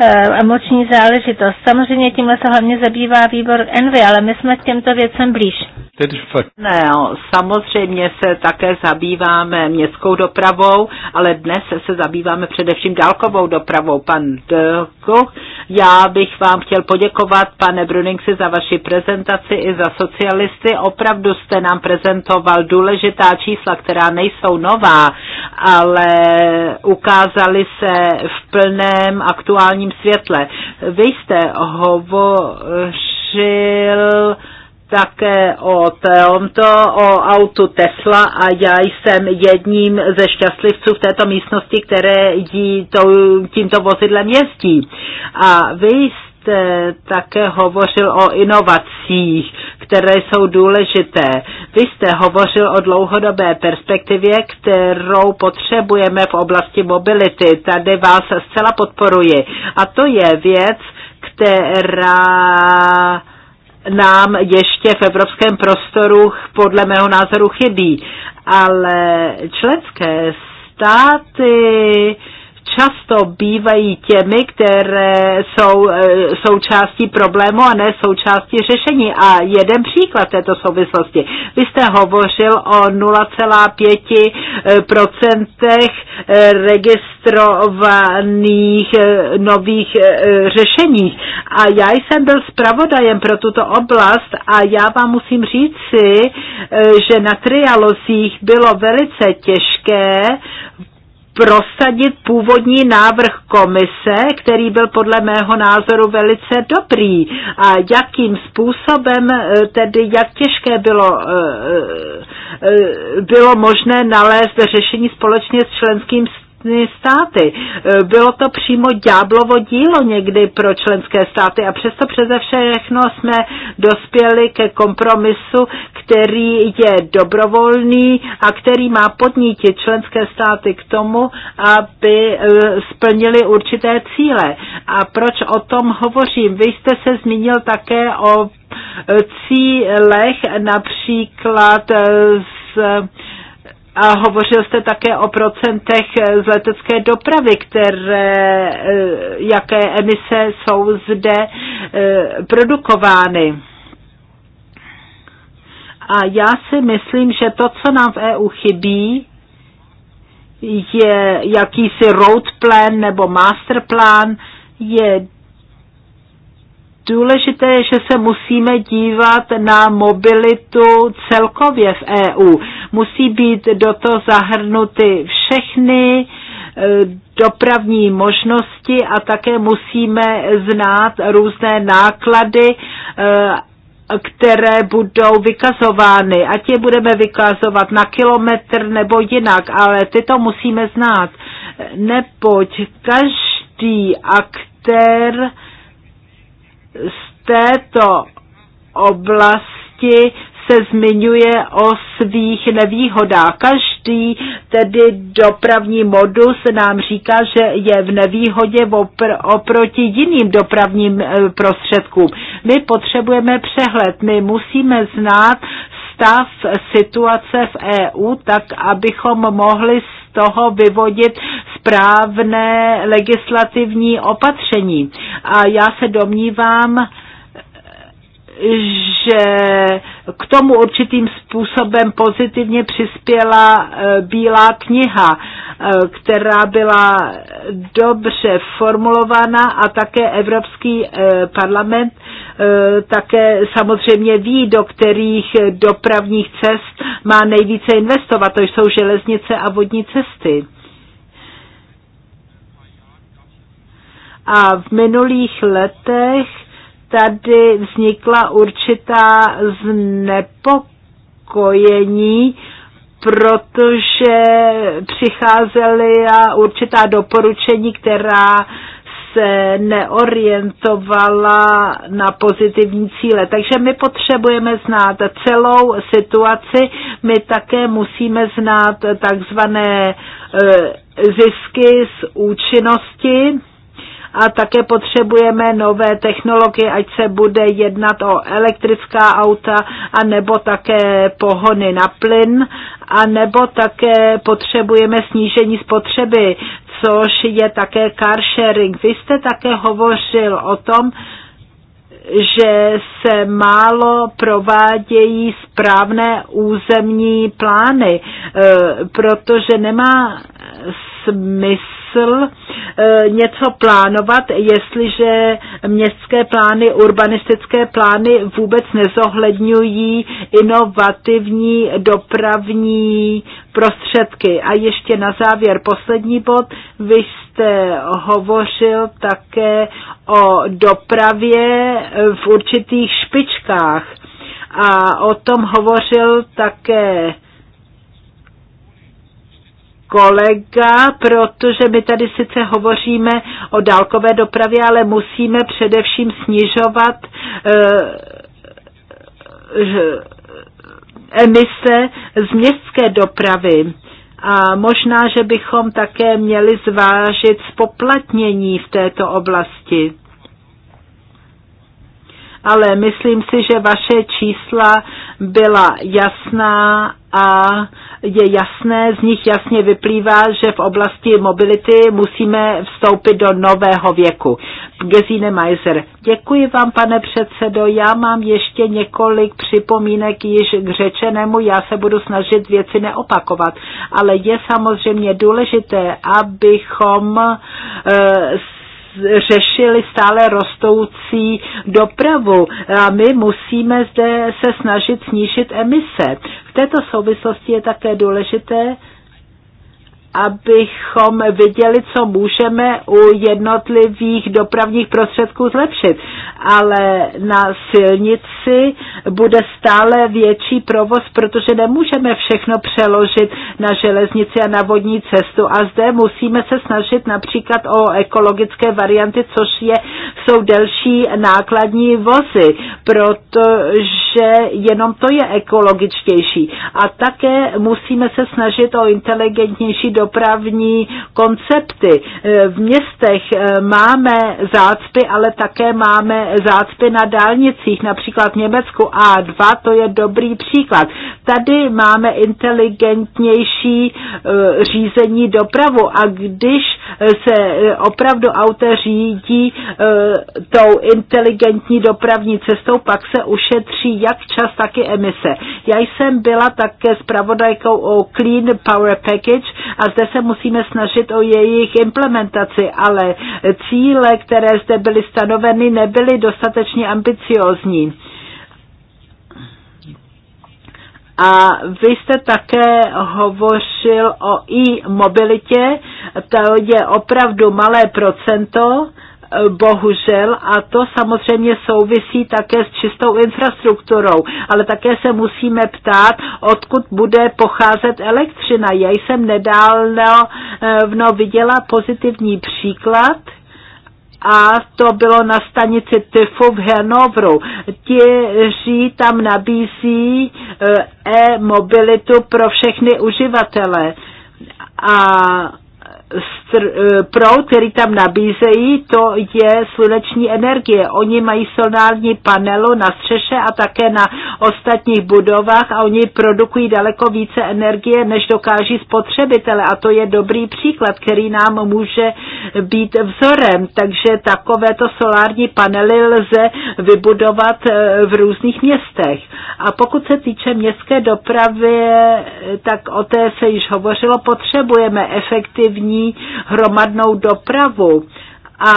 eh, emoční záležitost. Samozřejmě tímhle se hlavně zabývá výbor Envy, ale my jsme k těmto věcem blíž. Ne, samozřejmě se také zabýváme městskou dopravou, ale dnes se zabýváme především dálkovou dopravou. Pan Koch, já bych vám chtěl poděkovat, pane Bruningsi, za vaši prezentaci i za socialisty. Opravdu jste nám prezentoval důležitá čísla, která nejsou nová, ale ukázali se v plném aktuálním světle. Vy jste hovořil také o tomto, o autu Tesla a já jsem jedním ze šťastlivců v této místnosti, které jí to, tímto vozidlem jezdí. A vy jste také hovořil o inovacích, které jsou důležité. Vy jste hovořil o dlouhodobé perspektivě, kterou potřebujeme v oblasti mobility. Tady vás zcela podporuji. A to je věc, která nám ještě v evropském prostoru podle mého názoru chybí. Ale členské státy často bývají těmi, které jsou e, součástí problému a ne součástí řešení. A jeden příklad této souvislosti. Vy jste hovořil o 0,5% e, registrovaných e, nových řešeních. A já jsem byl zpravodajem pro tuto oblast a já vám musím říci, že na trialozích bylo velice těžké prosadit původní návrh komise, který byl podle mého názoru velice dobrý. A jakým způsobem, e, tedy jak těžké bylo, e, e, bylo možné nalézt řešení společně s členským státy. E, bylo to přímo ďáblovo dílo někdy pro členské státy a přesto přeze všechno jsme dospěli ke kompromisu, který je dobrovolný a který má podnítit členské státy k tomu, aby e, splnili určité cíle. A proč o tom hovořím? Vy jste se zmínil také o e, cílech například z a hovořil jste také o procentech z letecké dopravy, které, eh, jaké emise jsou zde eh, produkovány. A já si myslím, že to, co nám v EU chybí, je jakýsi road plan nebo master plan, je Důležité je, že se musíme dívat na mobilitu celkově v EU. Musí být do toho zahrnuty všechny e, dopravní možnosti a také musíme znát různé náklady e, které budou vykazovány. Ať je budeme vykazovat na kilometr nebo jinak, ale ty to musíme znát. Neboť každý aktér z této oblasti se zmiňuje o svých nevýhodách. Každý tedy dopravní modus nám říká, že je v nevýhodě oproti jiným dopravním eh, prostředkům. My potřebujeme přehled, my musíme znát stav situace v EU, tak abychom mohli z toho vyvodit správné legislativní opatření. A já se domnívám, že k tomu určitým způsobem pozitivně přispěla e, Bílá kniha, e, která byla dobře formulovaná a také Evropský e, parlament také samozřejmě ví, do kterých dopravních cest má nejvíce investovat, to jsou železnice a vodní cesty. A v minulých letech tady vznikla určitá znepokojení, protože přicházely určitá doporučení, která se neorientovala na pozitivní cíle. Takže my potřebujeme znát celou situaci, my také musíme znát takzvané eh, zisky z účinnosti a také potřebujeme nové technologie, ať se bude jednat o elektrická auta a nebo také pohony na plyn a nebo také potřebujeme snížení spotřeby, což je také car sharing. Vy jste také hovořil o tom, že se málo provádějí správné územní plány, e, protože nemá smysl smysl e, něco plánovat, jestliže městské plány, urbanistické plány vůbec nezohledňují inovativní dopravní prostředky. A ještě na závěr poslední bod. Vy jste hovořil také o dopravě e, v určitých špičkách a o tom hovořil také kolega, protože my tady sice hovoříme o dálkové dopravě, ale musíme především snižovat eh, eh, emise z městské dopravy. A možná, že bychom také měli zvážit spoplatnění v této oblasti. Ale myslím si, že vaše čísla byla jasná a je jasné, z nich jasně vyplývá, že v oblasti mobility musíme vstoupit do nového věku. Gesine Meiser, děkuji vám, pane předsedo, já mám ještě několik připomínek již k řečenému, já se budu snažit věci neopakovat, ale je samozřejmě důležité, abychom e, řešili stále rostoucí dopravu a my musíme zde se snažit snížit emise. V této souvislosti je také důležité, abychom viděli, co můžeme u jednotlivých dopravních prostředků zlepšit. Ale na silnici bude stále větší provoz, protože nemůžeme všechno přeložit na železnici a na vodní cestu. A zde musíme se snažit například o ekologické varianty, což je, jsou delší nákladní vozy, protože jenom to je ekologičtější. A také musíme se snažit o inteligentnější dopravu dopravní koncepty. Eh, v městech eh, máme zácpy, ale také máme zácpy na dálnicích, například v Německu A2, to je dobrý příklad. Tady máme inteligentnější eh, řízení dopravu a když se opravdu auta řídí tou inteligentní dopravní cestou, pak se ušetří jak čas, tak i emise. Já jsem byla také zpravodajkou o Clean Power Package a zde se musíme snažit o jejich implementaci, ale cíle, které zde byly stanoveny, nebyly dostatečně ambiciozní. A vy jste také hovořil o e-mobilitě, to je opravdu malé procento, bohužel, a to samozřejmě souvisí také s čistou infrastrukturou, ale také se musíme ptát, odkud bude pocházet elektřina. Já jsem nedávno eh, no, viděla pozitivní příklad, a to bylo na stanici Tyfu v Hanovru. Těří tam nabízí eh, e-mobilitu pro všechny uživatele. A Eh, proud, který tam nabízejí, to je sluneční energie. Oni mají solární panelu na střeše a také na ostatních budovách a oni produkují daleko více energie, než dokáží spotřebitele. A to je dobrý příklad, který nám může být vzorem. Takže takovéto solární panely lze vybudovat eh, v různých městech. A pokud se týče městské dopravy, eh, tak o té se již hovořilo, potřebujeme efektivní hromadnou dopravu. A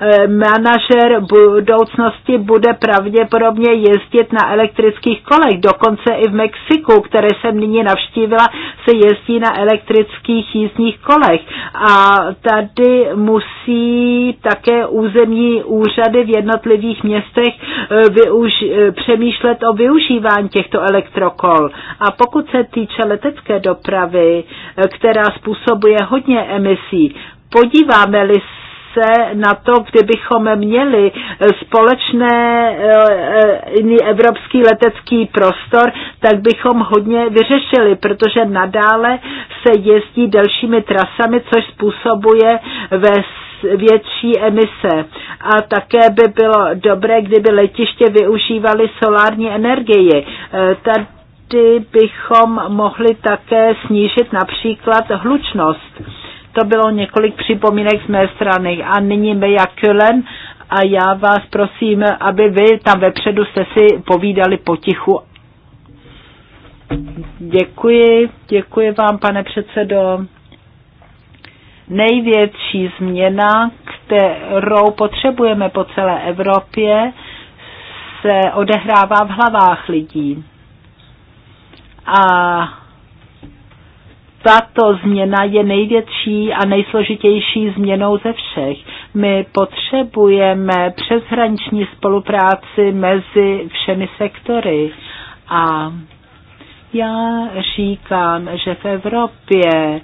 Eh, manažer budoucnosti bude pravděpodobně jezdit na elektrických kolech. Dokonce i v Mexiku, které jsem nyní navštívila, se jezdí na elektrických jízdních kolech. A tady musí také územní úřady v jednotlivých městech eh, využ- eh, přemýšlet o využívání těchto elektrokol. A pokud se týče letecké dopravy, která způsobuje hodně emisí, podíváme-li se na to, kdybychom měli společné eh, eh, evropský letecký prostor, tak bychom hodně vyřešili, protože nadále se jezdí delšími trasami, což způsobuje ve větší emise. A také by bylo dobré, kdyby letiště využívali solární energii. Eh, tady bychom mohli také snížit například hlučnost to bylo několik připomínek z mé strany. A nyní jak Kölen a já vás prosím, aby vy tam vepředu jste si povídali potichu. Děkuji, děkuji vám, pane předsedo. Největší změna, kterou potřebujeme po celé Evropě, se odehrává v hlavách lidí. A tato změna je největší a nejsložitější změnou ze všech. My potřebujeme přeshraniční spolupráci mezi všemi sektory a já říkám, že v Evropě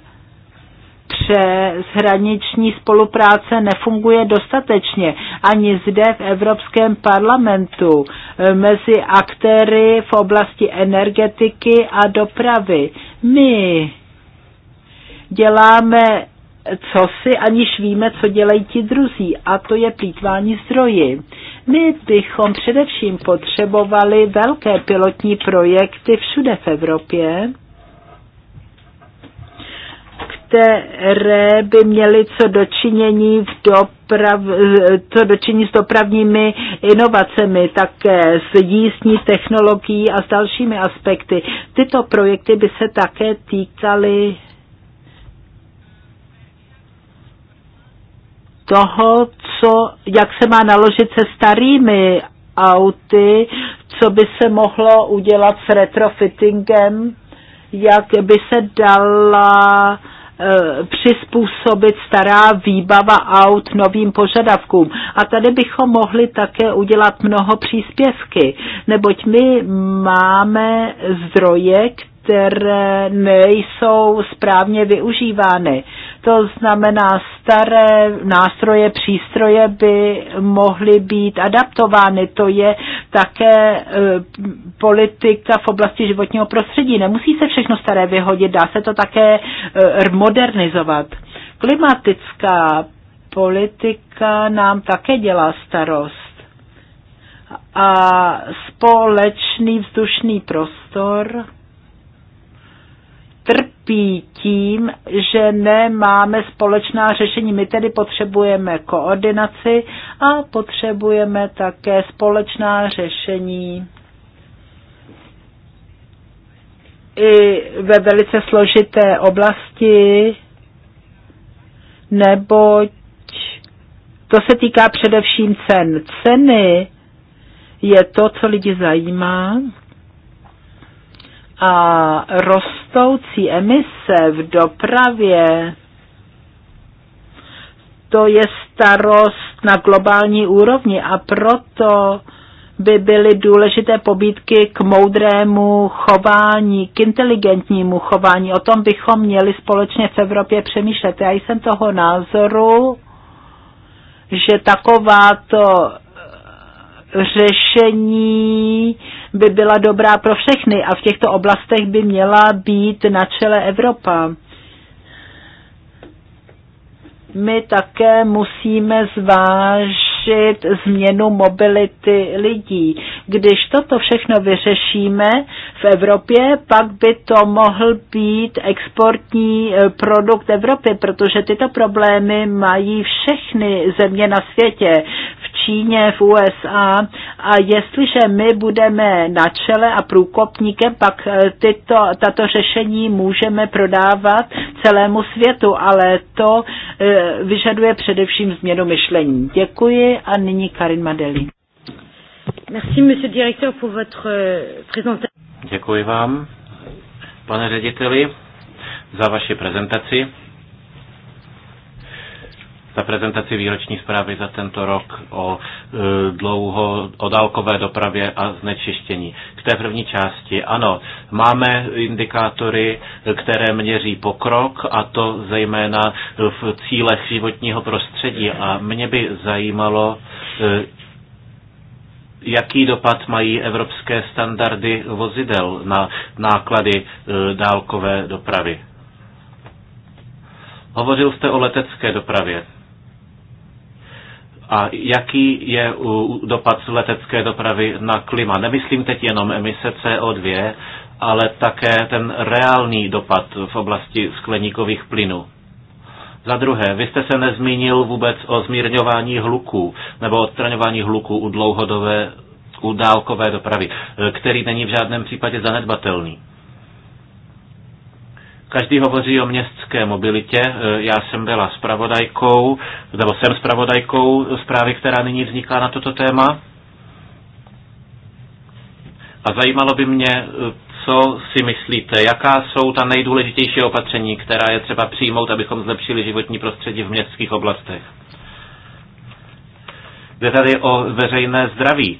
přeshraniční spolupráce nefunguje dostatečně. Ani zde v Evropském parlamentu e, mezi aktéry v oblasti energetiky a dopravy. My děláme cosi, aniž víme, co dělají ti druzí, a to je plítvání zdroji. My bychom především potřebovali velké pilotní projekty všude v Evropě, které by měly co dočinění v doprav, co dočinění s dopravními inovacemi, také s jízdní technologií a s dalšími aspekty. Tyto projekty by se také týkaly toho, co, jak se má naložit se starými auty, co by se mohlo udělat s retrofittingem, jak by se dala eh, přizpůsobit stará výbava aut novým požadavkům. A tady bychom mohli také udělat mnoho příspěvky, neboť my máme zdroje, které nejsou správně využívány. To znamená, staré nástroje, přístroje by mohly být adaptovány. To je také e, politika v oblasti životního prostředí. Nemusí se všechno staré vyhodit, dá se to také e, modernizovat. Klimatická politika nám také dělá starost. A společný vzdušný prostor trpí tím, že nemáme společná řešení. My tedy potřebujeme koordinaci a potřebujeme také společná řešení i ve velice složité oblasti, neboť to se týká především cen. Ceny je to, co lidi zajímá a rostoucí emise v dopravě, to je starost na globální úrovni a proto by byly důležité pobídky k moudrému chování, k inteligentnímu chování. O tom bychom měli společně v Evropě přemýšlet. Já jsem toho názoru, že takováto řešení by byla dobrá pro všechny a v těchto oblastech by měla být na čele Evropa. My také musíme zvážit změnu mobility lidí. Když toto všechno vyřešíme v Evropě, pak by to mohl být exportní eh, produkt Evropy, protože tyto problémy mají všechny země na světě Číně, v USA a jestliže my budeme na čele a průkopníkem, pak eh, tyto, tato řešení můžeme prodávat celému světu, ale to eh, vyžaduje především změnu myšlení. Děkuji a nyní Karin Madeli. Merci, monsieur le directeur, pour votre euh, présentation. Děkuji vám, pane řediteli, za vaši prezentaci za prezentaci výroční zprávy za tento rok o e, dlouho, o dálkové dopravě a znečištění. K té první části. Ano, máme indikátory, které měří pokrok a to zejména v cílech životního prostředí a mě by zajímalo, e, jaký dopad mají evropské standardy vozidel na náklady e, dálkové dopravy. Hovořil jste o letecké dopravě a jaký je dopad letecké dopravy na klima. Nemyslím teď jenom emise CO2, ale také ten reálný dopad v oblasti skleníkových plynů. Za druhé, vy jste se nezmínil vůbec o zmírňování hluku nebo odstraňování hluku u dlouhodobé, u dálkové dopravy, který není v žádném případě zanedbatelný. Každý hovoří o městské mobilitě. E, Já jsem byla spravodajkou, nebo jsem spravodajkou zprávy, která nyní vzniká na toto téma. A zajímalo by mě, e, co si myslíte, jaká jsou ta nejdůležitější opatření, která je třeba přijmout, abychom zlepšili životní prostředí v městských oblastech. Jde tady o veřejné zdraví.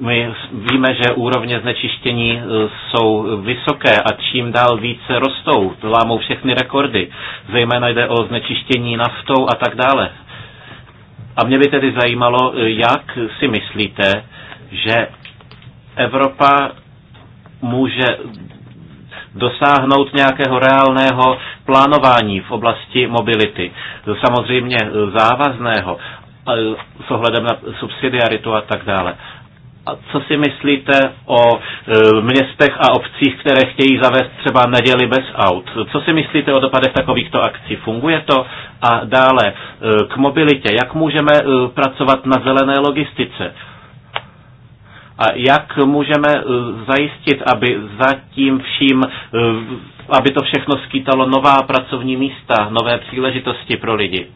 My víme, že úrovně znečištění e, jsou vysoké a čím dál více rostou, lámou všechny rekordy. Zejména jde o znečištění naftou a tak dále. A mě by tedy zajímalo, e, jak si myslíte, že Evropa může dosáhnout nějakého reálného plánování v oblasti mobility. Samozřejmě e, závazného s ohledem na subsidiaritu a tak dále co si myslíte o e, městech a obcích, které chtějí zavést třeba neděli bez aut? Co si myslíte o dopadech takovýchto akcí? Funguje to? A dále e, k mobilitě. Jak můžeme e, pracovat na zelené logistice? A jak můžeme zajistit, aby zatím vším, aby to všechno skýtalo nová pracovní místa, nové příležitosti pro lidi?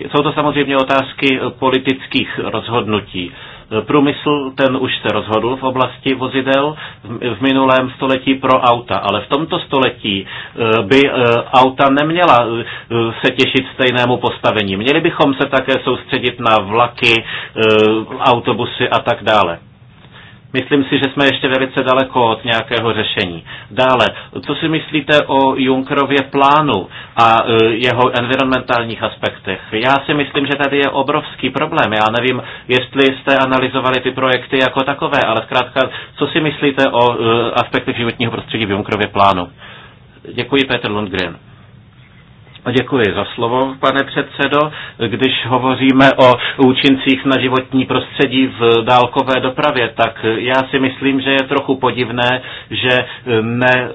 Jsou to samozřejmě otázky politických rozhodnutí. Průmysl ten už se rozhodl v oblasti vozidel v minulém století pro auta, ale v tomto století e, by e, auta neměla e, se těšit stejnému postavení. Měli bychom se také soustředit na vlaky, autobusy a tak dále. Myslím si, že jsme ještě velice daleko od nějakého řešení. Dále, co si myslíte o Junckerově plánu a e, jeho environmentálních aspektech? Já si myslím, že tady je obrovský problém. Já nevím, jestli jste analyzovali ty projekty jako takové, ale zkrátka, co si myslíte o e, aspektech životního prostředí v Junckerově plánu? Děkuji, Petr Lundgren. Děkuji za slovo, pane předsedo. Když hovoříme o účincích na životní prostředí v dálkové dopravě, tak já si myslím, že je trochu podivné, že ne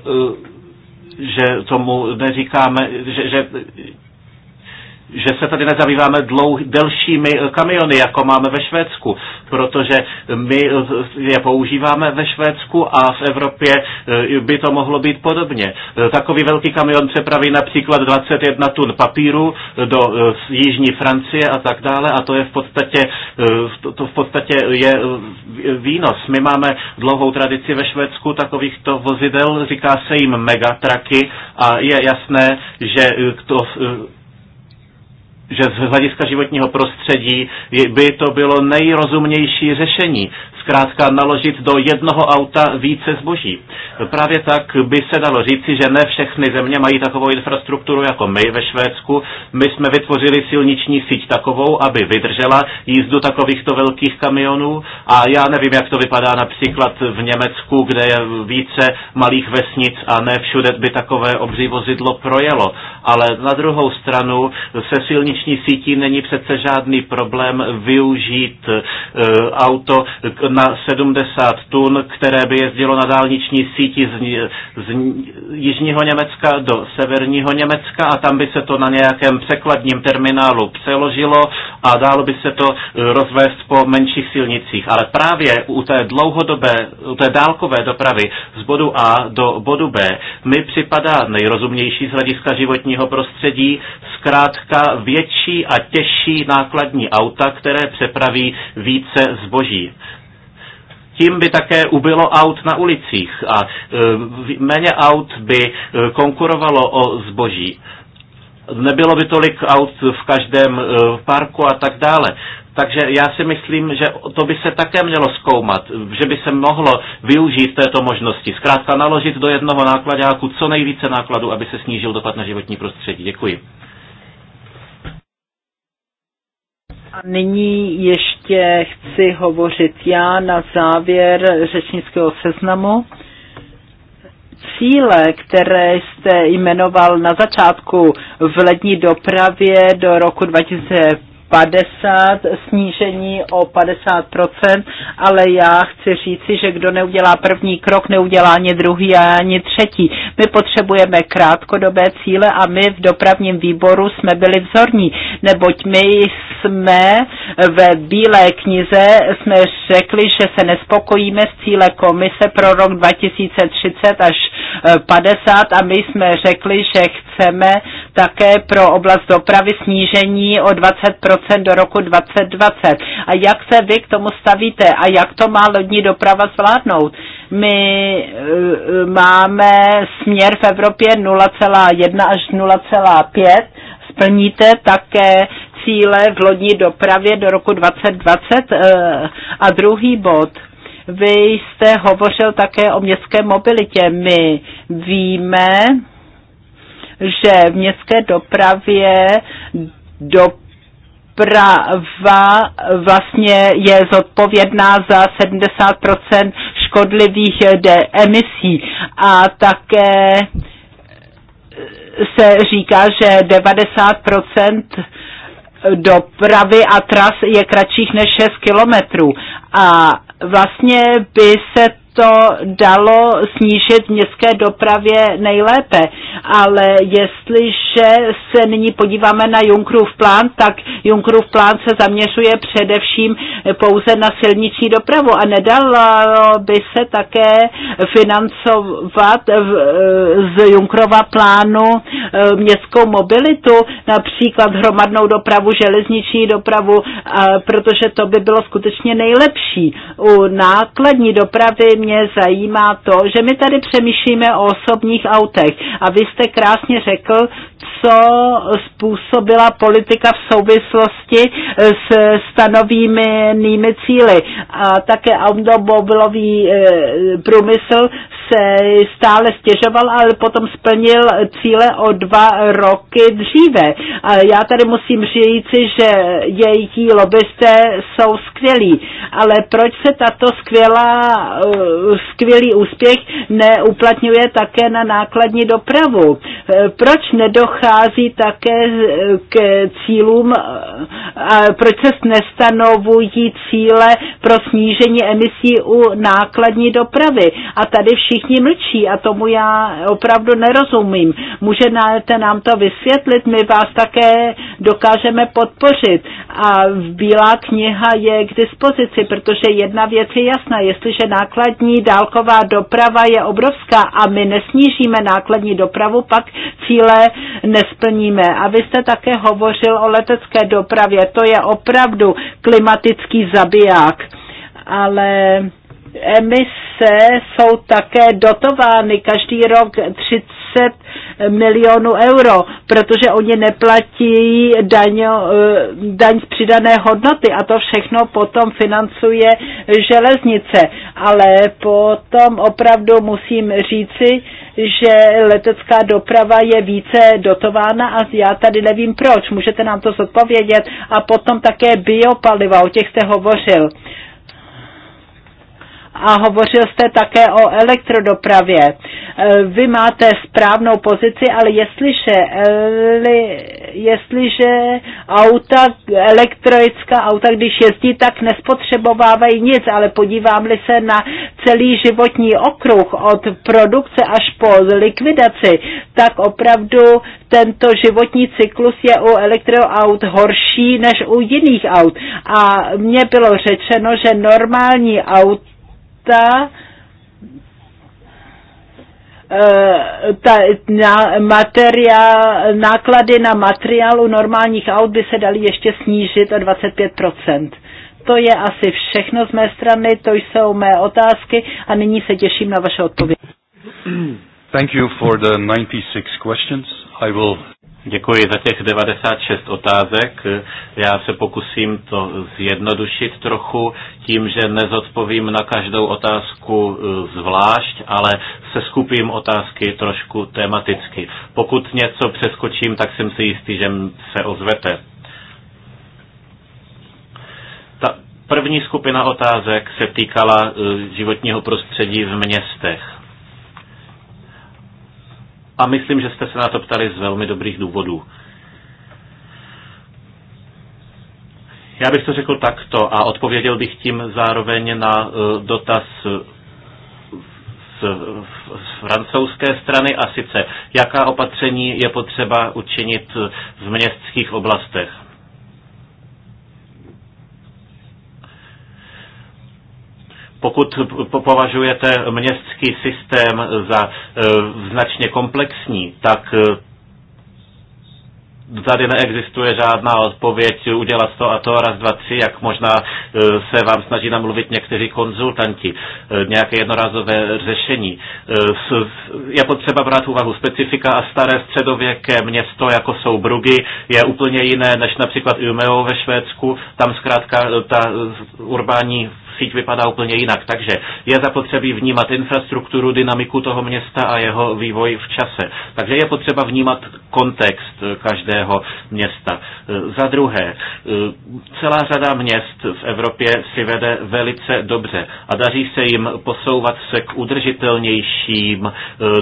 že tomu neříkáme, že, že že se tady nezabýváme dlouh, delšími eh, kamiony, jako máme ve Švédsku, protože my eh, je používáme ve Švédsku a v Evropě eh, by to mohlo být podobně. Takový velký kamion přepraví například 21 tun papíru do jižní Francie a tak dále a to je v podstatě, to v podstatě je výnos. My máme dlouhou tradici ve Švédsku takovýchto vozidel, říká se jim megatraky a je jasné, že to že z hlediska životního prostředí by to bylo nejrozumnější řešení zkrátka naložit do jednoho auta více zboží. Právě tak by se dalo říci, že ne všechny země mají takovou infrastrukturu jako my ve Švédsku. My jsme vytvořili silniční síť takovou, aby vydržela jízdu takovýchto velkých kamionů a já nevím, jak to vypadá například v Německu, kde je více malých vesnic a ne všude by takové obří vozidlo projelo. Ale na druhou stranu se silniční sítí není přece žádný problém využít eh, auto na 70 tun, které by jezdilo na dálniční síti z, z jižního Německa do severního Německa a tam by se to na nějakém překladním terminálu přeložilo a dalo by se to eh, rozvést po menších silnicích. Ale právě u té dlouhodobé, u té dálkové dopravy z bodu A do bodu B mi připadá nejrozumnější z hlediska životního prostředí zkrátka větší a těžší nákladní auta, které přepraví více zboží tím by také ubylo aut na ulicích a e, méně aut by e, konkurovalo o zboží. Nebylo by tolik aut v každém e, parku a tak dále. Takže já si myslím, že to by se také mělo zkoumat, že by se mohlo využít této možnosti. Zkrátka naložit do jednoho nákladáku co nejvíce nákladů, aby se snížil dopad na životní prostředí. Děkuji. A nyní ještě chci hovořit já na závěr řečnického seznamu. Cíle, které jste jmenoval na začátku v lední dopravě do roku 2000 50, snížení o 50%, ale já chci říci, že kdo neudělá první krok, neudělá ani druhý a ani třetí. My potřebujeme krátkodobé cíle a my v dopravním výboru jsme byli vzorní, neboť my jsme ve Bílé knize jsme řekli, že se nespokojíme s cíle komise pro rok 2030 až 50 eh, a my jsme řekli, že chceme také pro oblast dopravy snížení o 20% do roku 2020. A jak se vy k tomu stavíte a jak to má lodní doprava zvládnout? My eh, máme směr v Evropě 0,1 až 0,5. Splníte také cíle v lodní dopravě do roku 2020? Eh, a druhý bod. Vy jste hovořil také o městské mobilitě. My víme, že v městské dopravě doprava Prava vlastně je zodpovědná za 70 škodlivých eh, emisí a také eh, se říká, že 90 dopravy a tras je kratších než 6 kilometrů. A vlastně by se to dalo snížit městské dopravě nejlépe. Ale jestliže se nyní podíváme na Junkrův plán, tak Junkrův plán se zaměřuje především pouze na silniční dopravu a nedalo by se také financovat z Junkrova plánu eh, městskou mobilitu, například hromadnou dopravu, železniční dopravu, eh, protože to by bylo skutečně nejlepší. U nákladní dopravy mě zajímá to, že my tady přemýšlíme o osobních autech a vy jste krásně řekl, co způsobila politika v souvislosti s stanovými cíly. A také automobilový e, průmysl se stále stěžoval, ale potom splnil cíle o dva roky dříve. A já tady musím říci, že její lobbysté jsou skvělí, ale proč se tato skvělá e, skvělý úspěch neuplatňuje také na nákladní dopravu. E, proč nedochází také e, k cílům, e, a proč se nestanovují cíle pro snížení emisí u nákladní dopravy? A tady všichni mlčí a tomu já opravdu nerozumím. Můžete nám to vysvětlit, my vás také dokážeme podpořit. A Bílá kniha je k dispozici, protože jedna věc je jasná, jestliže náklad kvalitní dálková doprava je obrovská a my nesnížíme nákladní dopravu, pak cíle nesplníme. A vy jste také hovořil o letecké dopravě. To je opravdu klimatický zabiják. Ale emise jsou také dotovány každý rok 30 40 milionů euro, protože oni neplatí daň, eh, daň z přidané hodnoty a to všechno potom financuje železnice. Ale potom opravdu musím říci, že letecká doprava je více dotována a já tady nevím proč. Můžete nám to zodpovědět a potom také biopaliva, o těch jste hovořil a hovořil jste také o elektrodopravě. E, vy máte správnou pozici, ale jestliže, e, jestliže auta, elektronická auta, když jezdí, tak nespotřebovávají nic, ale podívám-li se na celý životní okruh od produkce až po likvidaci, tak opravdu tento životní cyklus je u elektroaut horší než u jiných aut. A mně bylo řečeno, že normální auto ta eh, ta, na, materiál, náklady na materiál u normálních aut by se daly ještě snížit o 25%. To je asi všechno z mé strany, to jsou mé otázky a nyní se těším na vaše odpovědi. Thank you for the 96 questions. I will... Děkuji za těch 96 otázek. Já se pokusím to zjednodušit trochu tím, že nezodpovím na každou otázku eh, zvlášť, ale se skupím otázky trošku tematicky. Pokud něco přeskočím, tak jsem si jistý, že se ozvete. Ta první skupina otázek se týkala eh, životního prostředí v městech. A myslím, že jste se na to ptali z velmi dobrých důvodů. Já bych to řekl takto a odpověděl bych tím zároveň na eh, dotaz eh, z, francouzské strany a sice, jaká opatření je potřeba učinit v městských oblastech. Pokud považujete městský systém za e, značně komplexní, tak e, tady neexistuje žádná odpověď udělat to a to raz, dva, tři, jak možná e, se vám snaží namluvit někteří konzultanti, nějaké jednorázové řešení. Je potřeba brát úvahu specifika a staré středověké město, jako jsou Brugy, je úplně jiné než například Umeo ve Švédsku. Tam zkrátka ta urbání síť vypadá úplně jinak. Takže je zapotřebí vnímat infrastrukturu, dynamiku toho města a jeho vývoj v čase. Takže je potřeba vnímat kontext eh, každého města. Eh, za druhé, eh, celá řada měst v Evropě si vede velice dobře a daří se jim posouvat se k udržitelnějším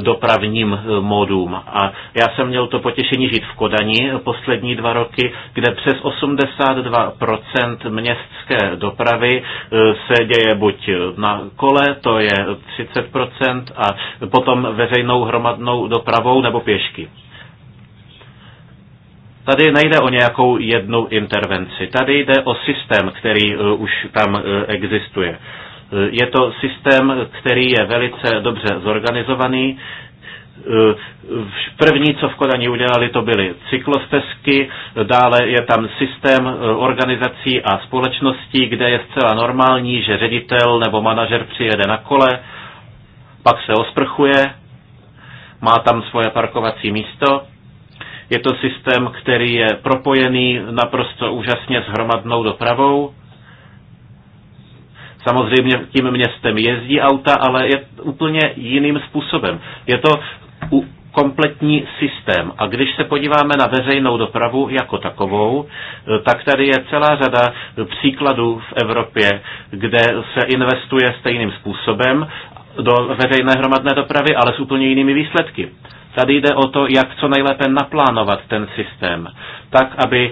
dopravním modům. A já jsem měl to potěšení žít v Kodani poslední dva roky, kde přes 82% městské dopravy se děje buď na kole, to je 30%, a potom veřejnou hromadnou dopravou nebo pěšky. Tady nejde o nějakou jednu intervenci, tady jde o systém, který e, už tam e, existuje. E, je to systém, který je velice dobře zorganizovaný, Eh, první, co v Kodani udělali, to byly cyklostezky, dále je tam systém eh, organizací a společností, kde je zcela normální, že ředitel nebo manažer přijede na kole, pak se osprchuje, má tam svoje parkovací místo. Je to systém, který je propojený naprosto úžasně s hromadnou dopravou. Samozřejmě tím městem jezdí auta, ale je úplně jiným způsobem. Je to kompletní systém. A když se podíváme na veřejnou dopravu jako takovou, eh, tak tady je celá řada příkladů v Evropě, kde se investuje stejným způsobem do veřejné hromadné dopravy, ale s úplně jinými výsledky. Tady jde o to, jak co nejlépe naplánovat ten systém, tak, aby e,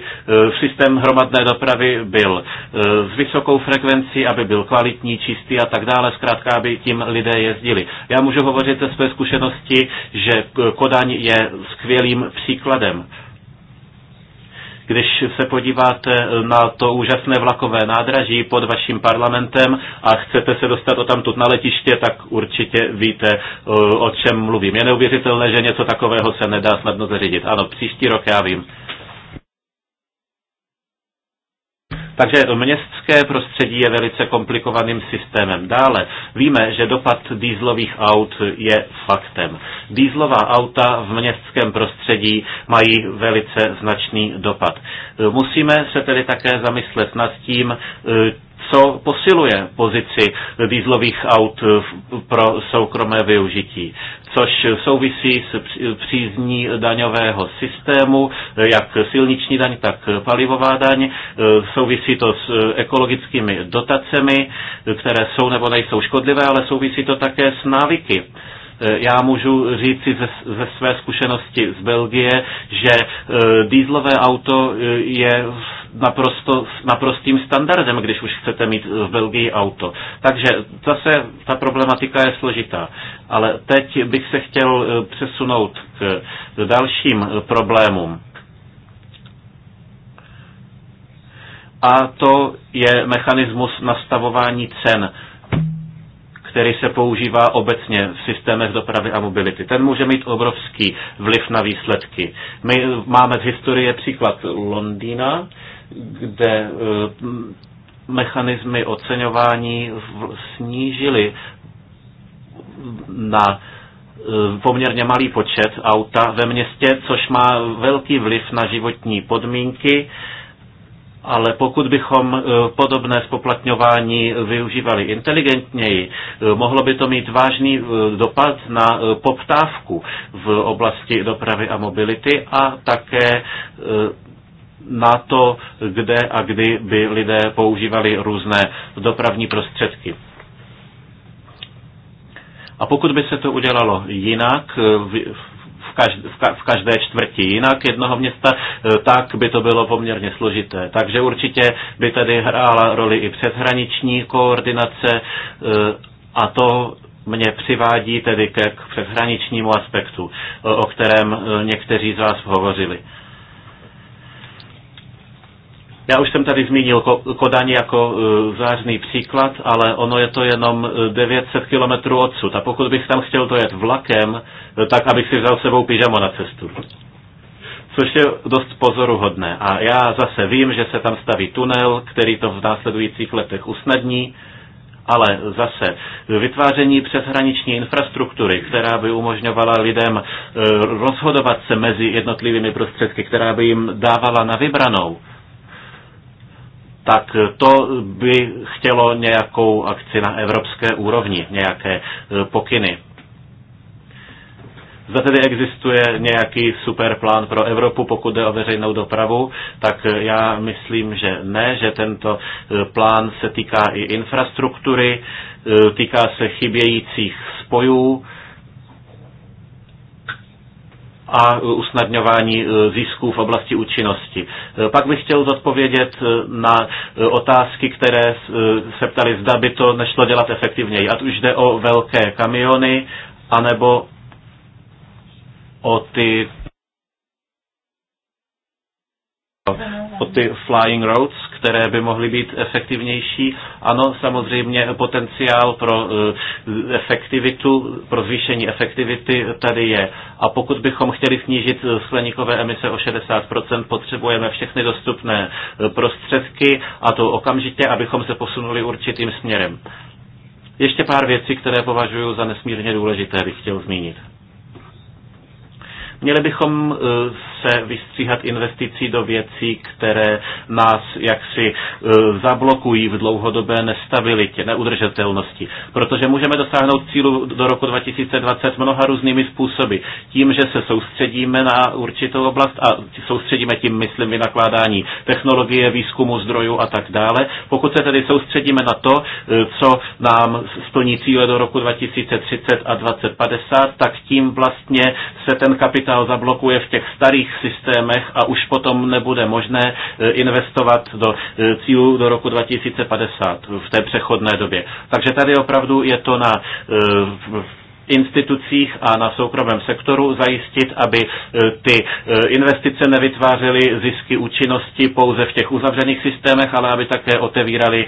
systém hromadné dopravy byl e, s vysokou frekvencí, aby byl kvalitní, čistý a tak dále, zkrátka, aby tím lidé jezdili. Já můžu hovořit ze své zkušenosti, že e, Kodaň je skvělým příkladem když se podíváte na to úžasné vlakové nádraží pod vaším parlamentem a chcete se dostat o tamtud na letiště, tak určitě víte, eh, o čem mluvím. Je neuvěřitelné, že něco takového se nedá snadno zařídit. Ano, příští rok já vím. Takže městské prostředí je velice komplikovaným systémem. Dále víme, že dopad dýzlových aut je faktem. Dýzlová auta v městském prostředí mají velice značný dopad. Musíme se tedy také zamyslet nad tím, co posiluje pozici dýzlových aut pro soukromé využití což souvisí s přízní daňového systému, jak silniční daň, tak palivová daň. E, souvisí to s ekologickými dotacemi, které jsou nebo nejsou škodlivé, ale souvisí to také s návyky Eh, já můžu říci ze, ze své zkušenosti z Belgie, že eh, dýzlové auto eh, je naprosto, naprostým standardem, když už chcete mít v Belgii auto. Takže zase ta problematika je složitá. Ale teď bych se chtěl přesunout k dalším problémům. A to je mechanismus nastavování cen který se používá obecně v systémech dopravy a mobility. Ten může mít obrovský vliv na výsledky. My máme z historie příklad Londýna, kde eh, mechanismy oceňování snížily na eh, poměrně malý počet auta ve městě, což má velký vliv na životní podmínky ale pokud bychom eh, podobné spoplatňování využívali inteligentněji, eh, mohlo by to mít vážný eh, dopad na poptávku v oblasti dopravy a mobility a také na to, kde a kdy by lidé používali různé dopravní prostředky. A pokud by se to udělalo jinak, v každé čtvrti jinak jednoho města, eh, tak by to bylo poměrně složité. Takže určitě by tady hrála roli i přeshraniční koordinace eh, a to mě přivádí tedy k přeshraničnímu aspektu, eh, o kterém někteří z vás hovořili. Já už jsem tady zmínil Kodaň jako e, zářný příklad, ale ono je to jenom 900 e, kilometrů odsud. A pokud bych tam chtěl jet vlakem, e, tak abych si vzal sebou pyžamo na cestu. Což je dost pozoruhodné. A já zase vím, že se tam staví tunel, který to v následujících letech usnadní, ale zase vytváření přeshraniční infrastruktury, která by umožňovala lidem rozhodovat se mezi jednotlivými prostředky, která by jim dávala na vybranou, tak to by chtělo nějakou akci na evropské úrovni, nějaké e, pokyny. Zda tedy existuje nějaký superplán pro Evropu, pokud jde o veřejnou dopravu, tak e, já myslím, že ne, že tento e, plán se týká i infrastruktury, týká se chybějících spojů, a e, usnadňování e, zisků v oblasti účinnosti. E, pak bych chtěl zodpovědět na otázky, které se ptali, zda by to nešlo dělat efektivněji. Ať už jde o velké kamiony, anebo o ty, o ty flying roads které by mohly být efektivnější. Ano, samozřejmě potenciál pro eh, efektivitu, pro zvýšení efektivity tady je. A pokud bychom chtěli snížit eh, skleníkové emise o 60%, potřebujeme všechny dostupné eh, prostředky a to okamžitě, abychom se posunuli určitým směrem. Ještě pár věcí, které považuji za nesmírně důležité, bych chtěl zmínit. Měli bychom eh, se vystříhat investicí do věcí, které nás jaksi eh, zablokují v dlouhodobé nestabilitě, neudržitelnosti. Protože můžeme dosáhnout cílu do roku 2020 mnoha různými způsoby. Tím, že se soustředíme na určitou oblast a soustředíme tím, myslím, vynakládání technologie, výzkumu zdrojů a tak dále. Pokud se tedy soustředíme na to, eh, co nám splní cíle do roku 2030 a 2050, tak tím vlastně se ten kapitál kapitál zablokuje v těch starých systémech a už potom nebude možné e, investovat do e, cílů do roku 2050 v té přechodné době. Takže tady opravdu je to na e, institucích a na soukromém sektoru zajistit, aby ty investice nevytvářely zisky účinnosti pouze v těch uzavřených systémech, ale aby také otevíraly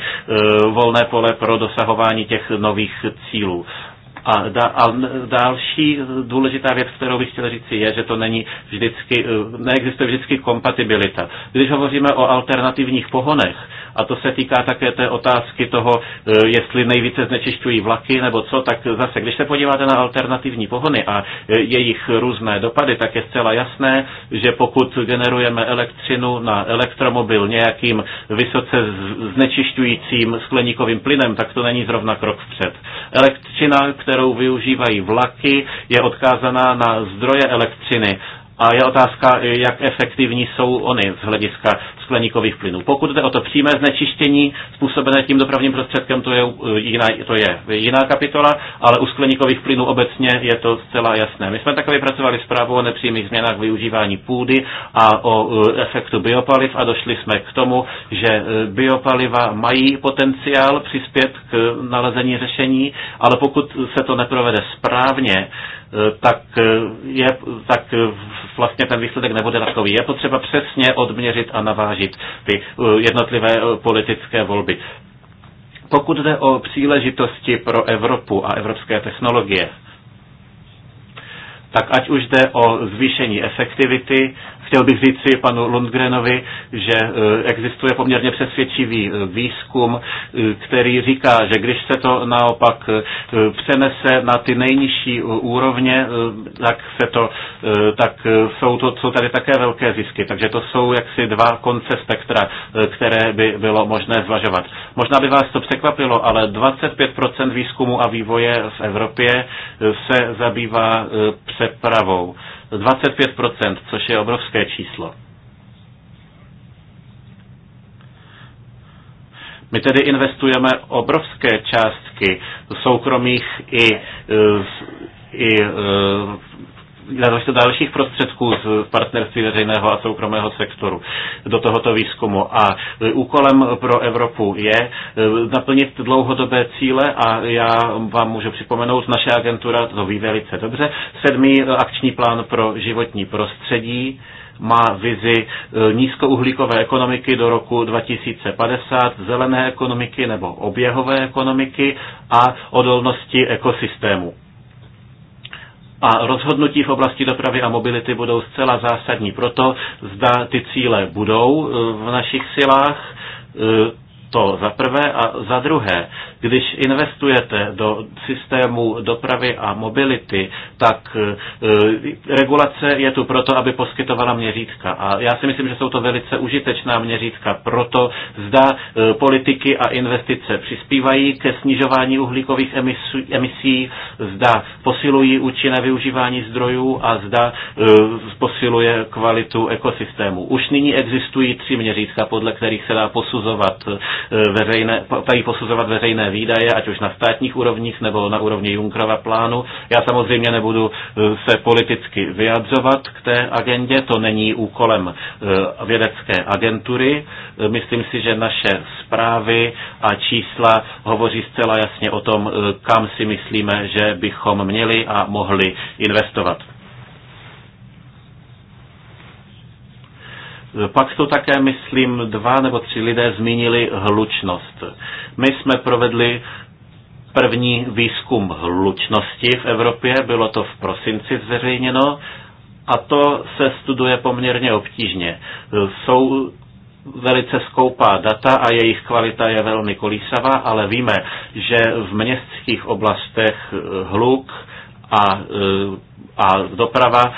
volné pole pro dosahování těch nových cílů. A, da, a další důležitá věc, kterou bych chtěl říct, je, že to není vždycky, eh, neexistuje vždycky kompatibilita. Když hovoříme o alternativních pohonech, a to se týká také té otázky toho, e, jestli nejvíce znečišťují vlaky nebo co, tak zase, když se podíváte na alternativní pohony a e, jejich různé dopady, tak je zcela jasné, že pokud generujeme elektřinu na elektromobil nějakým vysoce znečišťujícím skleníkovým plynem, tak to není zrovna krok vpřed. Elektřina, kterou využívají vlaky, je odkázaná na zdroje elektřiny, a je otázka, jak efektivní jsou oni z hlediska skleníkových plynů. Pokud jde o to přímé znečištění způsobené tím dopravním prostředkem, to je, uh, jiná, to je jiná kapitola, ale u skleníkových plynů obecně je to zcela jasné. My jsme také vypracovali zprávu o nepřímých změnách využívání půdy a o uh, efektu biopaliv a došli jsme k tomu, že uh, biopaliva mají potenciál přispět k nalezení řešení, ale pokud se to neprovede správně, tak, je, tak vlastně ten výsledek nebude takový. Je potřeba přesně odměřit a navážit ty eh, jednotlivé eh, politické volby. Pokud jde o příležitosti pro Evropu a evropské technologie, tak ať už jde o zvýšení efektivity Chtěl bych říci panu Lundgrenovi, že e, existuje poměrně přesvědčivý e, výzkum, e, který říká, že když se to naopak přenese na ty nejnižší úrovně, tak, se to, tak jsou, to, jsou tady také velké zisky. Takže to jsou jaksi dva konce spektra, které by bylo možné zvažovat. Možná by vás to překvapilo, ale 25% výzkumu a vývoje v Evropě se zabývá přepravou. 25%, což je obrovské číslo. My tedy investujeme obrovské částky soukromých i, eh, i eh, do dalších prostředků z partnerství veřejného a soukromého sektoru do tohoto výzkumu. A e, úkolem pro Evropu je e, naplnit dlouhodobé cíle a já vám můžu připomenout, naše agentura to ví velice dobře. Sedmý akční plán pro životní prostředí má vizi e, nízkouhlíkové ekonomiky do roku 2050, zelené ekonomiky nebo oběhové ekonomiky a odolnosti ekosystému. A rozhodnutí v oblasti dopravy a mobility budou zcela zásadní proto, zda ty cíle budou e, v našich silách, e, to za prvé. A za druhé, když investujete do systému dopravy a mobility, tak e, regulace je tu proto, aby poskytovala měřítka. A já si myslím, že jsou to velice užitečná měřítka. Proto zda e, politiky a investice přispívají ke snižování uhlíkových emisí, zda posilují účinné využívání zdrojů a zda e, posiluje kvalitu ekosystému. Už nyní existují tři měřítka, podle kterých se dá posuzovat veřejné, posuzovat veřejné výdaje, ať už na státních úrovních nebo na úrovni Junkrova plánu. Já samozřejmě nebudu e, se politicky vyjadřovat k té agendě, to není úkolem e, vědecké agentury. E, myslím si, že naše zprávy a čísla hovoří zcela jasně o tom, kam si myslíme, že bychom měli a mohli investovat. Pak jsou také, myslím, dva nebo tři lidé zmínili hlučnost. My jsme provedli první výzkum hlučnosti v Evropě, bylo to v prosinci zveřejněno a to se studuje poměrně obtížně. Jsou velice skoupá data a jejich kvalita je velmi kolísavá, ale víme, že v městských oblastech hluk a e, a doprava e,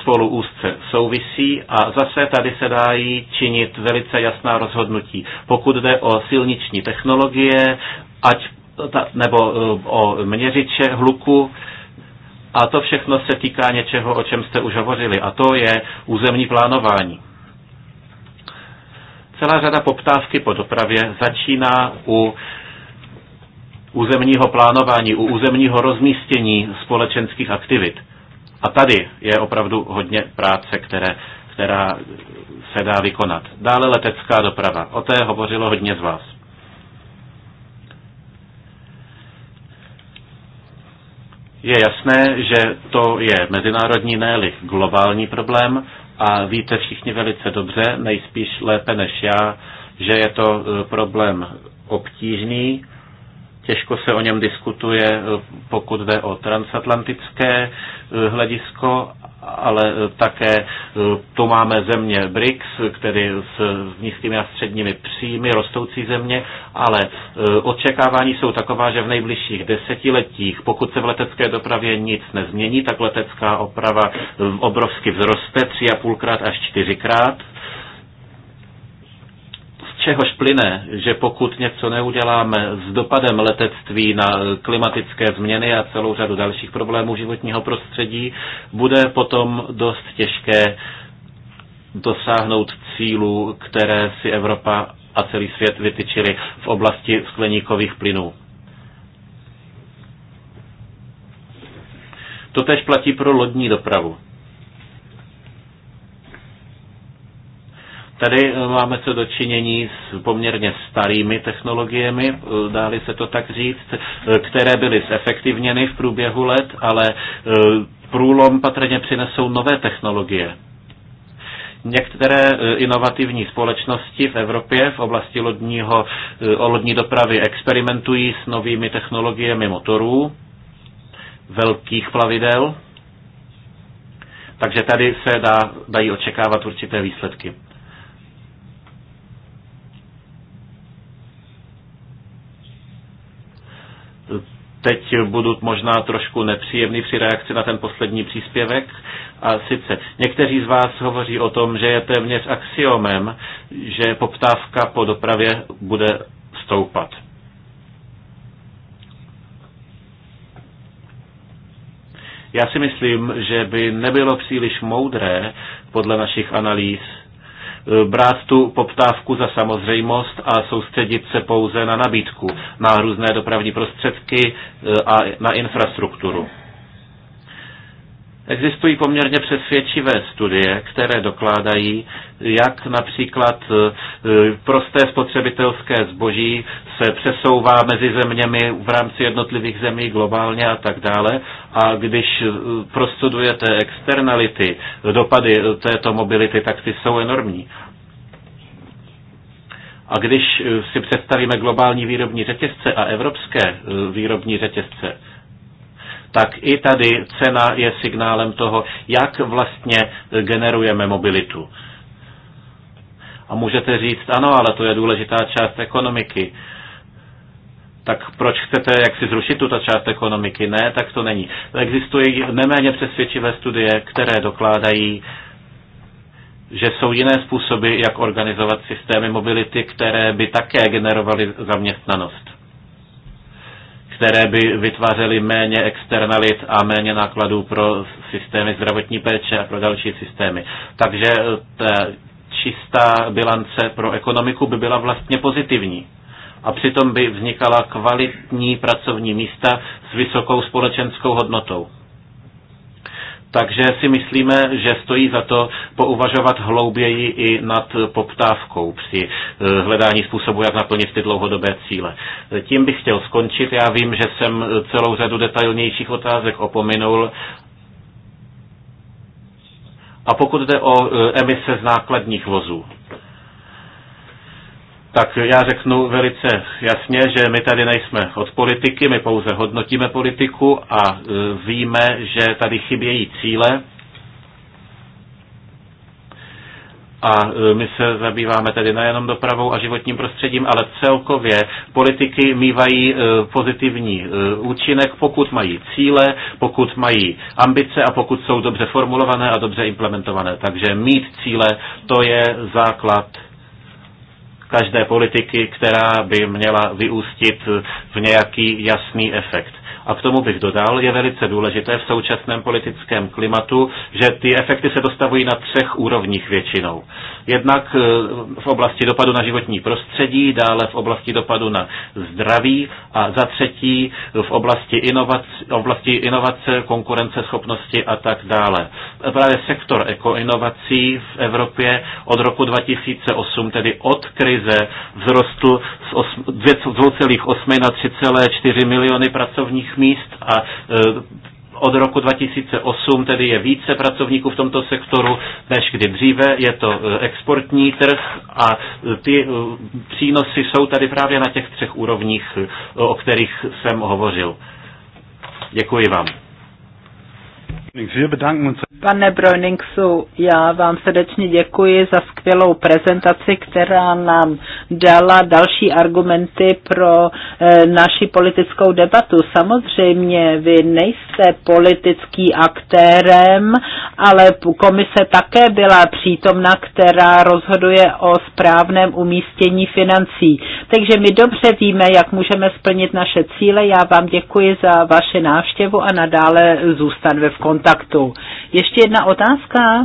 spolu úzce souvisí a zase tady se dají činit velice jasná rozhodnutí. Pokud jde o silniční technologie, ať nebo e, o měřiče hluku, a to všechno se týká něčeho, o čem jste už hovořili, a to je územní plánování. Celá řada poptávky po dopravě začíná u územního plánování, u územního rozmístění společenských aktivit. A tady je opravdu hodně práce, které, která se dá vykonat. Dále letecká doprava. O té hovořilo hodně z vás. Je jasné, že to je mezinárodní, ne globální problém a víte všichni velice dobře, nejspíš lépe než já, že je to eh, problém obtížný, Těžko se o něm diskutuje, eh, pokud jde o transatlantické eh, hledisko, ale eh, také tu máme země BRICS, tedy s nízkými a středními příjmy, rostoucí země, ale očekávání jsou taková, že v nejbližších desetiletích, pokud se v letecké dopravě nic nezmění, tak letecká oprava obrovsky vzroste, tři a půlkrát až čtyřikrát čehož plyne, že pokud něco neuděláme s dopadem letectví na klimatické změny a celou řadu dalších problémů životního prostředí, bude potom dost těžké dosáhnout cílů, které si Evropa a celý svět vytyčili v oblasti skleníkových plynů. Totež platí pro lodní dopravu. Tady eh, máme co dočinění s poměrně starými technologiemi, eh, dáli se to tak říct, eh, které byly zefektivněny v průběhu let, ale průlom patrně přinesou nové technologie. Některé inovativní společnosti v Evropě v oblasti lodního, lodní dopravy experimentují s novými technologiemi motorů, velkých plavidel, takže tady se dá, dají očekávat určité výsledky. teď budu možná trošku nepříjemný při reakci na ten poslední příspěvek. A sice někteří z vás hovoří o tom, že je téměř axiomem, že poptávka po dopravě bude stoupat. Já si myslím, že by nebylo příliš moudré podle našich analýz brát tu poptávku za samozřejmost a soustředit se pouze na nabídku, na různé dopravní prostředky e, a na infrastrukturu. Existují poměrně přesvědčivé studie, které dokládají, jak například e, prosté spotřebitelské zboží se přesouvá mezi zeměmi v rámci jednotlivých zemí globálně a tak dále. A když e, prostudujete externality, dopady e, této mobility, tak ty jsou enormní. A když si představíme globální výrobní řetězce a evropské výrobní řetězce, tak i tady cena je signálem toho, jak vlastně generujeme mobilitu. A můžete říct, ano, ale to je důležitá část ekonomiky. Tak proč chcete jak si zrušit tuto část ekonomiky? Ne, tak to není. Existují neméně přesvědčivé studie, které dokládají, že jsou jiné způsoby, jak organizovat systémy mobility, které by také generovaly zaměstnanost které by vytvářely méně externalit a méně nákladů pro systémy zdravotní péče a pro další systémy. Takže eh, ta čistá bilance pro ekonomiku by byla vlastně pozitivní a přitom by vznikala kvalitní pracovní místa s vysokou společenskou hodnotou. Takže si myslíme, že stojí za to pouvažovat hlouběji i nad poptávkou při eh, hledání způsobu, jak naplnit ty dlouhodobé cíle. Tím bych chtěl skončit. Já vím, že jsem celou řadu detailnějších otázek opominul, a pokud jde o eh, emise z nákladních vozů, tak já řeknu velice jasně, že my tady nejsme od politiky, my pouze hodnotíme politiku a e, víme, že tady chybějí cíle. A e, my se zabýváme tedy nejenom dopravou a životním prostředím, ale celkově politiky mývají e, pozitivní účinek, pokud mají cíle, pokud mají ambice a pokud jsou dobře formulované a dobře implementované. Takže mít cíle, to je základ každé politiky, která by měla vyústit v nějaký jasný efekt. A k tomu bych dodal, je velice důležité v současném politickém klimatu, že ty efekty se dostavují na třech úrovních většinou. Jednak eh, v oblasti dopadu na životní prostředí, dále v oblasti dopadu na zdraví a za třetí v oblasti inovace, oblasti inovace konkurenceschopnosti a tak dále. Právě sektor ekoinovací v Evropě od roku 2008, tedy od krize, vzrostl z 2,8 na 3,4 miliony pracovních míst a eh, od roku 2008 tedy je více pracovníků v tomto sektoru než kdy dříve. Je to e, exportní trh a e, ty e, přínosy jsou tady právě na těch třech úrovních, o kterých jsem hovořil. Děkuji vám. Pane Brojningsu, já vám srdečně děkuji za skvělou prezentaci, která nám dala další argumenty pro e, naši politickou debatu. Samozřejmě vy nejste politický aktérem, ale komise také byla přítomna, která rozhoduje o správném umístění financí. Takže my dobře víme, jak můžeme splnit naše cíle. Já vám děkuji za vaši návštěvu a nadále zůstaneme v kontaktu kontaktu. Ještě jedna otázka.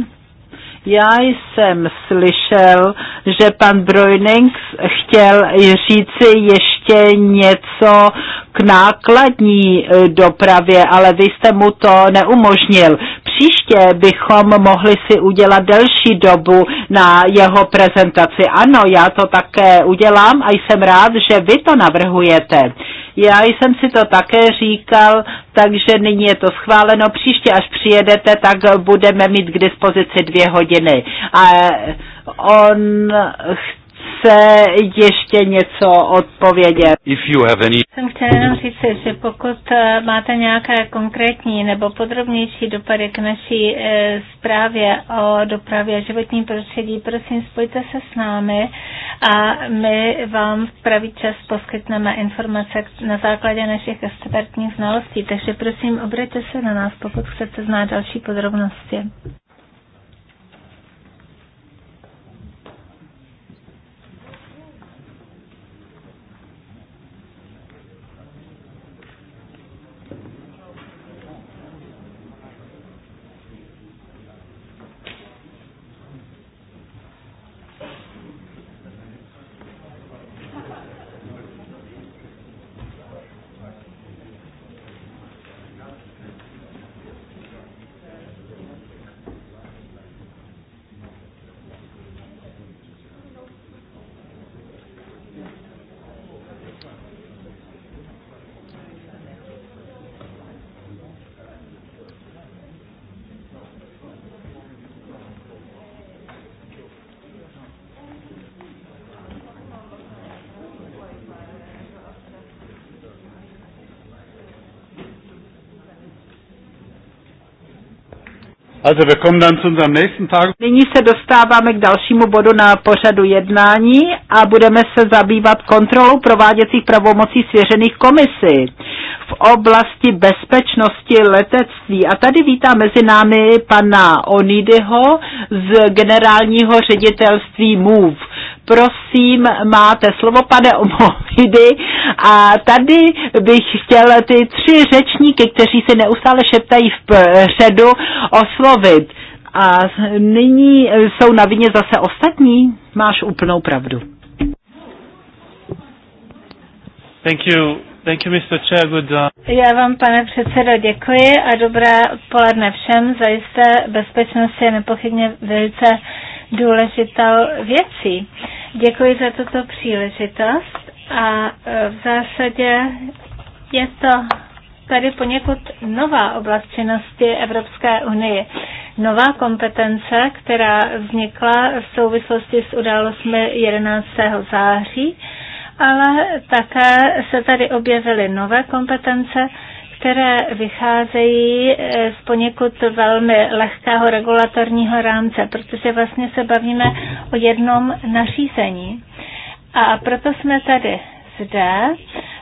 Já jsem slyšel, že pan Brojnings chtěl říci ještě něco k nákladní eh, dopravě, ale vy jste mu to neumožnil příště bychom mohli si udělat delší dobu na jeho prezentaci. Ano, já to také udělám a jsem rád, že vy to navrhujete. Já jsem si to také říkal, takže nyní je to schváleno. Příště, až přijedete, tak budeme mít k dispozici dvě hodiny. A on chce chce ještě něco odpovědět. If you have any... Jsem chtěla jenom říct, že pokud eh, máte nějaké konkrétní nebo podrobnější dopady k naší e, zprávě o dopravě a životním prostředí, prosím, spojte se s námi a my vám v pravý čas poskytneme informace na základě našich expertních znalostí. Takže prosím, obraťte se na nás, pokud chcete znát další podrobnosti. Also wir kommen dann zu unserem nächsten Tag. Nyní se dostáváme k dalšímu bodu na pořadu jednání a budeme se zabývat kontrolou prováděcích pravomocí svěřených komisí v oblasti bezpečnosti letectví. A tady vítá mezi námi pana Onidyho z generálního ředitelství MOVE. Prosím, máte slovo, pane Omohidy. A tady bych chtěl ty tři řečníky, kteří se neustále šeptají předu, oslovit. A nyní jsou na vině zase ostatní. Máš úplnou pravdu. Thank you. Thank you, Mr. Chair. Good, uh... Já vám, pane předsedo, děkuji a dobré odpoledne všem. Zajisté bezpečnost je nepochybně velice důležitou věcí. Děkuji za tuto příležitost a e, v zásadě je to tady poněkud nová oblast činnosti Evropské unie. Nová kompetence, která vznikla v souvislosti s událostmi 11. září, ale také se tady objevily nové kompetence, které vycházejí eh, z poněkud velmi lehkého regulatorního rámce, protože vlastně se bavíme o jednom nařízení. A proto jsme tady zde,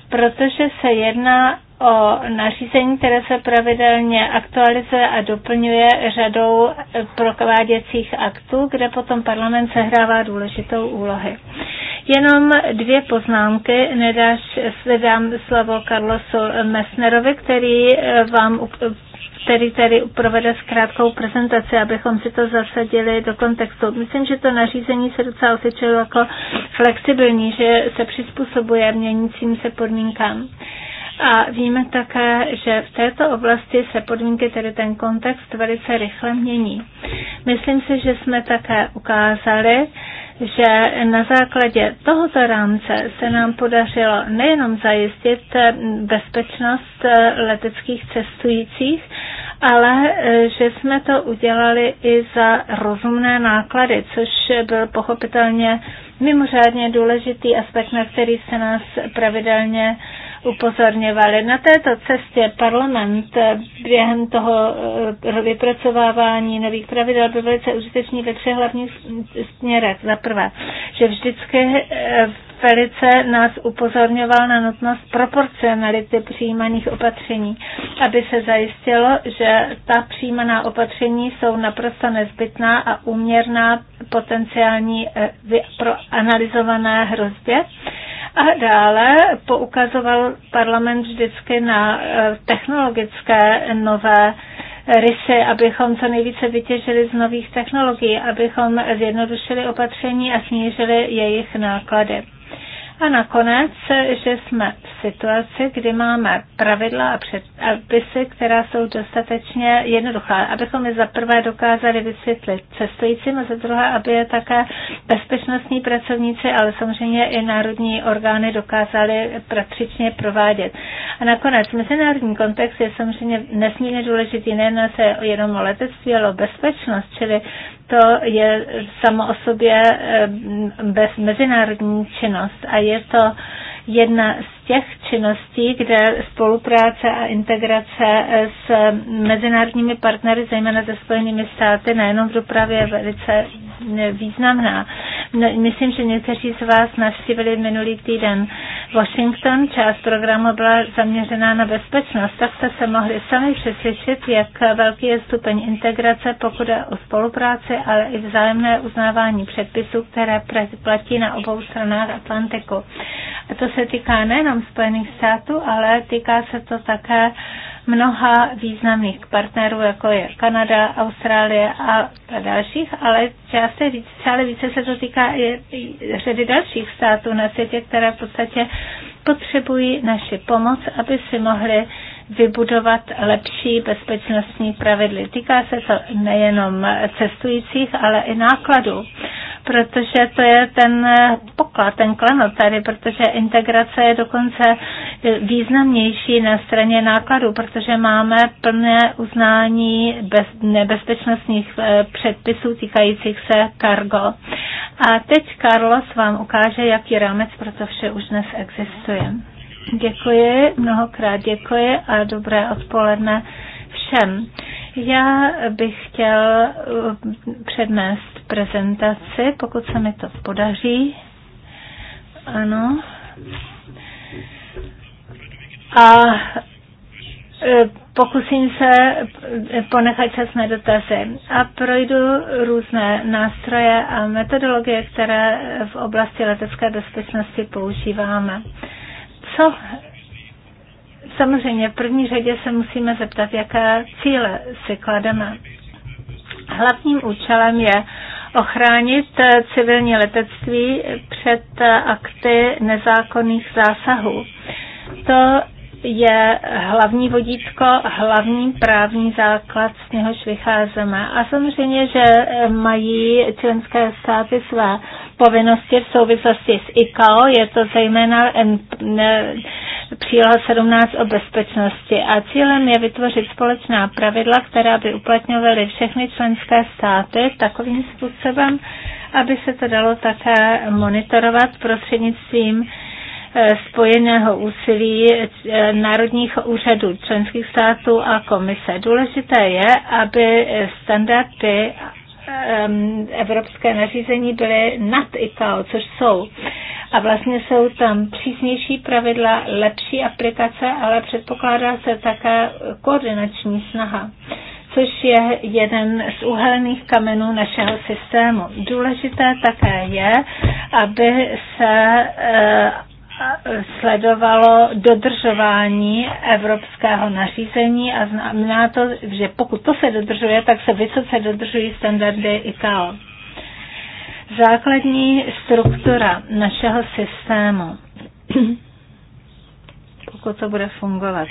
protože se jedná o nařízení, které se pravidelně aktualizuje a doplňuje řadou prováděcích aktů, kde potom parlament sehrává důležitou úlohy. Jenom dvě poznámky, nedáš, dám slovo Carlosu Messnerovi, který eh, vám který tady provede s krátkou prezentaci, abychom si to zasadili do kontextu. Myslím, že to nařízení se docela osvědčilo jako flexibilní, že se přizpůsobuje měnícím se podmínkám. A víme také, že v této oblasti se podmínky, tedy ten kontext, velice rychle mění. Myslím si, že jsme také ukázali, že na základě tohoto rámce se nám podařilo nejenom zajistit bezpečnost eh, leteckých cestujících, ale eh, že jsme to udělali i za rozumné náklady, což byl pochopitelně mimořádně důležitý aspekt, na který se nás pravidelně upozorňovali. Na této cestě parlament eh, během toho eh, vypracovávání nových pravidel byl velice užitečný ve třech hlavních směrech. Za prvé, že vždycky v eh, velice nás upozorňoval na nutnost proporcionality přijímaných opatření, aby se zajistilo, že ta přijímaná opatření jsou naprosto nezbytná a uměrná potenciální eh, pro analyzované hrozbě. A dále poukazoval parlament vždycky na eh, technologické nové eh, rysy, abychom co nejvíce vytěžili z nových technologií, abychom zjednodušili opatření a snížili jejich náklady. A nakonec, že jsme v situaci, kdy máme pravidla a předpisy, která jsou dostatečně jednoduchá, abychom je za prvé dokázali vysvětlit cestujícím a za druhé, aby je také bezpečnostní pracovníci, ale samozřejmě i národní orgány dokázali patřičně provádět. A nakonec, mezinárodní kontext je samozřejmě nesmírně důležitý, nejen se jenom o letectví, ale o bezpečnost, čili to je samo o sobě eh, bez mezinárodní činnost a je je to jedna z těch činností, kde spolupráce a integrace s mezinárodními partnery, zejména se Spojenými státy, nejenom v dopravě je velice významná. No, myslím, že někteří z vás navštívili minulý týden Washington. Část programu byla zaměřená na bezpečnost. Tak jste se mohli sami přesvědčit, jak velký je stupeň integrace, pokud je o spolupráci, ale i vzájemné uznávání předpisů, které platí na obou stranách Atlantiku. A to se týká nejenom Spojených států, ale týká se to také uh, mnoha významných partnerů, jako je Kanada, Austrálie a dalších, ale části víc, stále více se to týká i, řady dalších států na světě, které v podstatě potřebují naši pomoc, aby si mohli vybudovat lepší bezpečnostní pravidly. Týká se to nejenom cestujících, ale i nákladů, protože to je ten poklad, ten klenot tady, protože integrace je dokonce významnější na straně nákladů, protože máme plné uznání bez, nebezpečnostních eh, předpisů týkajících se kargo. A teď Carlos vám ukáže, jaký rámec pro to vše už dnes existuje. Děkuji, mnohokrát děkuji a dobré odpoledne všem. Já bych chtěl eh, přednést prezentaci, pokud se mi to podaří. Ano. A eh, pokusím se eh, ponechat čas na dotazy a projdu různé nástroje a metodologie, které v oblasti letecké bezpečnosti používáme. Co Samozřejmě v první řadě se musíme zeptat, jaké cíle si klademe. Hlavním účelem je ochránit civilní letectví před akty nezákonných zásahů. To je hlavní vodítko, hlavní právní základ, z něhož vycházíme. A samozřejmě, že mají členské státy své povinnosti v souvislosti s ICAO, je to zejména příloha 17 o bezpečnosti a cílem je vytvořit společná pravidla, která by uplatňovaly všechny členské státy takovým způsobem, aby se to dalo také monitorovat prostřednictvím eh, spojeného úsilí eh, národních úřadů členských států a komise. Důležité je, aby standardy Ehm, evropské nařízení byly nad ICAO, což jsou. A vlastně jsou tam přísnější pravidla, lepší aplikace, ale předpokládá se také koordinační snaha což je jeden z uhelných kamenů našeho systému. Důležité také je, aby se eh, sledovalo dodržování evropského nařízení a znamená to, že pokud to se dodržuje, tak se vysoce dodržují standardy ICAO. Základní struktura našeho systému, pokud to bude fungovat,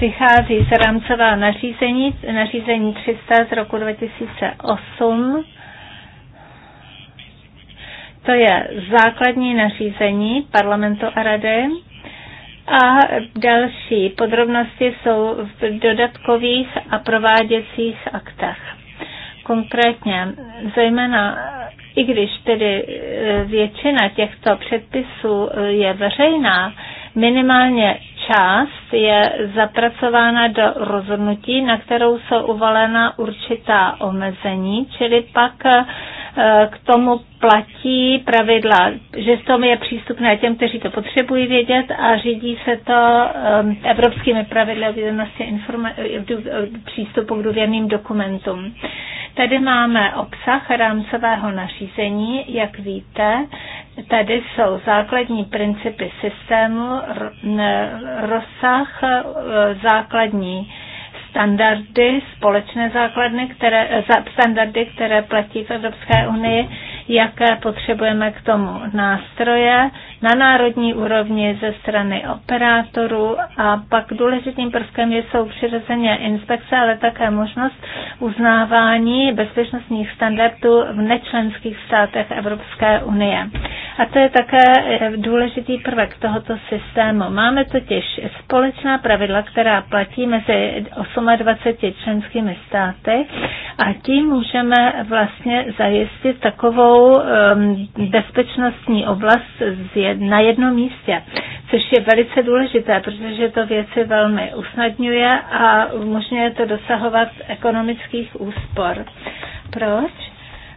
vychází eh, z rámcová nařízení, nařízení 300 z roku 2008, to je základní nařízení parlamentu a rady. A další podrobnosti jsou v dodatkových a prováděcích aktech. Konkrétně, zejména i když tedy e, většina těchto předpisů e, je veřejná, minimálně část je zapracována do rozhodnutí, na kterou jsou uvalena určitá omezení, čili pak e, Eh, k tomu platí pravidla, že v tom je přístupné těm, kteří to potřebují vědět a řídí se to ehm, evropskými pravidly o vědomosti přístupu k důvěrným dokumentům. Tady máme obsah rámcového nařízení, jak víte. Tady jsou základní principy systému, rozsah, eh, základní standardy, společné základny, které, standardy, které platí v Evropské unii, jaké potřebujeme k tomu nástroje na národní úrovni ze strany operátorů a pak důležitým prvkem jsou přirozeně inspekce, ale také možnost uznávání bezpečnostních standardů v nečlenských státech Evropské unie. A to je také eh, důležitý prvek tohoto systému. Máme totiž společná pravidla, která platí mezi 28 členskými státy a tím můžeme vlastně zajistit takovou ehm, bezpečnostní oblast na jednom místě, což je velice důležité, protože to věci velmi usnadňuje a umožňuje to dosahovat ekonomických úspor. Proč?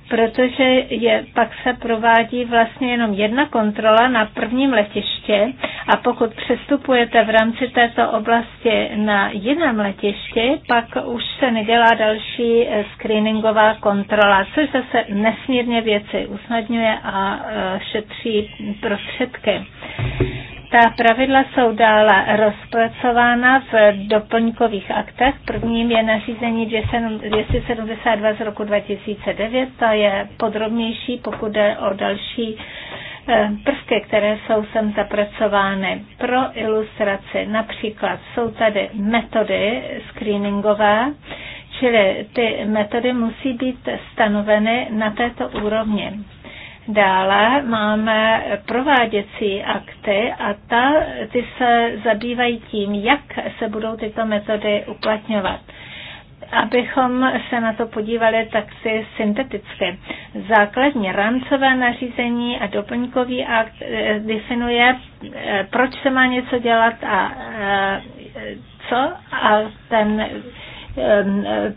protože je, pak se provádí vlastně jenom jedna kontrola na prvním letiště a pokud přestupujete v rámci této oblasti na jiném letišti, pak už se nedělá další eh, screeningová kontrola, což zase nesmírně věci usnadňuje a eh, šetří prostředky. Ta pravidla jsou dále rozpracována v doplňkových aktech. Prvním je nařízení 272 z roku 2009. To je podrobnější, pokud jde o další eh, prvky, které jsou sem zapracovány pro ilustraci. Například jsou tady metody screeningové, čili ty metody musí být stanoveny na této úrovni. Dále máme prováděcí akty a ta, ty se zabývají tím, jak se budou tyto metody uplatňovat. Abychom se na to podívali tak si synteticky. Základní rámcové nařízení a doplňkový akt eh, definuje, eh, proč se má něco dělat a eh, co a ten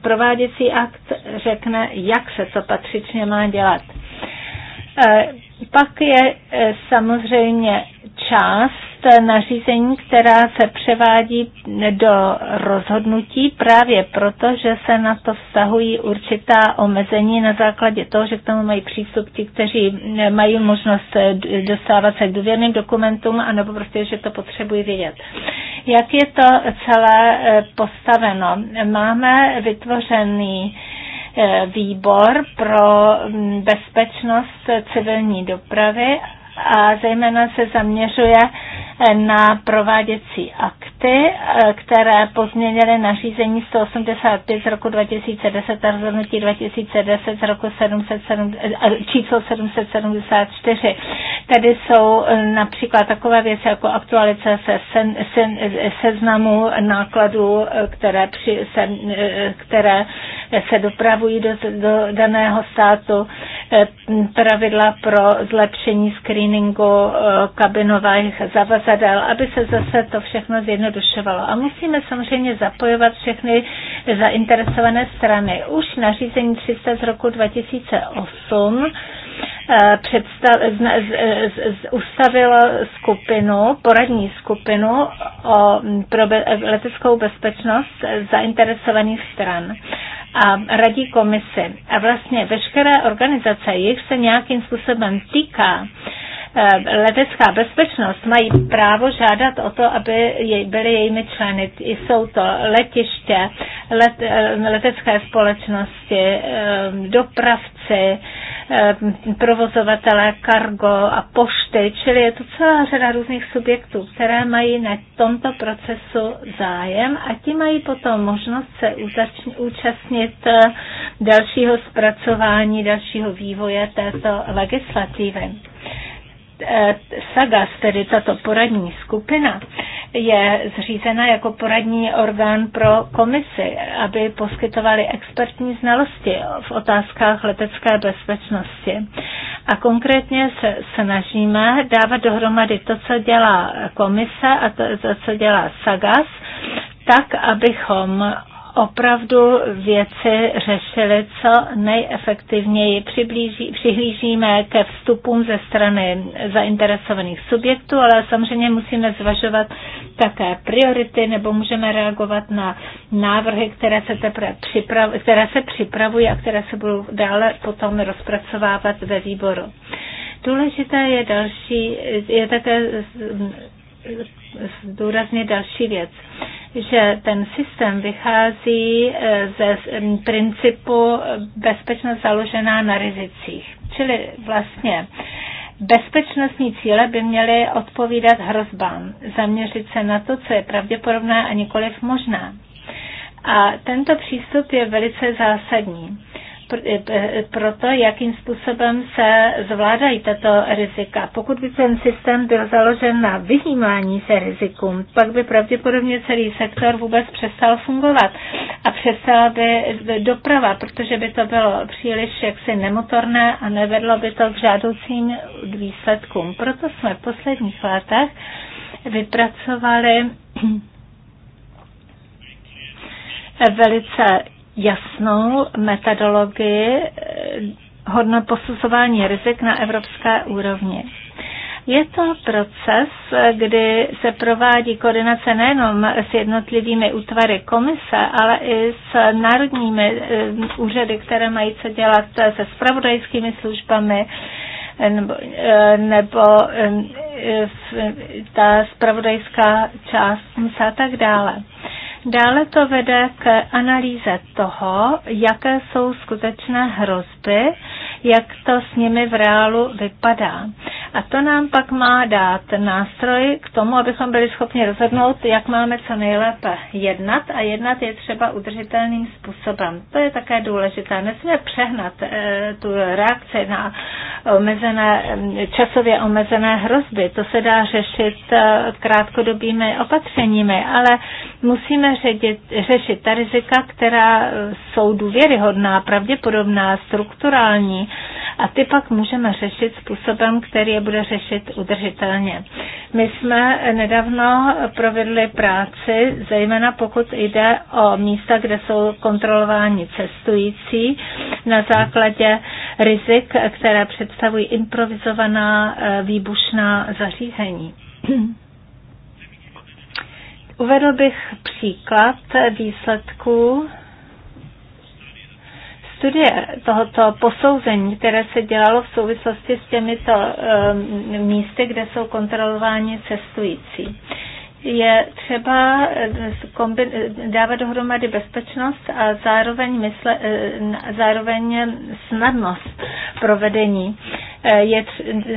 prováděcí akt řekne, jak se to patřičně má dělat. Eh, pak je eh, samozřejmě část nařízení, která se převádí do rozhodnutí právě proto, že se na to vztahují určitá omezení na základě toho, že k tomu mají přístup ti, kteří eh, mají možnost dostávat se k důvěrným dokumentům, anebo prostě, že to potřebují vědět. Jak je to celé postaveno? Máme vytvořený Eh, výbor pro mm, bezpečnost civilní dopravy a zejména se zaměřuje eh, na prováděcí akty, eh, které pozměnily nařízení 185 z roku 2010 a rozhodnutí 2010 z roku 707, eh, číslo 774. Tady jsou například takové věci jako aktualizace se, sen, sen, seznamu nákladů, které, při, se, které se dopravují do, do daného státu, Eh, pravidla pro zlepšení screeningu eh, kabinových zavazadel, aby se zase to všechno zjednodušovalo. A musíme samozřejmě zapojovat všechny zainteresované strany. Už nařízení 300 z roku 2008 eh, představ, z, z, z, ustavilo skupinu, poradní skupinu o, pro be, leteckou bezpečnost zainteresovaných stran a radí komisi. A vlastně veškerá organizace, jich se nějakým způsobem týká, Eh, letecká bezpečnost, mají právo žádat o to, aby byly jejími členy. Jsou to letiště, let, eh, letecké společnosti, eh, dopravci, provozovatelé kargo a pošty, čili je to celá řada různých subjektů, které mají na tomto procesu zájem a ti mají potom možnost se účastnit dalšího zpracování, dalšího vývoje této legislativy. Eh, SAGAS, tedy tato poradní skupina, je zřízena jako poradní orgán pro komisi, aby poskytovali expertní znalosti v otázkách letecké bezpečnosti. A konkrétně se snažíme dávat dohromady to, co dělá komise a to, co dělá SAGAS, tak, abychom opravdu věci řešili co nejefektivněji. Přiblíží, přihlížíme ke vstupům ze strany zainteresovaných subjektů, ale samozřejmě musíme zvažovat také priority nebo můžeme reagovat na návrhy, které se, teprve připrav, které se připravují a které se budou dále potom rozpracovávat ve výboru. Důležité je další, je také zdůraznit další věc že ten systém vychází eh, ze mm, principu bezpečnost založená na rizicích. Čili vlastně bezpečnostní cíle by měly odpovídat hrozbám, zaměřit se na to, co je pravděpodobné a nikoliv možné. A tento přístup je velice zásadní. Eh, eh, pro to, jakým způsobem se zvládají tato rizika. Pokud by ten systém byl založen na vyhýmání se rizikům, pak by pravděpodobně celý sektor vůbec přestal fungovat a přestala by doprava, protože by to bylo příliš jaksi nemotorné a nevedlo by to k žádoucím výsledkům. Proto jsme v posledních letech vypracovali velice jasnou metodologii eh, hodnot posuzování rizik na evropské úrovni. Je to proces, eh, kdy se provádí koordinace nejenom s jednotlivými útvary komise, ale i s národními eh, úřady, které mají co dělat se spravodajskými službami, nebo, nebo ta spravodajská část a tak dále. Dále to vede k analýze toho, jaké jsou skutečné hrozby, jak to s nimi v reálu vypadá. A to nám pak má dát nástroj k tomu, abychom byli schopni rozhodnout, jak máme co nejlépe jednat a jednat je třeba udržitelným způsobem. To je také důležité. Nesmíme přehnat e, tu reakci na omezené, časově omezené hrozby. To se dá řešit e, krátkodobými opatřeními, ale musíme ředit, řešit ta rizika, která eh, jsou důvěryhodná, pravděpodobná, strukturální a ty pak můžeme řešit způsobem, který je bude řešit udržitelně. My jsme nedávno provedli práci, zejména pokud jde o místa, kde jsou kontrolováni cestující na základě rizik, které představují improvizovaná eh, výbušná zařízení. Uvedl bych příklad výsledků studie tohoto posouzení, které se dělalo v souvislosti s těmito eh, místy, kde jsou kontrolováni cestující je třeba eh, dávat dohromady bezpečnost a zároveň, mysle, eh, zároveň snadnost provedení. Je,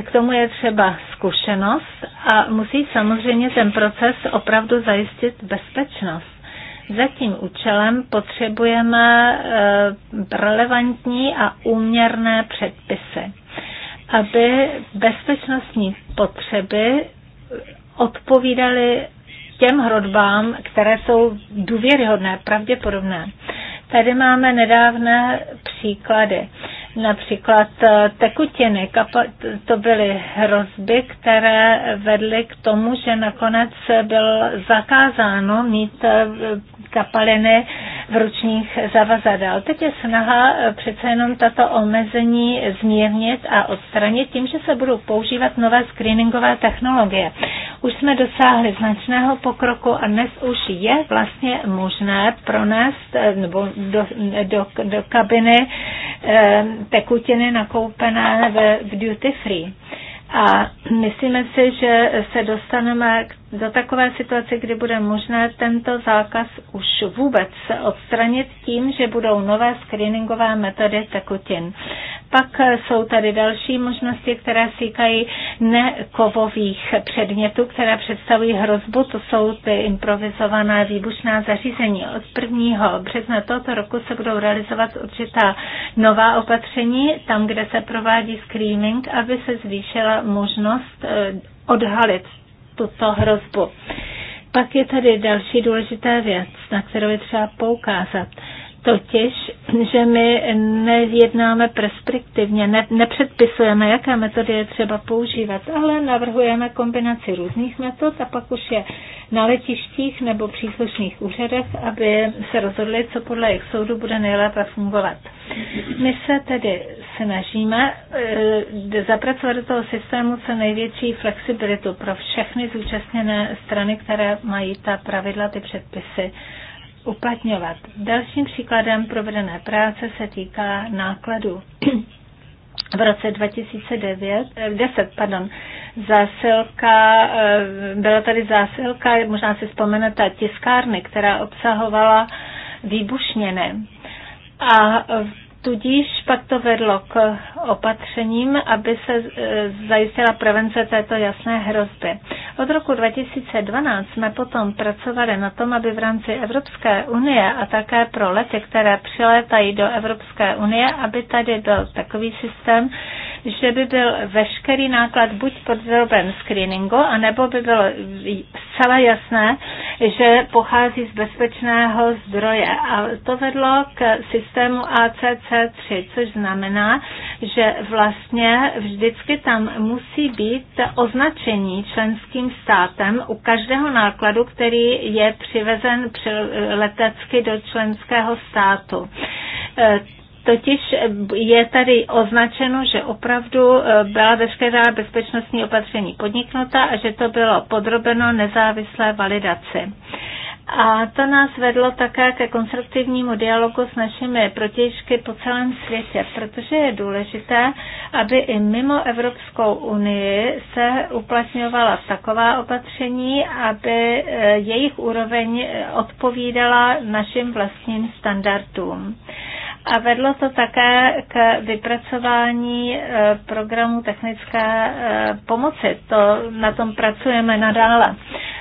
k tomu je třeba zkušenost a musí samozřejmě ten proces opravdu zajistit bezpečnost. Za tím účelem potřebujeme eh, relevantní a úměrné předpisy, aby bezpečnostní potřeby odpovídaly těm hrodbám, které jsou důvěryhodné, pravděpodobné. Tady máme nedávné příklady. Například eh, tekutiny, to byly hrozby, které vedly k tomu, že nakonec bylo zakázáno mít eh, kapaliny v ručních zavazadel. Teď je snaha eh, přece jenom tato omezení zmírnit a odstranit tím, že se budou používat nové screeningové technologie. Už jsme dosáhli značného pokroku a dnes už je vlastně možné pronést eh, nebo do, do, do kabiny eh, tekutiny nakoupené v, v duty free. A myslíme si, že se dostaneme do takové situace, kdy bude možné tento zákaz už vůbec odstranit tím, že budou nové screeningové metody tekutin. Pak jsou tady další možnosti, které se týkají nekovových předmětů, které představují hrozbu. To jsou ty improvizovaná výbušná zařízení. Od 1. března tohoto roku se budou realizovat určitá nová opatření, tam, kde se provádí screening, aby se zvýšila možnost eh, odhalit tuto hrozbu. Pak je tady další důležitá věc, na kterou je třeba poukázat totiž, že my nejednáme perspektivně, ne, nepředpisujeme, jaké metody je třeba používat, ale navrhujeme kombinaci různých metod a pak už je na letištích nebo příslušných úřadech, aby se rozhodli, co podle jejich soudu bude nejlépe fungovat. My se tedy snažíme e, zapracovat do toho systému co největší flexibilitu pro všechny zúčastněné strany, které mají ta pravidla, ty předpisy uplatňovat. Dalším příkladem provedené práce se týká nákladu V roce 2009, 10, eh, pardon, zásilka, eh, byla tady zásilka, možná si vzpomenete, tiskárny, která obsahovala výbušněny. A Tudíž pak to vedlo k opatřením, aby se e, zajistila prevence této jasné hrozby. Od roku 2012 jsme potom pracovali na tom, aby v rámci Evropské unie a také pro lety, které přilétají do Evropské unie, aby tady byl takový systém, že by byl veškerý náklad buď podroben screeningu, anebo by bylo zcela jasné, že pochází z bezpečného zdroje. A to vedlo k systému ACC3, což znamená, že vlastně vždycky tam musí být označení členským státem u každého nákladu, který je přivezen letecky do členského státu Totiž eh, je tady označeno, že opravdu eh, byla veškerá bezpečnostní opatření podniknuta a že to bylo podrobeno nezávislé validaci. A to nás vedlo také ke konstruktivnímu dialogu s našimi protějšky po celém světě, protože je důležité, aby i mimo Evropskou unii se uplatňovala taková opatření, aby eh, jejich úroveň odpovídala našim vlastním standardům a vedlo to také k vypracování e, programu technické e, pomoci. To, na tom pracujeme nadále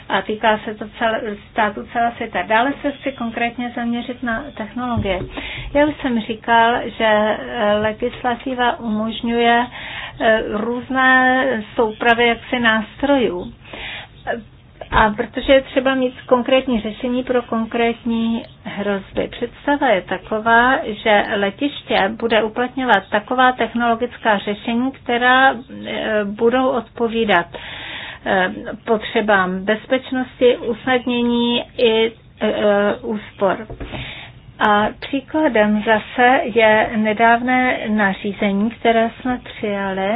a týká se to celé, státu celé světa. Dále se chci konkrétně zaměřit na technologie. Já už jsem říkal, že e, legislativa umožňuje různé soupravy jaksi nástrojů a protože je třeba mít konkrétní řešení pro konkrétní hrozby. Představa je taková, že letiště bude uplatňovat taková technologická řešení, která e, budou odpovídat e, potřebám bezpečnosti, usnadnění i e, úspor. A příkladem zase je nedávné nařízení, které jsme přijali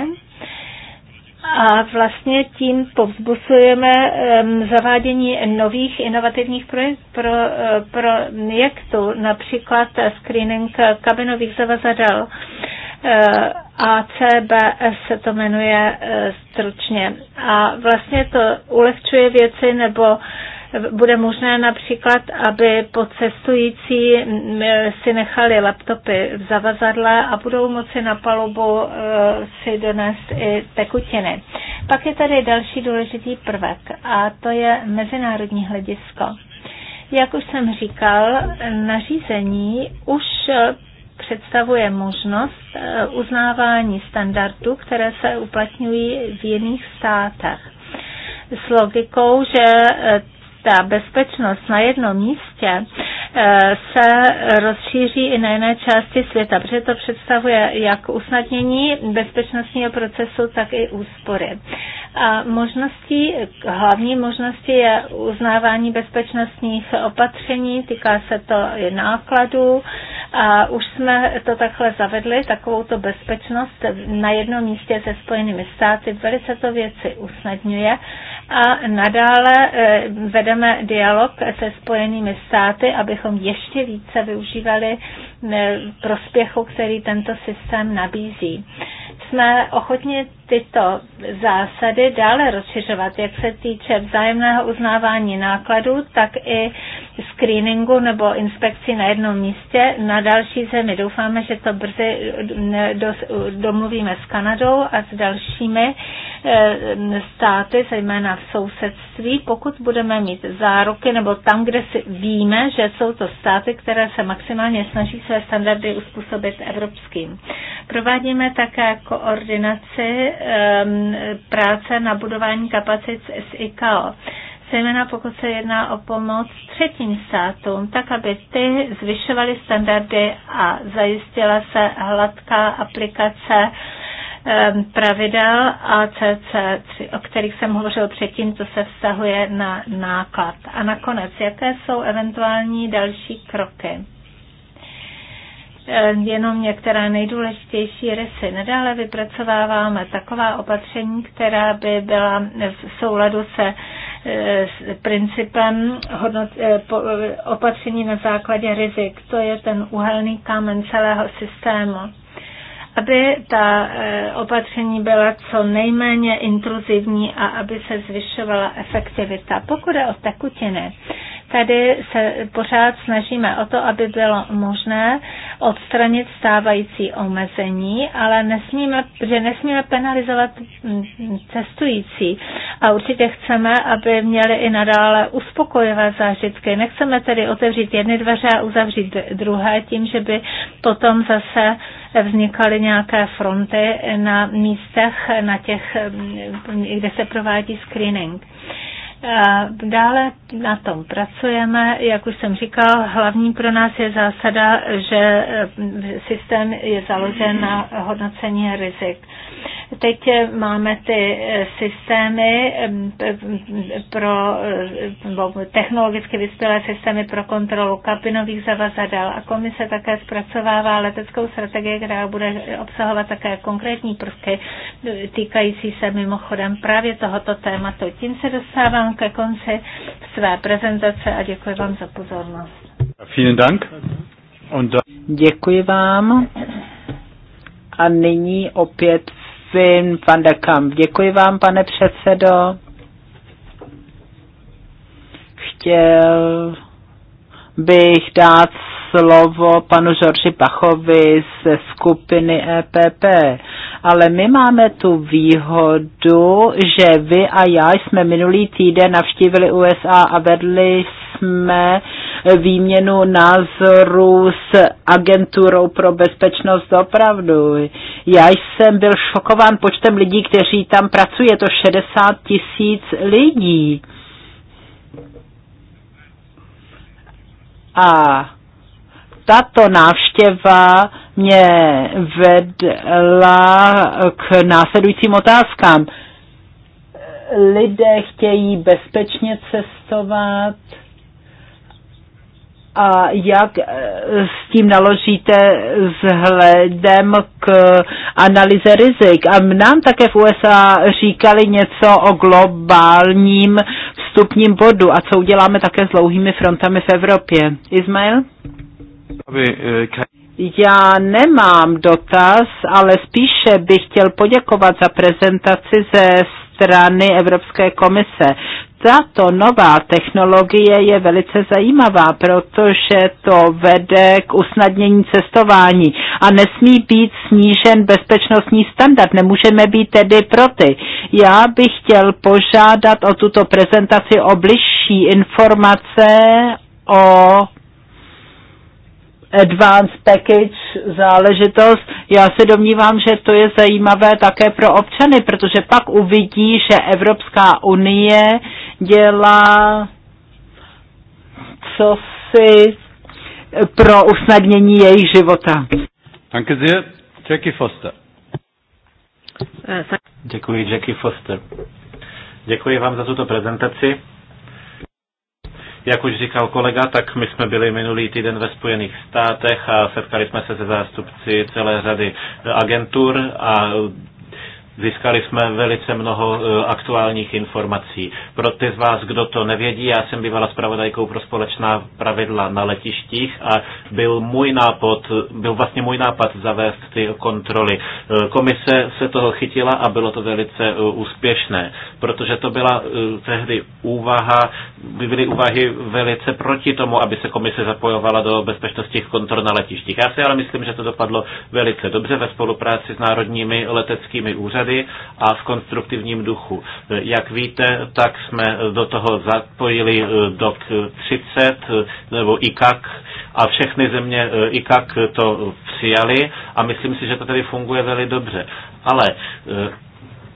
a vlastně tím povzbuzujeme zavádění nových inovativních projektů, pro, eh, projektů, například screening kabinových zavazadel. Eh, ACBS se to jmenuje eh, stručně. A vlastně to ulehčuje věci nebo bude možné například, aby cestující si nechali laptopy v zavazadle a budou moci na palubu e, si donést i tekutiny. Pak je tady další důležitý prvek a to je mezinárodní hledisko. Jak už jsem říkal, nařízení už představuje možnost e, uznávání standardů, které se uplatňují v jiných státech s logikou, že e, ta bezpečnost na jednom místě eh, se rozšíří i na jiné části světa, protože to představuje jak usnadnění bezpečnostního procesu, tak i úspory. A možností, hlavní možností je uznávání bezpečnostních opatření, týká se to i nákladů a už jsme to takhle zavedli, takovou to bezpečnost na jednom místě se Spojenými státy, velice to věci usnadňuje a nadále eh, vedeme dialog se Spojenými státy, abychom ještě více využívali eh, prospěchu, který tento systém nabízí jsme ochotni tyto zásady dále rozšiřovat, jak se týče vzájemného uznávání nákladů, tak i screeningu nebo inspekcí na jednom místě na další zemi. Doufáme, že to brzy domluvíme s Kanadou a s dalšími eh, státy, zejména v sousedství, pokud budeme mít záruky nebo tam, kde si víme, že jsou to státy, které se maximálně snaží své standardy uspůsobit evropským. Provádíme také koordinaci práce na budování kapacit s ICAO zejména pokud se jedná o pomoc třetím státům, tak aby ty zvyšovaly standardy a zajistila se hladká aplikace pravidel ACC, o kterých jsem hovořil předtím, co se vztahuje na náklad. A nakonec, jaké jsou eventuální další kroky? Eh, jenom některé nejdůležitější rysy. Nadále vypracováváme taková opatření, která by byla v souladu se eh, s principem hodnot, eh, opatření na základě rizik. To je ten uhelný kámen celého systému aby ta opatření byla co nejméně intruzivní a aby se zvyšovala efektivita. Pokud je o tekutiny, Tady se pořád snažíme o to, aby bylo možné odstranit stávající omezení, ale nesmíme, že nesmíme penalizovat mm, cestující. A určitě chceme, aby měli i nadále uspokojivé zážitky. Nechceme tedy otevřít jedny dveře a uzavřít druhé tím, že by potom zase vznikaly nějaké fronty na místech, na těch, mm, kde se provádí screening. Dále na tom pracujeme. Jak už jsem říkal, hlavní pro nás je zásada, že e, systém je založen na hodnocení rizik. Teď eh, máme ty eh, systémy eh, pro technologicky vyspělé systémy pro kontrolu kabinových zavazadel a komise také zpracovává leteckou strategii, která bude obsahovat také konkrétní prvky týkající se mimochodem právě tohoto tématu. Tím se dostávám ke konci své prezentace a děkuji vám za pozornost. Vielen Dank. Děkuji vám. A nyní opět Vin van der Kamp. Děkuji vám, pane předsedo. Chtěl bych dát slovo panu Žorži Pachovi ze skupiny EPP. Ale my máme tu výhodu, že vy a já jsme minulý týden navštívili USA a vedli jsme výměnu názorů s agenturou pro bezpečnost opravdu. Já jsem byl šokován počtem lidí, kteří tam pracují, je to 60 tisíc lidí. A tato návštěva mě vedla k následujícím otázkám. Lidé chtějí bezpečně cestovat, a jak eh, s tím naložíte vzhledem k analýze rizik. A nám také v USA říkali něco o globálním vstupním bodu a co uděláme také s dlouhými frontami v Evropě. Ismail? Eh, Já nemám dotaz, ale spíše bych chtěl poděkovat za prezentaci ze strany Evropské komise. Tato nová technologie je velice zajímavá, protože to vede k usnadnění cestování a nesmí být snížen bezpečnostní standard. Nemůžeme být tedy proti. Já bych chtěl požádat o tuto prezentaci o bližší informace o advanced package záležitost. Já se domnívám, že to je zajímavé také pro občany, protože pak uvidí, že Evropská unie dělá co si pro usnadnění jejich života. Danke sehr, Jackie Foster. Eh, Děkuji, Jackie Foster. Děkuji vám za tuto prezentaci. Jak už říkal kolega, tak my jsme byli minulý týden ve Spojených státech a setkali jsme se se zástupci celé řady agentur a Získali jsme velice mnoho e, aktuálních informací. Pro ty z vás, kdo to nevědí, já jsem bývala zpravodajkou pro společná pravidla na letištích a byl můj nápad, byl vlastně můj nápad zavést ty kontroly. E, komise se toho chytila a bylo to velice e, úspěšné, protože to byla tehdy úvaha, by byly úvahy velice proti tomu, aby se komise zapojovala do bezpečnostních kontrol na letištích. Já si ale myslím, že to dopadlo velice dobře ve spolupráci s národními leteckými úřady náklady a v konstruktivním duchu. Jak víte, tak jsme do toho zapojili eh, DOC 30 eh, nebo IKAK a všechny země eh, IKAK to přijali a myslím si, že to tady funguje velmi dobře. Ale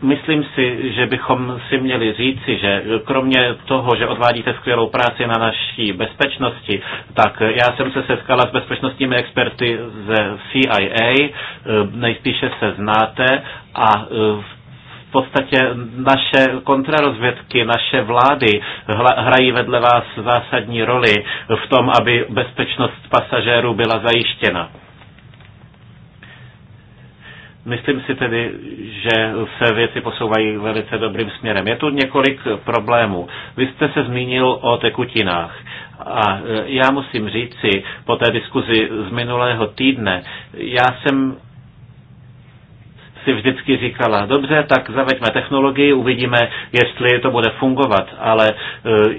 Myslím si, že bychom si měli říci, že kromě toho, že odvádíte skvělou práci na naší bezpečnosti, tak já jsem se setkala s bezpečnostními experty ze CIA, nejspíše se znáte a v podstatě naše kontrarozvědky, naše vlády hrají vedle vás zásadní roli v tom, aby bezpečnost pasažérů byla zajištěna. Myslím si tedy, že se věci posouvají velice dobrým směrem. Je tu několik problémů. Vy jste se zmínil o tekutinách. A e, já musím říci, po té diskuzi z minulého týdne, já jsem si vždycky říkala, dobře, tak zaveďme technologii, uvidíme, jestli to bude fungovat. Ale e,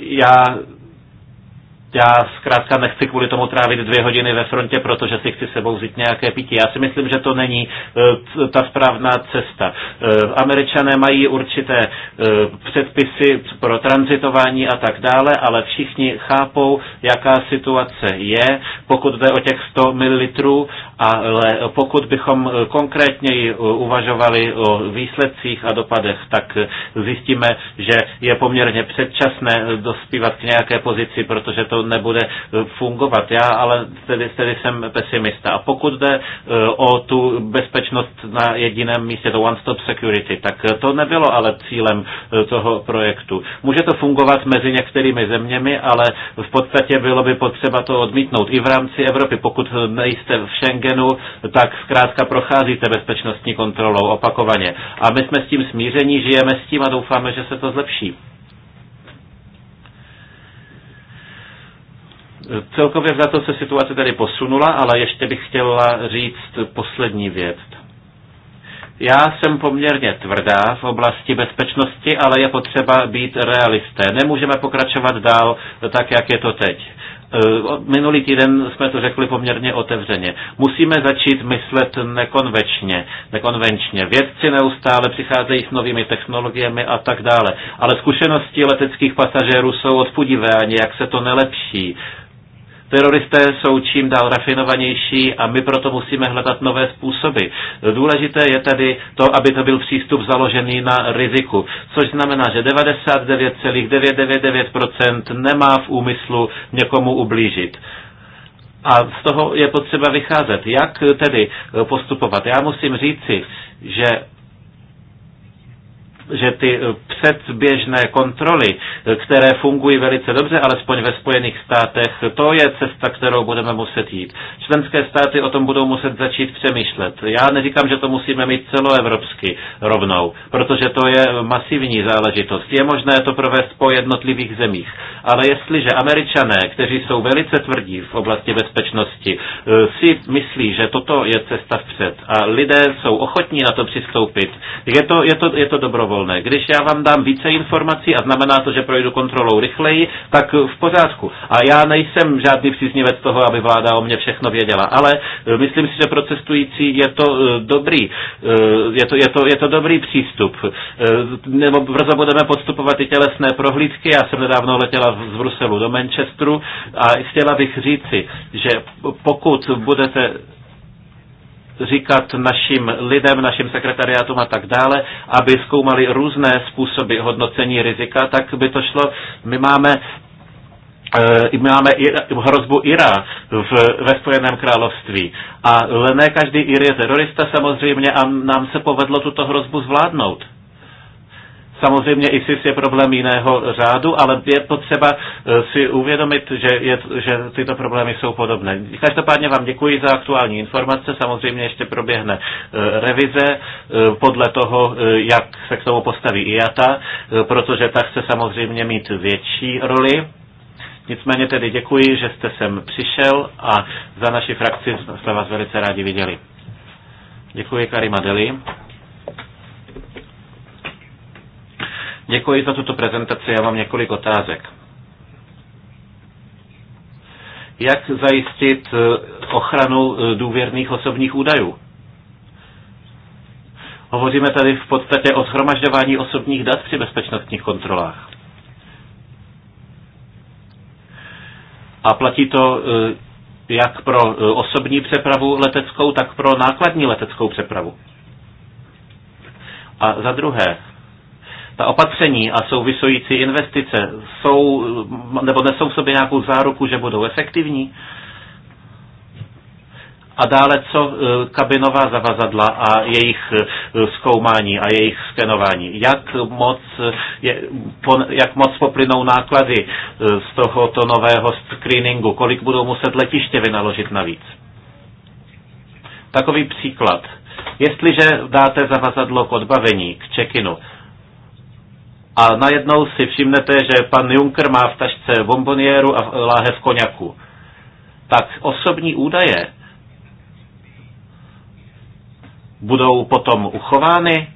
já já zkrátka nechci kvůli tomu trávit dvě hodiny ve frontě, protože si chci sebou vzít nějaké pití. Já si myslím, že to není eh, ta správná cesta. Eh, Američané mají určité eh, předpisy pro transitování a tak dále, ale všichni chápou, jaká situace je, pokud jde o těch 100 ml, ale pokud bychom konkrétněji uvažovali o výsledcích a dopadech, tak zjistíme, že je poměrně předčasné dospívat k nějaké pozici, protože to to nebude eh, fungovat. Já ale tedy, tedy jsem pesimista. A pokud jde eh, o tu bezpečnost na jediném místě, to One Stop Security, tak eh, to nebylo ale cílem toho projektu. Může to fungovat mezi některými zeměmi, ale v podstatě bylo by potřeba to odmítnout. I v rámci Evropy, pokud nejste v Schengenu, tak zkrátka procházíte bezpečnostní kontrolou opakovaně. A my jsme s tím smíření, žijeme s tím a doufáme, že se to zlepší. Celkově za to se situace tady posunula, ale ještě bych chtěla říct poslední věc. Já jsem poměrně tvrdá v oblasti bezpečnosti, ale je potřeba být realisté. Nemůžeme pokračovat dál tak, jak je to teď. Eh, minulý týden jsme to řekli poměrně otevřeně. Musíme začít myslet nekonvenčně. nekonvenčně. Vědci neustále přicházejí s novými technologiemi a tak dále. Ale zkušenosti leteckých pasažérů jsou odpudivé, ani jak se to nelepší. Teroristé jsou čím dál rafinovanější a my proto musíme hledat nové způsoby. Důležité je tedy to, aby to byl přístup založený na riziku, což znamená, že 99,999% nemá v úmyslu někomu ublížit. A z toho je potřeba vycházet. Jak tedy postupovat? Já musím říci, že že ty předběžné kontroly, které fungují velice dobře, alespoň ve Spojených státech, to je cesta, kterou budeme muset jít. Členské státy o tom budou muset začít přemýšlet. Já neříkám, že to musíme mít celoevropsky rovnou, protože to je masivní záležitost. Je možné to provést po jednotlivých zemích. Ale jestliže američané, kteří jsou velice tvrdí v oblasti bezpečnosti, eh, si myslí, že toto je cesta vpřed a lidé jsou ochotní na to přistoupit, je to, je to, je to dobrovolné dobrovolné. Když já vám dám více informací a znamená to, že projdu kontrolou rychleji, tak v pořádku. A já nejsem žádný příznivec toho, aby vláda o mě všechno věděla, ale e, myslím si, že pro cestující je to e, dobrý, e, je to, je to, je to dobrý přístup. Nebo brzo budeme podstupovat i tělesné prohlídky. Já jsem nedávno letěla z Bruselu do Manchesteru a chtěla bych říci, že pokud budete říkat našim lidem, našim sekretariátům a tak dále, aby zkoumali různé způsoby hodnocení rizika, tak by to šlo. My máme eh, my máme hrozbu IRA v, ve Spojeném království. A ne každý IR je terorista samozřejmě a nám se povedlo tuto hrozbu zvládnout. Samozřejmě ISIS je problém jiného řádu, ale je potřeba eh, si uvědomit, že, je, že tyto problémy jsou podobné. Každopádně vám děkuji za aktuální informace. Samozřejmě ještě proběhne eh, revize eh, podle toho, jak se k tomu postaví IATA, protože ta chce samozřejmě mít větší roli. Nicméně tedy děkuji, že jste sem přišel a za naši frakci jsme vás velice rádi viděli. Děkuji Karima Deli. Děkuji za tuto prezentaci, já mám několik otázek. Jak zajistit eh, ochranu eh, důvěrných osobních údajů? Hovoříme tady v podstatě o shromažďování osobních dat při bezpečnostních kontrolách. A platí to eh, jak pro osobní přepravu leteckou, tak pro nákladní leteckou přepravu. A za druhé, ta opatření a související investice jsou, nebo nesou v sobě nějakou záruku, že budou efektivní? A dále co e, kabinová zavazadla a jejich e, zkoumání a jejich skenování. Jak moc, je, pon, jak moc poplynou náklady e, z tohoto nového screeningu? Kolik budou muset letiště vynaložit navíc? Takový příklad. Jestliže dáte zavazadlo k odbavení, k check-inu, a najednou si všimnete, že pan Juncker má v tašce bombonieru a láhev koněku. Tak osobní údaje budou potom uchovány?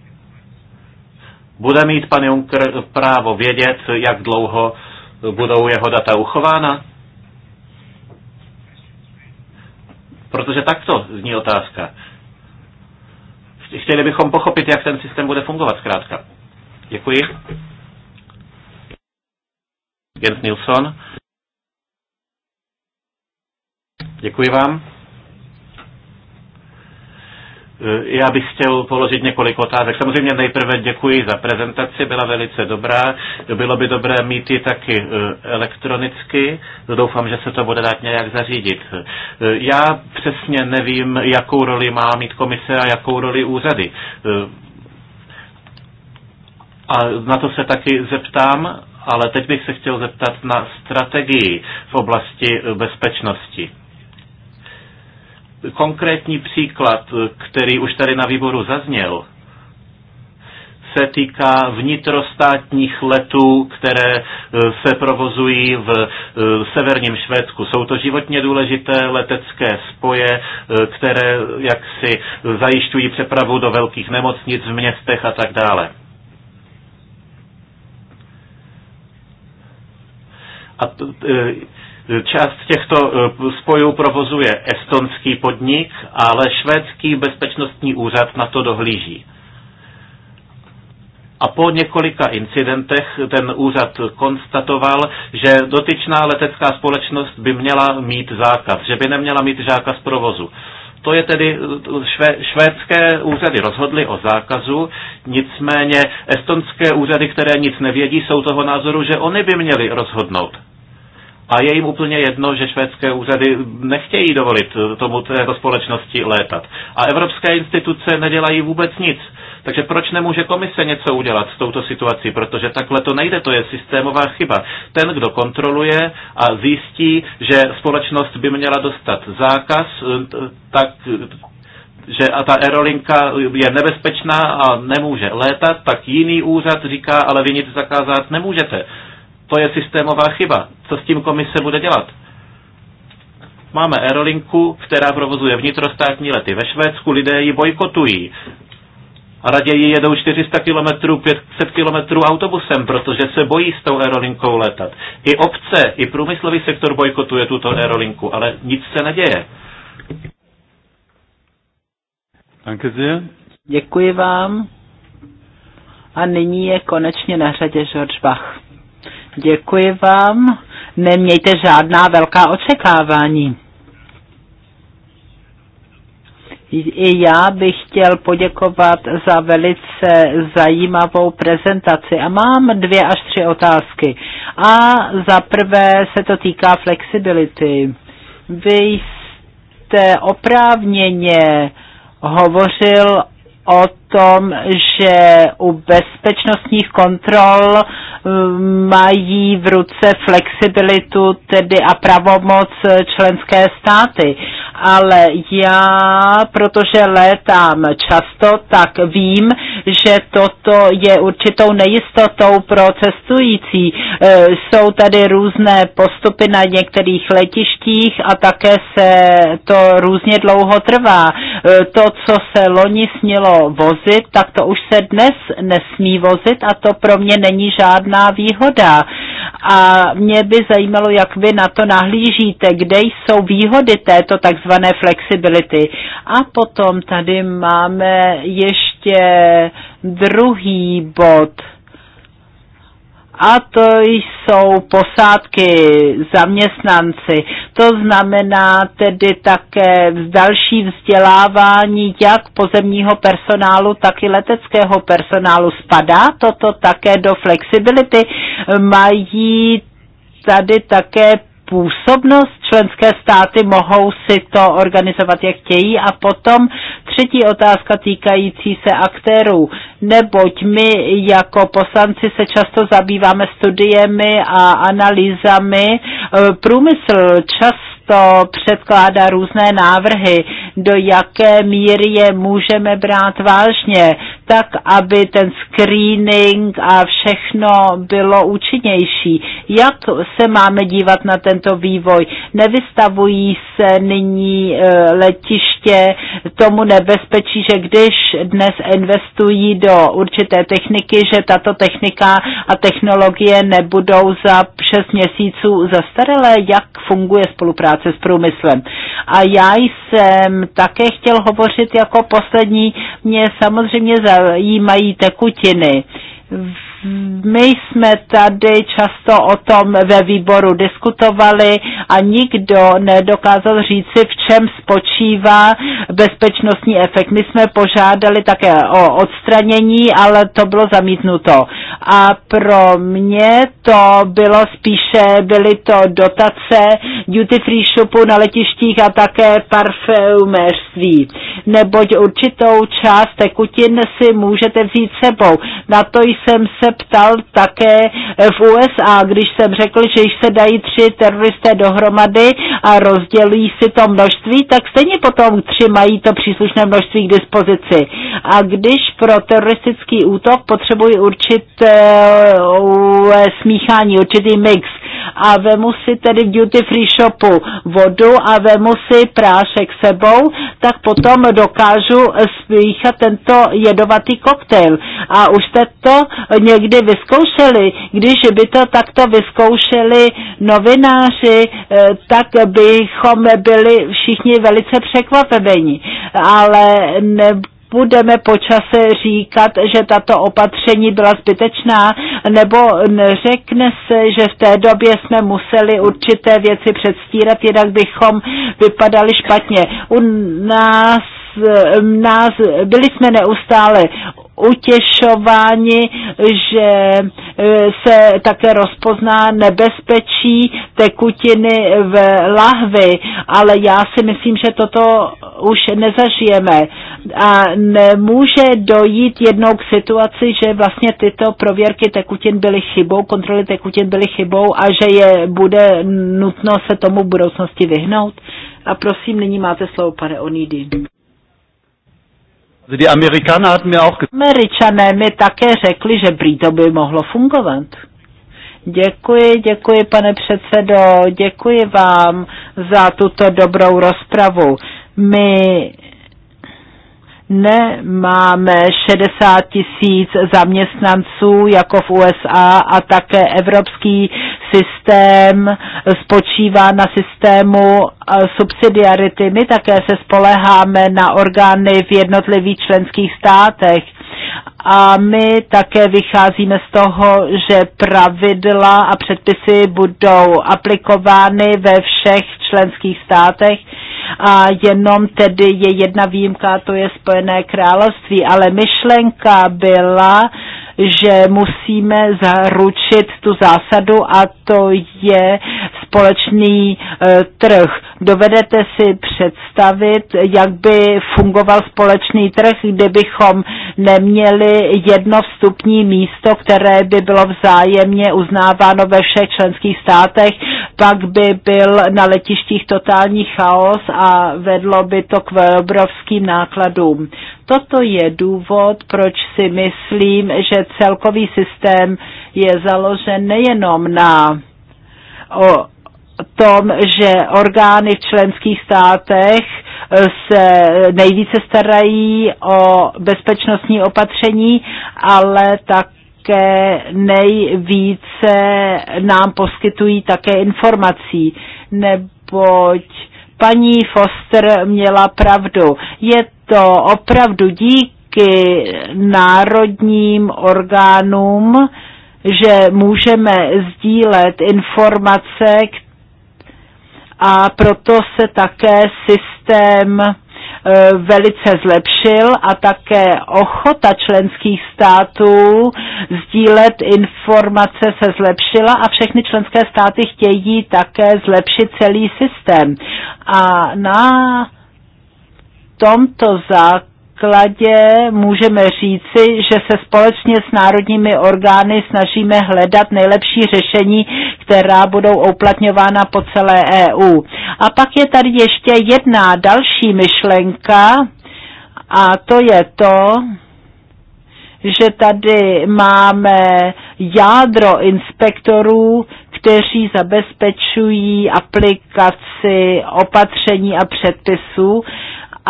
Bude mít pan Juncker právo vědět, jak dlouho budou jeho data uchována? Protože takto zní otázka. Chtěli bychom pochopit, jak ten systém bude fungovat zkrátka. Děkuji. Jens Nilsson. Děkuji vám. E, já bych chtěl položit několik otázek. Samozřejmě nejprve děkuji za prezentaci, byla velice dobrá. Bylo by dobré mít ji taky e, elektronicky. Doufám, že se to bude dát nějak zařídit. E, já přesně nevím, jakou roli má mít komise a jakou roli úřady a na to se taky zeptám, ale teď bych se chtěl zeptat na strategii v oblasti bezpečnosti. Konkrétní příklad, který už tady na výboru zazněl, se týká vnitrostátních letů, které e, se provozují v e, severním Švédsku. Jsou to životně důležité letecké spoje, e, které jaksi zajišťují přepravu do velkých nemocnic v městech a tak dále. A t, e, část těchto e, spojů provozuje estonský podnik, ale švédský bezpečnostní úřad na to dohlíží. A po několika incidentech ten úřad konstatoval, že dotyčná letecká společnost by měla mít zákaz, že by neměla mít zákaz provozu. To je tedy, švé, švédské úřady rozhodly o zákazu, nicméně estonské úřady, které nic nevědí, jsou toho názoru, že oni by měli rozhodnout. A je jim úplně jedno, že švédské úřady nechtějí dovolit tomu této společnosti létat. A evropské instituce nedělají vůbec nic. Takže proč nemůže komise něco udělat s touto situací? Protože takhle to nejde, to je systémová chyba. Ten, kdo kontroluje a zjistí, že společnost by měla dostat zákaz, eh, tak že a ta aerolinka je nebezpečná a nemůže létat, tak jiný úřad říká, ale vy nic zakázat nemůžete. To je systémová chyba. Co s tím komise bude dělat? Máme aerolinku, která provozuje vnitrostátní lety ve Švédsku, lidé ji bojkotují a raději jedou 400 kilometrů, 500 kilometrů autobusem, protože se bojí s tou aerolinkou letat. I obce, i průmyslový sektor bojkotuje tuto aerolinku, ale nic se neděje. Děkuji vám. A nyní je konečně na řadě George Bach. Děkuji vám. Nemějte žádná velká očekávání. I já bych chtěl poděkovat za velice zajímavou prezentaci a mám dvě až tři otázky. A za prvé se to týká flexibility. Vy jste oprávněně hovořil o tom, že u bezpečnostních kontrol mm, mají v ruce flexibilitu tedy a pravomoc členské státy ale já, protože létám často, tak vím, že toto je určitou nejistotou pro cestující. E, jsou tady různé postupy na některých letištích a také se to různě dlouho trvá. E, to, co se loni smělo vozit, tak to už se dnes nesmí vozit a to pro mě není žádná výhoda. A mě by zajímalo, jak vy na to nahlížíte, kde jsou výhody této takzvané flexibility. A potom tady máme ještě druhý bod a to jsou posádky, zaměstnanci. To znamená tedy také další vzdělávání jak pozemního personálu, tak i leteckého personálu. Spadá toto také do flexibility? Mají tady také působnost, členské státy mohou si to organizovat, jak chtějí a potom Třetí otázka týkající se aktérů, neboť my jako poslanci se často zabýváme studiemi a analýzami. E, průmysl často předkládá různé návrhy, do jaké míry je můžeme brát vážně tak aby ten screening a všechno bylo účinnější. Jak se máme dívat na tento vývoj? Nevystavují se nyní e, letiště tomu nebezpečí, že když dnes investují do určité techniky, že tato technika a technologie nebudou za 6 měsíců zastaralé, jak funguje spolupráce s průmyslem. A já jsem také chtěl hovořit jako poslední. Mě samozřejmě za jí mají tekutiny my jsme tady často o tom ve výboru diskutovali a nikdo nedokázal říci, v čem spočívá bezpečnostní efekt. My jsme požádali také o odstranění, ale to bylo zamítnuto. A pro mě to bylo spíše, byly to dotace duty free shopu na letištích a také parfumérství. Neboť určitou část tekutin si můžete vzít sebou. Na to jsem se ptal také eh, v USA, když jsem řekl, že když se dají tři teroristé dohromady a rozdělí si to množství, tak stejně potom tři mají to příslušné množství k dispozici. A když pro teroristický útok potřebují určité eh, smíchání, určitý mix, a vemu si tedy v duty free shopu vodu a vemu si prášek sebou, tak potom dokážu spíchat tento jedovatý koktejl. A už jste to někdy vyzkoušeli. Když by to takto vyzkoušeli novináři, eh, tak bychom byli všichni velice překvapeni. Ale ne, budeme počase říkat, že tato opatření byla zbytečná, nebo řekne se, že v té době jsme museli určité věci předstírat, jinak bychom vypadali špatně. U nás, nás byli jsme neustále utěšováni, že e, se také rozpozná nebezpečí tekutiny v lahvi, ale já si myslím, že toto už nezažijeme a nemůže dojít jednou k situaci, že vlastně tyto prověrky tekutin byly chybou, kontroly tekutin byly chybou a že je bude nutno se tomu v budoucnosti vyhnout. A prosím, nyní máte slovo, pane Onidy. Američané mi také řekli, že prý to by mohlo fungovat. Děkuji, děkuji, pane předsedo, děkuji vám za tuto dobrou rozpravu. My nemáme 60 tisíc zaměstnanců jako v USA a také evropský systém spočívá na systému eh, subsidiarity. My také se spoleháme na orgány v jednotlivých členských státech. A my také vycházíme z toho, že pravidla a předpisy budou aplikovány ve všech členských státech a jenom tedy je jedna výjimka, to je Spojené království, ale myšlenka byla, že musíme zaručit tu zásadu a to je společný e, trh. Dovedete si představit, jak by fungoval společný trh, kdybychom neměli jedno vstupní místo, které by bylo vzájemně uznáváno ve všech členských státech pak by byl na letištích totální chaos a vedlo by to k obrovským nákladům. Toto je důvod, proč si myslím, že celkový systém je založen nejenom na o, tom, že orgány v členských státech se nejvíce starají o bezpečnostní opatření, ale tak také nejvíce nám poskytují také informací, neboť paní Foster měla pravdu. Je to opravdu díky národním orgánům, že můžeme sdílet informace a proto se také systém Eh, velice zlepšil a také ochota členských států sdílet informace se zlepšila a všechny členské státy chtějí také zlepšit celý systém. A na tomto zákonu základě můžeme říci, že se společně s národními orgány snažíme hledat nejlepší řešení, která budou uplatňována po celé EU. A pak je tady ještě jedna další myšlenka a to je to, že tady máme jádro inspektorů, kteří zabezpečují aplikaci opatření a předpisů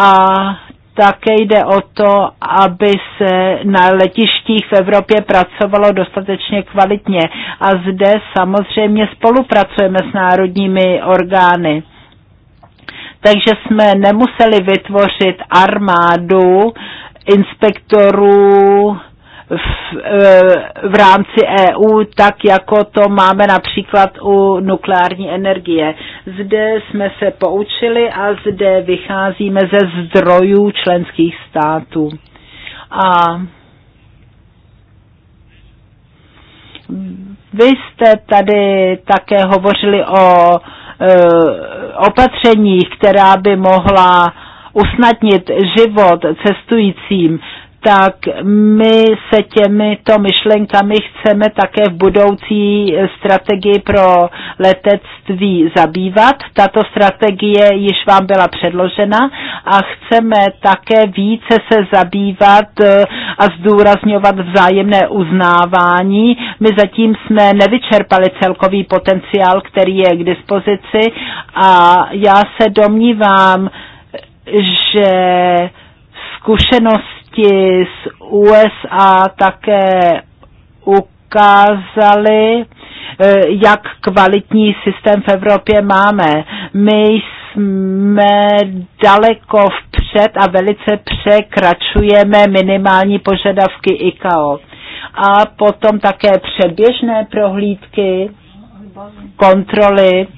a také jde o to, aby se na letištích v Evropě pracovalo dostatečně kvalitně. A zde samozřejmě spolupracujeme s národními orgány. Takže jsme nemuseli vytvořit armádu inspektorů v, e, v rámci EU, tak jako to máme například u nukleární energie. Zde jsme se poučili a zde vycházíme ze zdrojů členských států. A vy jste tady také hovořili o e, opatřeních, která by mohla usnadnit život cestujícím tak my se těmito myšlenkami chceme také v budoucí strategii pro letectví zabývat. Tato strategie již vám byla předložena a chceme také více se zabývat eh, a zdůrazňovat vzájemné uznávání. My zatím jsme nevyčerpali celkový potenciál, který je k dispozici a já se domnívám, že zkušenost experti z USA také ukázali, eh, jak kvalitní systém v Evropě máme. My jsme daleko vpřed a velice překračujeme minimální požadavky ICAO. A potom také předběžné prohlídky, kontroly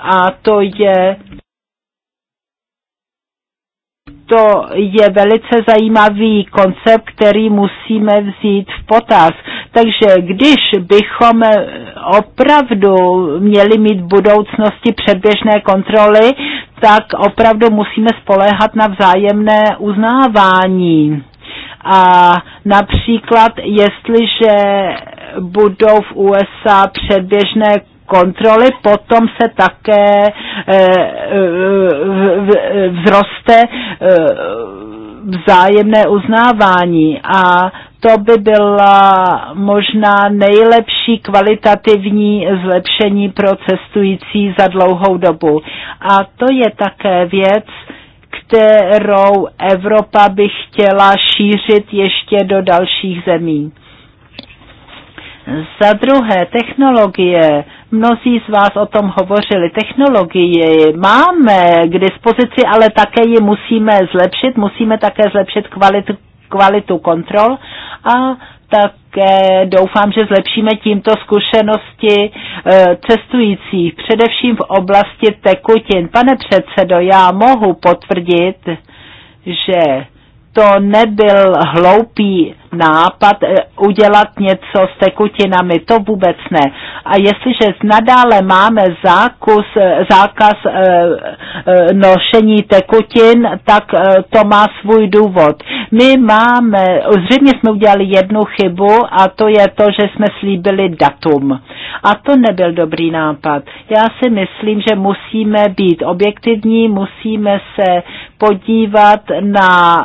a to je to je velice zajímavý koncept, který musíme vzít v potaz. Takže když bychom opravdu měli mít v budoucnosti předběžné kontroly, tak opravdu musíme spoléhat na vzájemné uznávání. A například, jestliže budou v USA předběžné kontroly, potom se také eh, eh, vzroste eh, vzájemné uznávání a to by byla možná nejlepší kvalitativní zlepšení pro cestující za dlouhou dobu. A to je také věc, kterou Evropa by chtěla šířit ještě do dalších zemí. Za druhé, technologie. Mnozí z vás o tom hovořili. Technologie máme k dispozici, ale také ji musíme zlepšit. Musíme také zlepšit kvalitu, kvalitu kontrol a také doufám, že zlepšíme tímto zkušenosti eh, cestujících, především v oblasti tekutin. Pane předsedo, já mohu potvrdit, že to nebyl hloupý nápad eh, udělat něco s tekutinami, to vůbec ne. A jestliže nadále máme zákus, eh, zákaz eh, nošení tekutin, tak to má svůj důvod. My máme, zřejmě jsme udělali jednu chybu a to je to, že jsme slíbili datum. A to nebyl dobrý nápad. Já si myslím, že musíme být objektivní, musíme se podívat na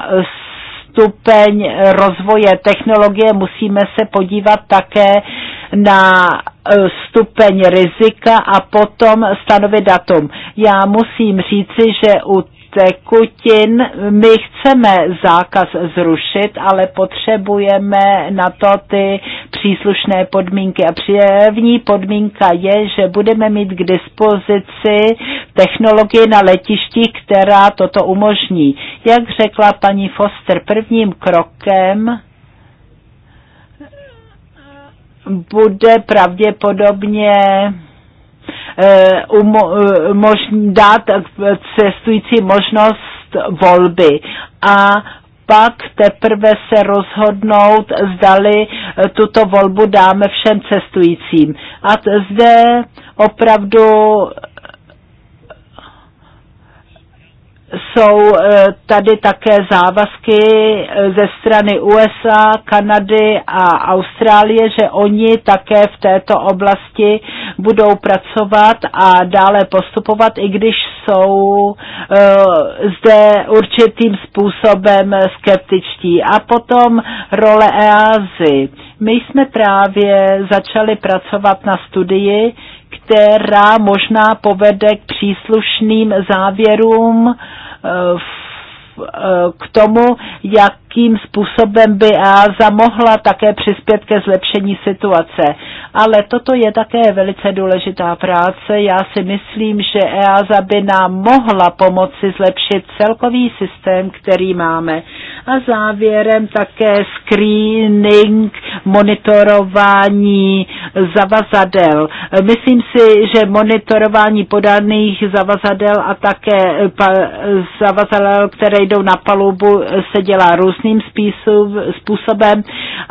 stupeň rozvoje technologie, musíme se podívat také na e, stupeň rizika a potom stanovit datum. Já musím říci, že u tekutin. My chceme zákaz zrušit, ale potřebujeme na to ty příslušné podmínky. A první podmínka je, že budeme mít k dispozici technologie na letišti, která toto umožní. Jak řekla paní Foster, prvním krokem bude pravděpodobně Eh, eh, dát cestující možnost volby. A pak teprve se rozhodnout, zdali eh, tuto volbu dáme všem cestujícím. A zde opravdu jsou eh, tady také závazky eh, ze strany USA, Kanady a Austrálie, že oni také v této oblasti budou pracovat a dále postupovat, i když jsou eh, zde určitým způsobem skeptičtí. A potom role EASY. My jsme právě začali pracovat na studii, která možná povede k příslušným závěrům Eh, k tomu, jakým způsobem by EASA mohla také přispět ke zlepšení situace. Ale toto je také velice důležitá práce. Já si myslím, že EASA by nám mohla pomoci zlepšit celkový systém, který máme a závěrem také screening, monitorování zavazadel. Myslím si, že monitorování podaných zavazadel a také eh, zavazadel, které jdou na palubu, se dělá různým způsobem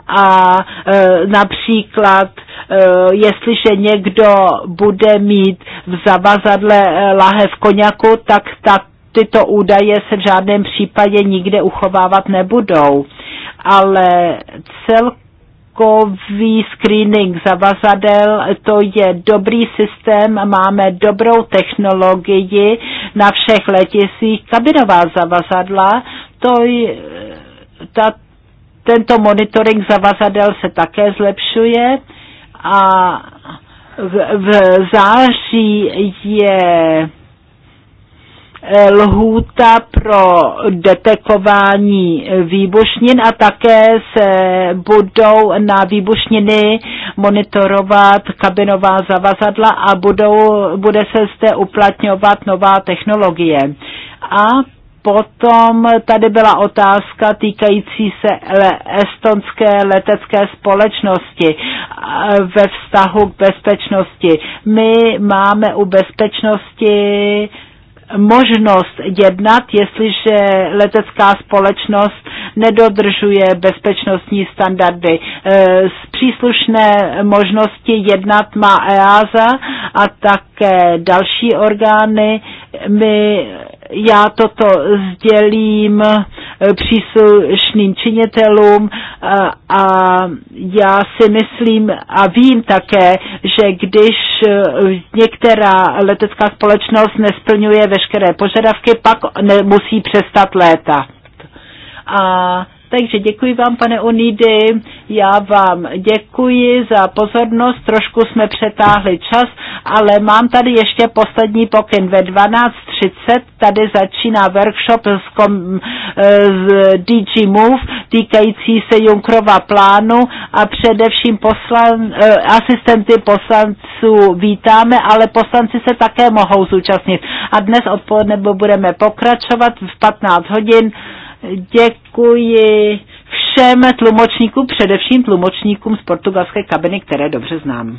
a eh, například eh, jestliže někdo bude mít v zavazadle lahev koněku, tak tak tyto údaje se v žádném případě nikde uchovávat nebudou, ale celkový screening zavazadel, to je dobrý systém, máme dobrou technologii na všech letisích, kabinová zavazadla, to je, ta, tento monitoring zavazadel se také zlepšuje a v, v září je Eh, lhůta pro detekování výbušnin a také se budou na výbušniny monitorovat kabinová zavazadla a budou, bude se zde uplatňovat nová technologie. A Potom tady byla otázka týkající se estonské letecké společnosti eh, ve vztahu k bezpečnosti. My máme u bezpečnosti možnost jednat, jestliže letecká společnost nedodržuje bezpečnostní standardy. E, z příslušné možnosti jednat má EASA a také další orgány. My, já toto sdělím Eh, příslušným činitelům eh, a já si myslím a vím také, že když eh, některá letecká společnost nesplňuje veškeré požadavky, pak musí přestat létat. A takže děkuji vám, pane Onidy, já vám děkuji za pozornost, trošku jsme přetáhli čas, ale mám tady ještě poslední pokyn. Ve 12.30 tady začíná workshop z, kom, z eh, DG Move týkající se Junkrova plánu a především poslan, eh, asistenty poslanců vítáme, ale poslanci se také mohou zúčastnit. A dnes odpoledne budeme pokračovat v 15 hodin děkuji všem tlumočníkům, především tlumočníkům z portugalské kabiny, které dobře znám.